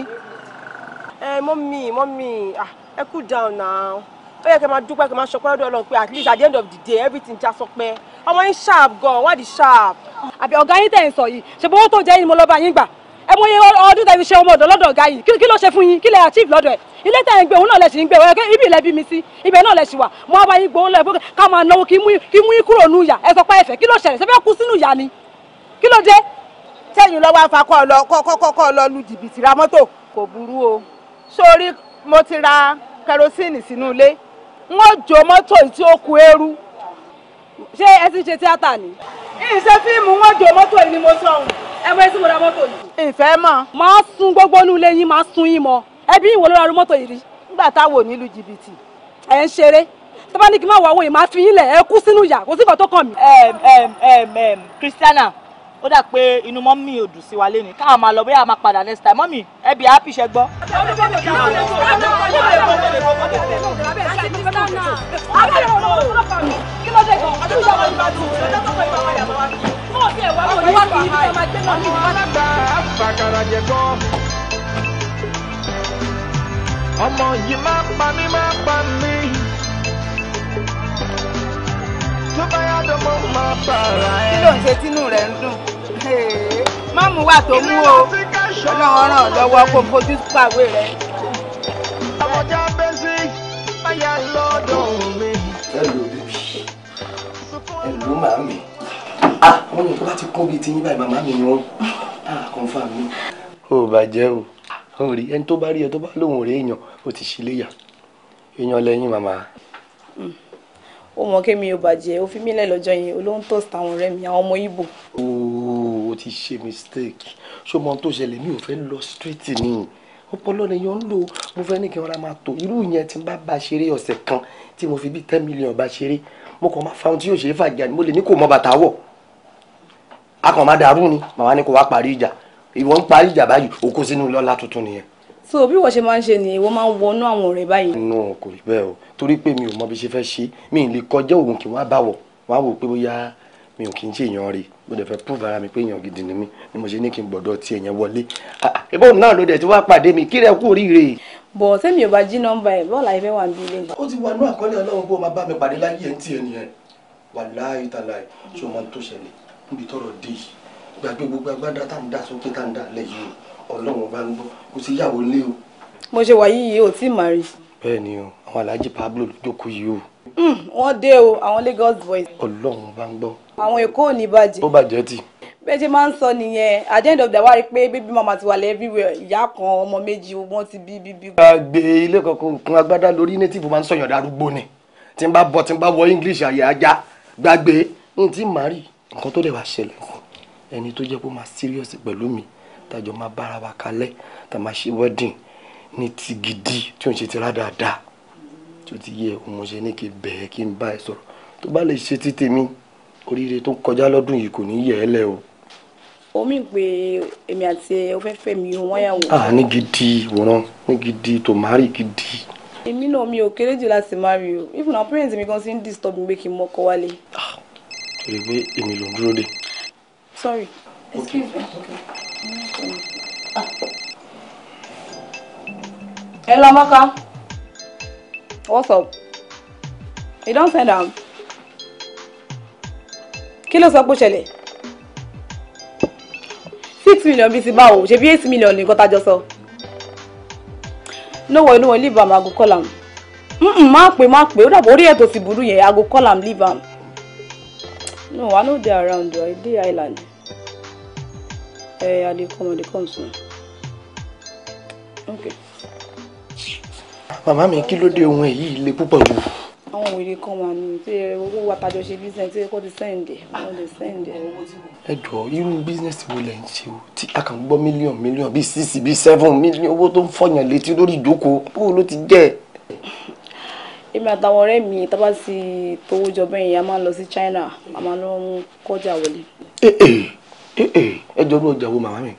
Eh, ah, ẹ mọ́mì ẹ cool down now ó yẹ kẹ́ máa dúpẹ́ kẹ́ máa ṣọpẹ́ lọ́dọ̀ Ọlọ́run pé at least at the end of the day everything já sọpẹ́ ọmọ yín sharp gan wá di sharp. àbí ọ̀gá yín tẹ̀ ń sọ yìí ṣe bówó tó jẹ́ yín mo lọ́ọ́ bá yín gbà ẹ mọ iye ọdún tẹ̀ fi ṣe ọmọ ọ̀dọ̀ lọ́dọ̀ ọ̀gá yìí kí ló ṣe fún yín kí lè achieve lọ́dọ̀ ẹ̀ ilé tẹ̀ ń gbé òun náà lẹ̀ sì ń gbé ẹ̀ ibi ilẹ̀ bí mi sí ibẹ̀ náà lẹ̀ sì wà mo wá bá yín gbóhùn lọ́ọ̀ fún ká máa náwó kí mú yín kúrò nù yà ẹ sọ pé ẹ̀fẹ̀ kí ló ṣẹlẹ̀ ṣe fẹ́ kú sínú yà ni kí ló dé. sẹ́yìn lọ́wọ́ afakọ́ ọ̀lọ́ kọ́kọ́ ọ̀lọ́ lu jìbìtì ra mọ́tò kò burú o sórí mo ti ra kẹrosíìnì sínú ilé jó tí ó ku eérú. ṣé ẹ ti ṣe tíátà ni. ìṣe fíìmù wọn jó mọ́tò yìí ni mo sọ ohun ẹ mọ ẹ mo ra yìí. sun gbogbo inú ilé yín máa sun yín mọ ẹbí ìwọ ló ra yìí rí. nígbà táwọn jìbìtì. ẹ ń fi yín ẹ kú sínú ìyà kò sí nǹkan tó kàn ó dà pé inú mọ́mí ò dùn sí wa lé ni káwọn máa lọ bóyá a máa padà next time mọ́mí ẹ bí happy ṣe gbọ́. ọmọ yìí máa pa mí máa pa mí ló bá yá dọ́mọ́ máa bàrà ẹ̀. kí ló ń ṣe tínú rẹ̀ ń dùn? má wà tó mú o ọlọ́run ràn lọ́wọ́ kó fojú pàwé rẹ̀. ọmọdé abẹ́sí báyà lọ́dọ̀ mi. ẹlò bíbí ẹlò màmí ah wọn ní tó bá ti kún bíi tiyín báyìí màmá mi ni wọn ah kọ́ńfà mi. ó bàjẹ́ o ó rí ẹni tó bá rí ẹ tó bá lóun ò rí èèyàn ó ti ṣe léyà èèyàn lẹ́yìn màmá ó mọ kémi ò bàjẹ́ ó fi mí lẹ̀ lọ́jọ́ yẹn olóhùn toast àwọn ọ̀rẹ́ mi àwọn ọmọ Ìgbò. ooo o ti ṣe mistake ṣó mọ tó ṣẹlẹ̀ mi ò fẹ́ lọ straight ni ọpọlọ nìyẹn ń lò mo fẹ́ ní kí wọ́n ra máa tó irú yẹn tí n bá ba ṣeré ọ̀sẹ̀ kan tí mo fi bíi ten million ba ṣeré mo kàn máa fa ohun tí yóò ṣe é fàjà ni mo lè ní kò mọ bàtà wọ̀ a kàn máa dàrú ni màmá ní kò wá parí ìjà ìwọ ń parí ìjà báyìí òkú sínú lọ́la tuntun nìyẹn so bí wọ́n ṣe máa ń ṣe nìyẹn wọ́n máa ń wọnú àwọn ọ̀rẹ́ báyìí. nù kò rí bẹ́ẹ̀ o torí pé mi ò mọ bí ṣe fẹ́ ṣe mi ì lè kọjá òun kí wọ́n á bàwọ̀ wọ́n á wò pé bóyá mi ò kí n ṣe èèyàn rí mo dẹ̀ fẹ́ prove ara mi pé èèyàn gidi ni mi ni mo ṣe ní kí n gbọ́dọ̀ ti èèyàn wọlé ah, ah, ìbá òun náà ló dẹ̀ ti wá pàdé mi kí rẹ̀ kú oríire. bọ̀ sẹ́mi ò bá jí nọ́mbà ẹ̀ bọ́ọ̀lù àyẹ̀fẹ́ wà níbi ilé. ó ti wà ní àkọọ́lẹ̀ ọlọ́run bó máa bá mi pàdé láyé ẹ̀ ń tiẹ̀ nìyẹn wàláhì tàláhì ṣé o máa ń tó ṣẹlẹ̀ níbi tọ́rọ̀ dé yìí gbàgbé gbogbo agbádá tá à ń dà sókè tá à ń dà lẹ́yìn ọlọ́run bá ń gbọ́ kò sí ìyàwó lé o. mo ṣe wà yìí o tí ì máa rí. bẹ́ẹ̀ ni o àwọn alhaji pablo ló jókòó yìí o. Hmm, wọ́n dé o àwọn Lagos boys. ọlọ́run bá ń gbọ́. àwọn èkó ò ní bàjẹ́. ó bàjẹ́ tì. bẹ́ẹ̀ ṣe máa ń sọ nìyẹn at the end of the wá rí pé bébí mama ti wà everywhere ìyá kan ọmọ méjì wọ́n ti bí bí bí. àgbè ilé kankan kan agbádá lórí native máa ń sọyàn darúgbó ni tí n bá bọ tí n bá wọ English àyè ajá gbàgbé n tí màrí nǹkan tó dẹ̀ wá ṣẹlẹ̀ ẹni tó jẹ́ kó máa serious pẹ̀lú mi tájọ máa bára wa kalẹ̀ tá a máa ṣe wedding ní ti gidi tí òun ṣe ti rá dáadáa tí ó ti yẹ òun ṣe ní kí n bẹ̀ẹ́ kí n bá ẹ sọ̀rọ̀ tó bá lè ṣe ti tèmi oríire tó kọjá lọ́dún yìí kò ní yẹ ẹ́ lẹ́ o. omi ń pe èmi àti ẹ mi o a ah, ní gidi wòran ní gidi tòmárì gidi. èmi náà mi ò kéré jù láti má rí o even our parents mi gan ti ń disturb mi pé kí n mọ́kọ wálé. Ah, torí pé èmi ló ń dúró dè. sorry excuse me. Okay. Ah. Hello, Maka What's up? You don't send am. Kí ló 6 pé Six million bíi ti báwo, ṣe eight million nìkan tá a sọ. No worry, no worry, leave am, I go call am. Má pè má pè, ó dàbọ̀ orí ẹ̀ tó I go call am, leave am. No, I no dey around, I dey island. Hey, eh, I did come, I did come soon. Okay. Màmá mi kí ló dé ohun èyí le púpọ̀ jù. Àwọn òwe kan wà ní tí owó wa tàjọ ṣe business tí kò ti sẹ́ǹdẹ̀. E, wọ́n lè sẹ́ǹdẹ̀. E. Ẹ jọ̀ọ́ you business wo lẹ̀ ń ṣe o tí a kàn ń six be seven mílíọ̀n owó tó ń fọyàn létí lórí ìjókòó bó ló ti jẹ́ èmi àtàwọn ọ̀rẹ́ mi tá bá ti tówó jọ bẹ́yìn a máa ń lọ sí China a máa lọ ń kọjá Eh, eh, ẹ jọ ní ọjà wo màmá mi.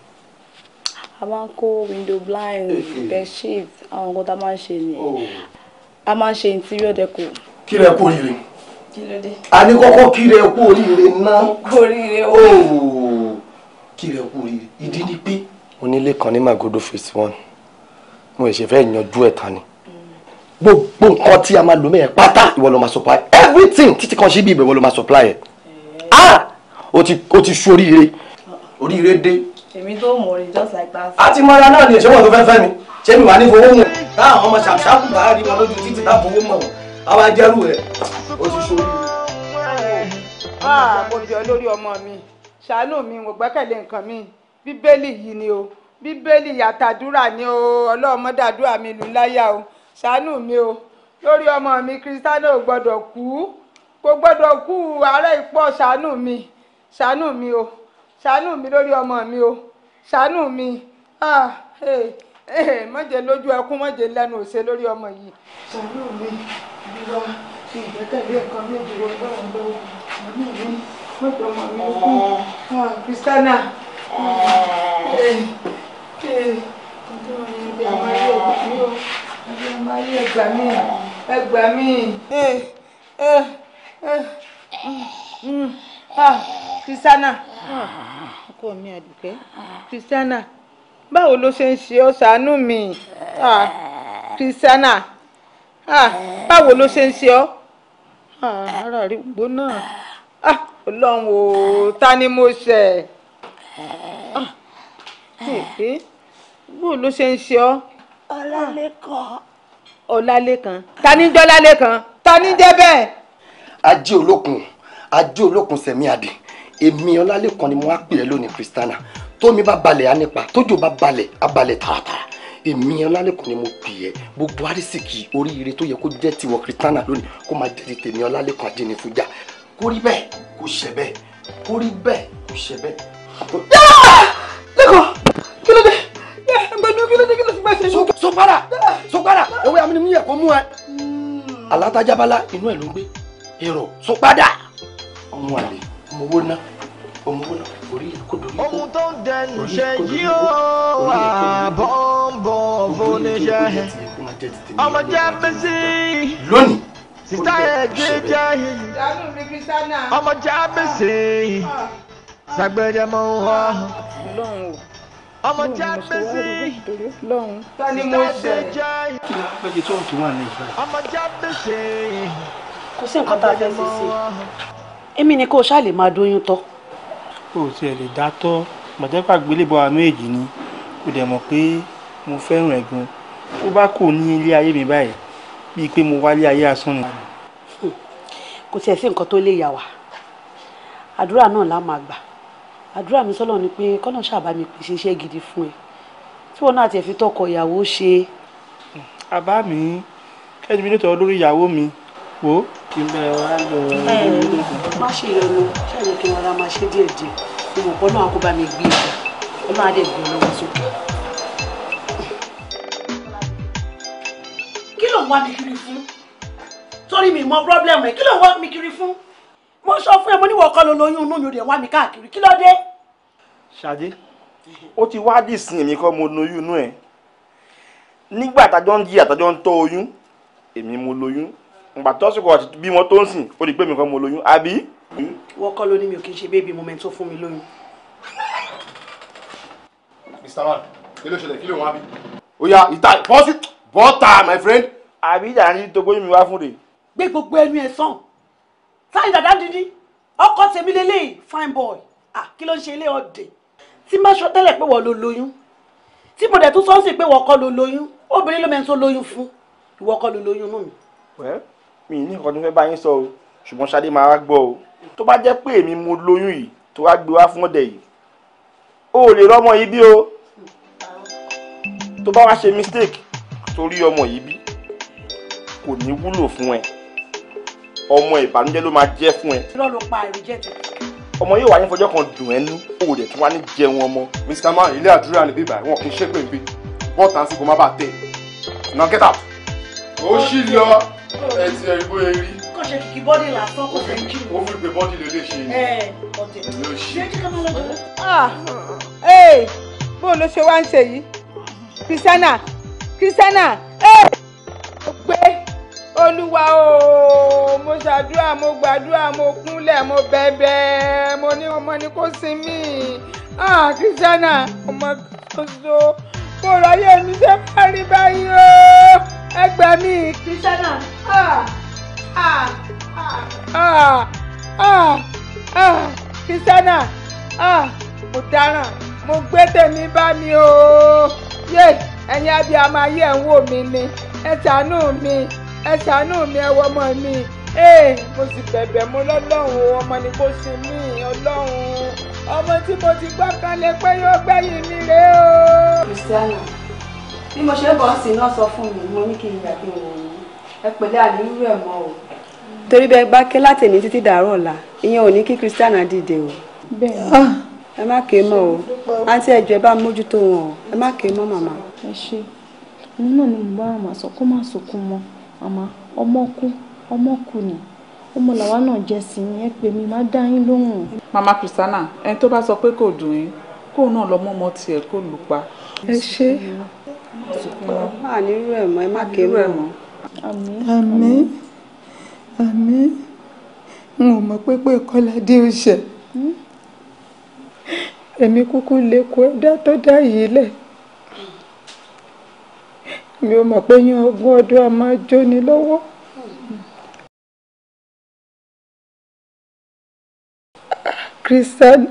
a máa ń kó window blinds eh, bed sheets àwọn nǹkan tá a máa ń ṣe nìyẹn oh. a máa ń ṣe interior deco. kí lẹ kú oríire. kí ló dé. a ní kọ́kọ́ kí lẹ kú oríire náà. kú oríire o. Oh. kí lẹ kú oríire ìdí ni pé. onílé kan ní Magodo phase one mo ṣe fẹ́ yanjú ẹ̀ ni mm. gbogbo nǹkan tí a máa lò mẹ́ẹ̀ pátá ìwọ ló máa supply everything títí kan ṣíbí ìbẹ̀wò ló máa supply ẹ̀ ah o ti o ti ṣoríire oríire dé. èmi tó mọ̀ rí just like that. àti mọ́ra náà ni ìṣòwò tó fẹ́ fẹ́ mi ṣé mi wà ní fowó mọ̀ táwọn ọmọ ṣàṣàkù bá rí wọn lójú títí tá fowó mọ̀ àwọn ajẹ́rù rẹ̀ ó ti ṣorí. àbòjọ lórí ọmọ mi ṣàánú mi mo gbẹ́kẹ̀lé nǹkan mi bíbélì yìí ni o bíbélì yàtàdúrà ni o ọlọ́mọdàdúrà mi lù láyà o ṣàánú mi o lórí ọmọ mi kristiano gbọ́dọ̀ kú kò gbọ́dọ̀ kú àárẹ̀ ìpọ̀ ṣàánú mi ṣàánú mi o ṣàánú mi lórí ọmọ mi o ṣàánú mi ah, eh, eh, mọ̀jẹ̀ lójú ẹkún mọ̀jẹ̀ lẹ́nu òṣè lórí ọmọ yìí. ṣàánú mi ìrora ti ìgbẹ́kẹ̀lé ẹ̀kan méjì wọ báwọn lọ́wọ́ ṣàánú mi mọ̀jẹ̀ ọmọ mi kú Kristiana ah, eh, ẹgbà mi ẹgbà mi. Mm, mm. Kristiana ah, ah, ọkọ mi àdùkẹ́ Kristiana ah. báwo ló ṣe ń ṣe ọ́ ṣàánú mi Kristiana báwo ló ṣe ń ṣe ọ́ ara rí gbóná ọlọ́run o ta ni mo ṣẹ̀ báwo ló ṣe ń ṣe ọ́. ọlálẹ́kan. ọlálẹ́kan ta ni jẹ́ ọlálẹ́kan ta ni jẹ́ bẹ́ẹ̀. ajé olókun ajé olókun sẹ̀mí adì èmi ọlálẹ́kan ni mo wá pè ẹ́ lónìí Christiana tómi bá balẹ̀ á nípa tójò bá balẹ̀ á balẹ̀ tààràtàrà èmi ọlálẹ́kan ni mo pè ẹ́ gbogbo àrísìkì oríire tó yẹ kó jẹ́ tiwọ Christiana lónìí kó máa jẹ́ ti tèmi ọlálẹ́kan ajínifújà kó rí bẹ́ẹ̀ kó ṣẹ bẹ́ẹ̀ kó rí bẹ́ẹ̀ kó ṣẹ bẹ́ẹ̀. lẹ́kọ̀ọ́ kí ló dé gbẹdú kí ló dé kí ló fi gbẹ ṣe. sọpadà sọpadà ewé amúnimúyẹ kó mú ẹ alátajabala inú ẹ ló gbé èrò sọpadà ọmọ àlè ọmọ ná ọmọ ná orí kò dórí kó. ohun tó ń dẹnu ṣe yí ó àbọ̀ ń bọ̀ fúnníṣẹ́ ọmọ jẹ́ bẹ́sí. lónìí. sítá ẹ̀ jẹ́ jẹ́ ọmọ jẹ́ bẹ́sí ah. sagbẹjẹ mọ ń họ. Ah. ọmọ jẹ́ bẹ́sí. tani mo ṣe. kí yìí. ọmọ jẹ́ bẹ́sí. kò sí nǹkan tá a fẹ́ èmi ni kó o ṣáà lè máa dóyún tọ́. o ti ẹ̀ lè dá tọ́ gbàjẹ́pà gbélébọ̀ àánú èjì ni kò dẹ̀ mọ̀ pé mo fẹ́ràn ẹ̀ gan tó bá kò ní ilé ayé mi báyìí bíi pé mo wálé ayé asán ni. Hmm. kò tiẹ̀ sí nǹkan tó lè yà wá àdúrà náà la máa gbà àdúrà mi sọ́lọ́ ni pé kọ́nà ṣàbá mi pèsè iṣẹ́ gidi fún ẹ tí wọn náà tiẹ̀ fi tọkọ ìyàwó ṣe. Hmm. àbá mi kẹ́ni mi lè tọ́ lórí ìyàwó mi wo ìgbà ẹ̀ wá lọ ẹ̀ má ṣe ìrẹ̀lẹ̀ ṣàlẹ̀ kí wọn ra máa ṣe díẹ̀ díẹ̀ mo mọ̀ pé náà kó bá mi gbé ẹ̀ e. ọlọ́run á dẹ̀ gbé ọlọ́wọ́ e sókè. kí ló ń wá mi kiri fún torí mi mọ pírọ́blẹ̀mù ẹ̀ kí ló ń wá mi kiri fún mo sọ fún ẹ mo níwọ̀ kọ́ ló lóyún inú mi ò dẹ̀ wá mi káàkiri kí ló dé. ṣadé ó ti wá dìsìn èmi kọ́ mo lóyún inú ẹ̀ nígbà tájọ́ ń jí àtàjọ́ ń tọ́ oyún èmi mo lóyún ìgbà tọ́sùkọ àti bímọ tó ń sìn ó di pé mi kan mo lóyún àbí. wọ́n kọ́ ló ní mi ò kí n ṣe bébí mo mẹ́tò fún mi lóyún. Mr. Man kí ló ṣẹlẹ̀ kí ló wá bí. ó yá ìta bọ́sì bọ́tà my friend. àbí ìjà ni togbóyún mi wá fún rè. gbé gbogbo ẹnu ẹ sàn sáyé dàda dídí ọkọ tèmi lélẹyìí fine boy ah kí ló ń ṣe ilé ọdẹ tí má sọ tẹ́lẹ̀ pé wọ́n ló lóyún tí mo dẹ̀ tún sọ sí pé wọ́n kọ́ ló lóyún obìnrin ló mẹ́ni tó lóyún fún ìwọ kọ́ ló lóyún nù mí mi ní nǹkan tó fẹ́ bá yín sọ o ṣùgbọ́n Ṣadé máa wá gbọ́ o tó bá jẹ́ pé èmi mo lóyún yìí tó wá gbé wá fún ọ̀dẹ̀ yìí o ò lè rọ́mọ yìí bí o tó bá wá ṣe mistake torí ọmọ yìí bí kò ní wúlò fún ẹ ọmọ ìbànújẹ́ ló máa jẹ́ fún ẹ. irọ́ ló pa àìríjẹ́ tó. ọmọ yóò wá ní fọjọ́ kan dùn ẹ́ nú o rẹ̀ tún wá ní jẹun ọmọ. Mr. Man ilé àdúrà ni bíbá wọn kì í ṣépè ń bí bọ́ọ̀tà ń sìnkú má bàa tẹ̀ now get out ó sì lọ ẹtì ẹ̀rígbó erí. kò ṣe kìkì bọ́dì lásán kò fẹ́ jí. ó fi pé bọ́dì lè lè ṣe yìí. ẹ ọ̀dẹ̀ ló ṣe kí kámá lọ́jọ́. ee bó ló ṣe wá ń ṣe yìí kristiana kristiana ee gbé olúwa o mo ṣàdúrà mo gbàdúrà mo kúnlẹ̀ mo bẹ̀bẹ̀ mo ní ọmọ ni kò sinmi ah kristiana ọmọ tó so kò ráyè ẹni tẹ́ bá rí báyìí o ẹ gbà mí. kristiana kristiana mo dáràn mo gbé tèmi bá mi o yé ẹ̀yin abiyamọ ayé ẹ̀ ń wò mí ni ẹ ṣàánú mi ẹ ṣàánú mi ẹ wọ ọmọ mi ee mo sì bẹ̀bẹ̀ mo lọ́lọ́run ọmọ ni kò sí mí ọlọ́run ọmọ tí mo ti gbọ́ kan pé yóò gbẹ̀yìn mi rèé o. Christiana bí mo ṣe bọ̀ ọ́ sí náà sọ fún mi mo ní kí n yà kí n wò ó ẹ pẹ̀lẹ́ àníyúrú ẹ̀ mọ́ o. torí bẹ́ẹ̀ bá ké láti èmi títí dàárọ̀ ọ̀la ìyẹn ò ní kí Christiana dìde o. bẹ́ẹ̀ ah, ẹ má ké mọ́ o àǹtí ẹ̀jọ̀ ẹ bá mójútó wọn o ẹ má ké mọ́ màmá. ẹ ṣe inú náà ni mo bá àmà sọ kó má sọkún mọ́ àmà ọmọ kú ọmọ kú ni ọmọ làwa náà jẹ sí i ẹ pè mí má dá yín lóhùn. mama Christiana ẹni tó bá sọ pé kò dùn yín kóun náà lọ mọ́ ọmọ tiẹ̀ kó lù pa. ẹ ṣe. máa ní irú ẹ̀ mọ́ ẹ má kérú ẹ̀ mọ́. àmín àmín àmín n ò mọ̀ pé pé kọ́lá dé oṣẹ̀ hmm? èmi kúkú lè kó ẹ̀dá tó dá yìí lẹ̀ mi ò mọ̀ pé yín ogún ọdún a máa jóni lọ́wọ́. christian.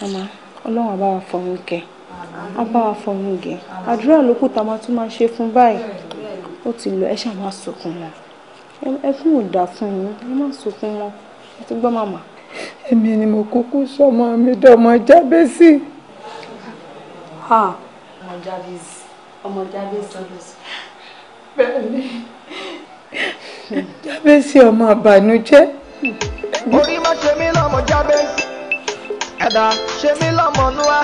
mama ọlọ́run àbá wa fọ̀run kẹ́ àbá wa fọ̀run gẹ̀ àdúrà ló tá a máa tún máa ṣe fún báyìí ó ti lọ ẹ ṣáà máa sọkún wọn ẹkún ò dà fún yín ẹ má sọkún wọn ẹ ti gbọ́ màmá. èmi ni mo kúkú sọmọ mi dọmọ jábẹ́sì. ọmọ jábẹ́sì ọmọ bẹ́ẹ̀ ni jábẹ́sì ọmọ àbànújẹ́. orí má ṣe mí lọ́mọ jábẹ́ ẹ̀dá ṣe mí lọ́mọ núwá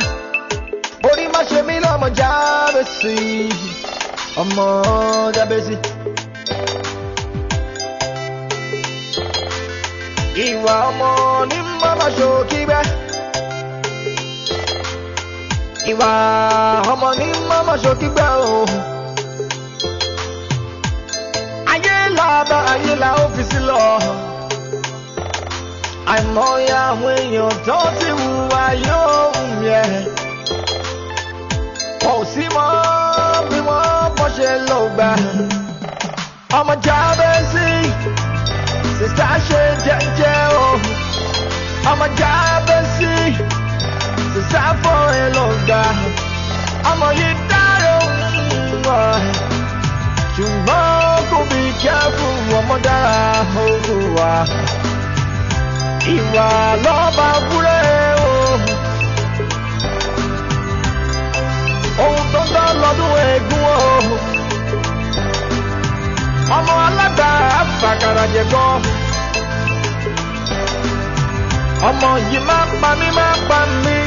orí má ṣe mí lọ́mọ jábẹ́sì ọmọ jábẹ́sì. ìwà ọmọ ní bàbá ṣòkí bẹ́ ìwà ọmọ ní bàbá ṣòkí bẹ́ o láàbá ayé la ó fi sí lọ. àìmọye àwọn èèyàn tó ti hùwà yóò hùn yẹn. wọn ò sí mọ́ bí wọ́n bọ́ ṣe lọ gbà. ọmọ Jabezzi sista ṣe jẹ́jẹ́ o. ọmọ Jabezzi sista fọ́ ẹ lọ gbà. ọmọ yìí dára òun wọ̀ ṣùgbọ́n careful ọmọ dára òwúwa ìwà lọ́ba búrẹ́ o. ohun tó ń tọ́ lọ́dún eégún o. ọmọ alágbà àfàkàràjẹ̀ gan. ọmọ yìí máa ń pa mí máa ń pa mí.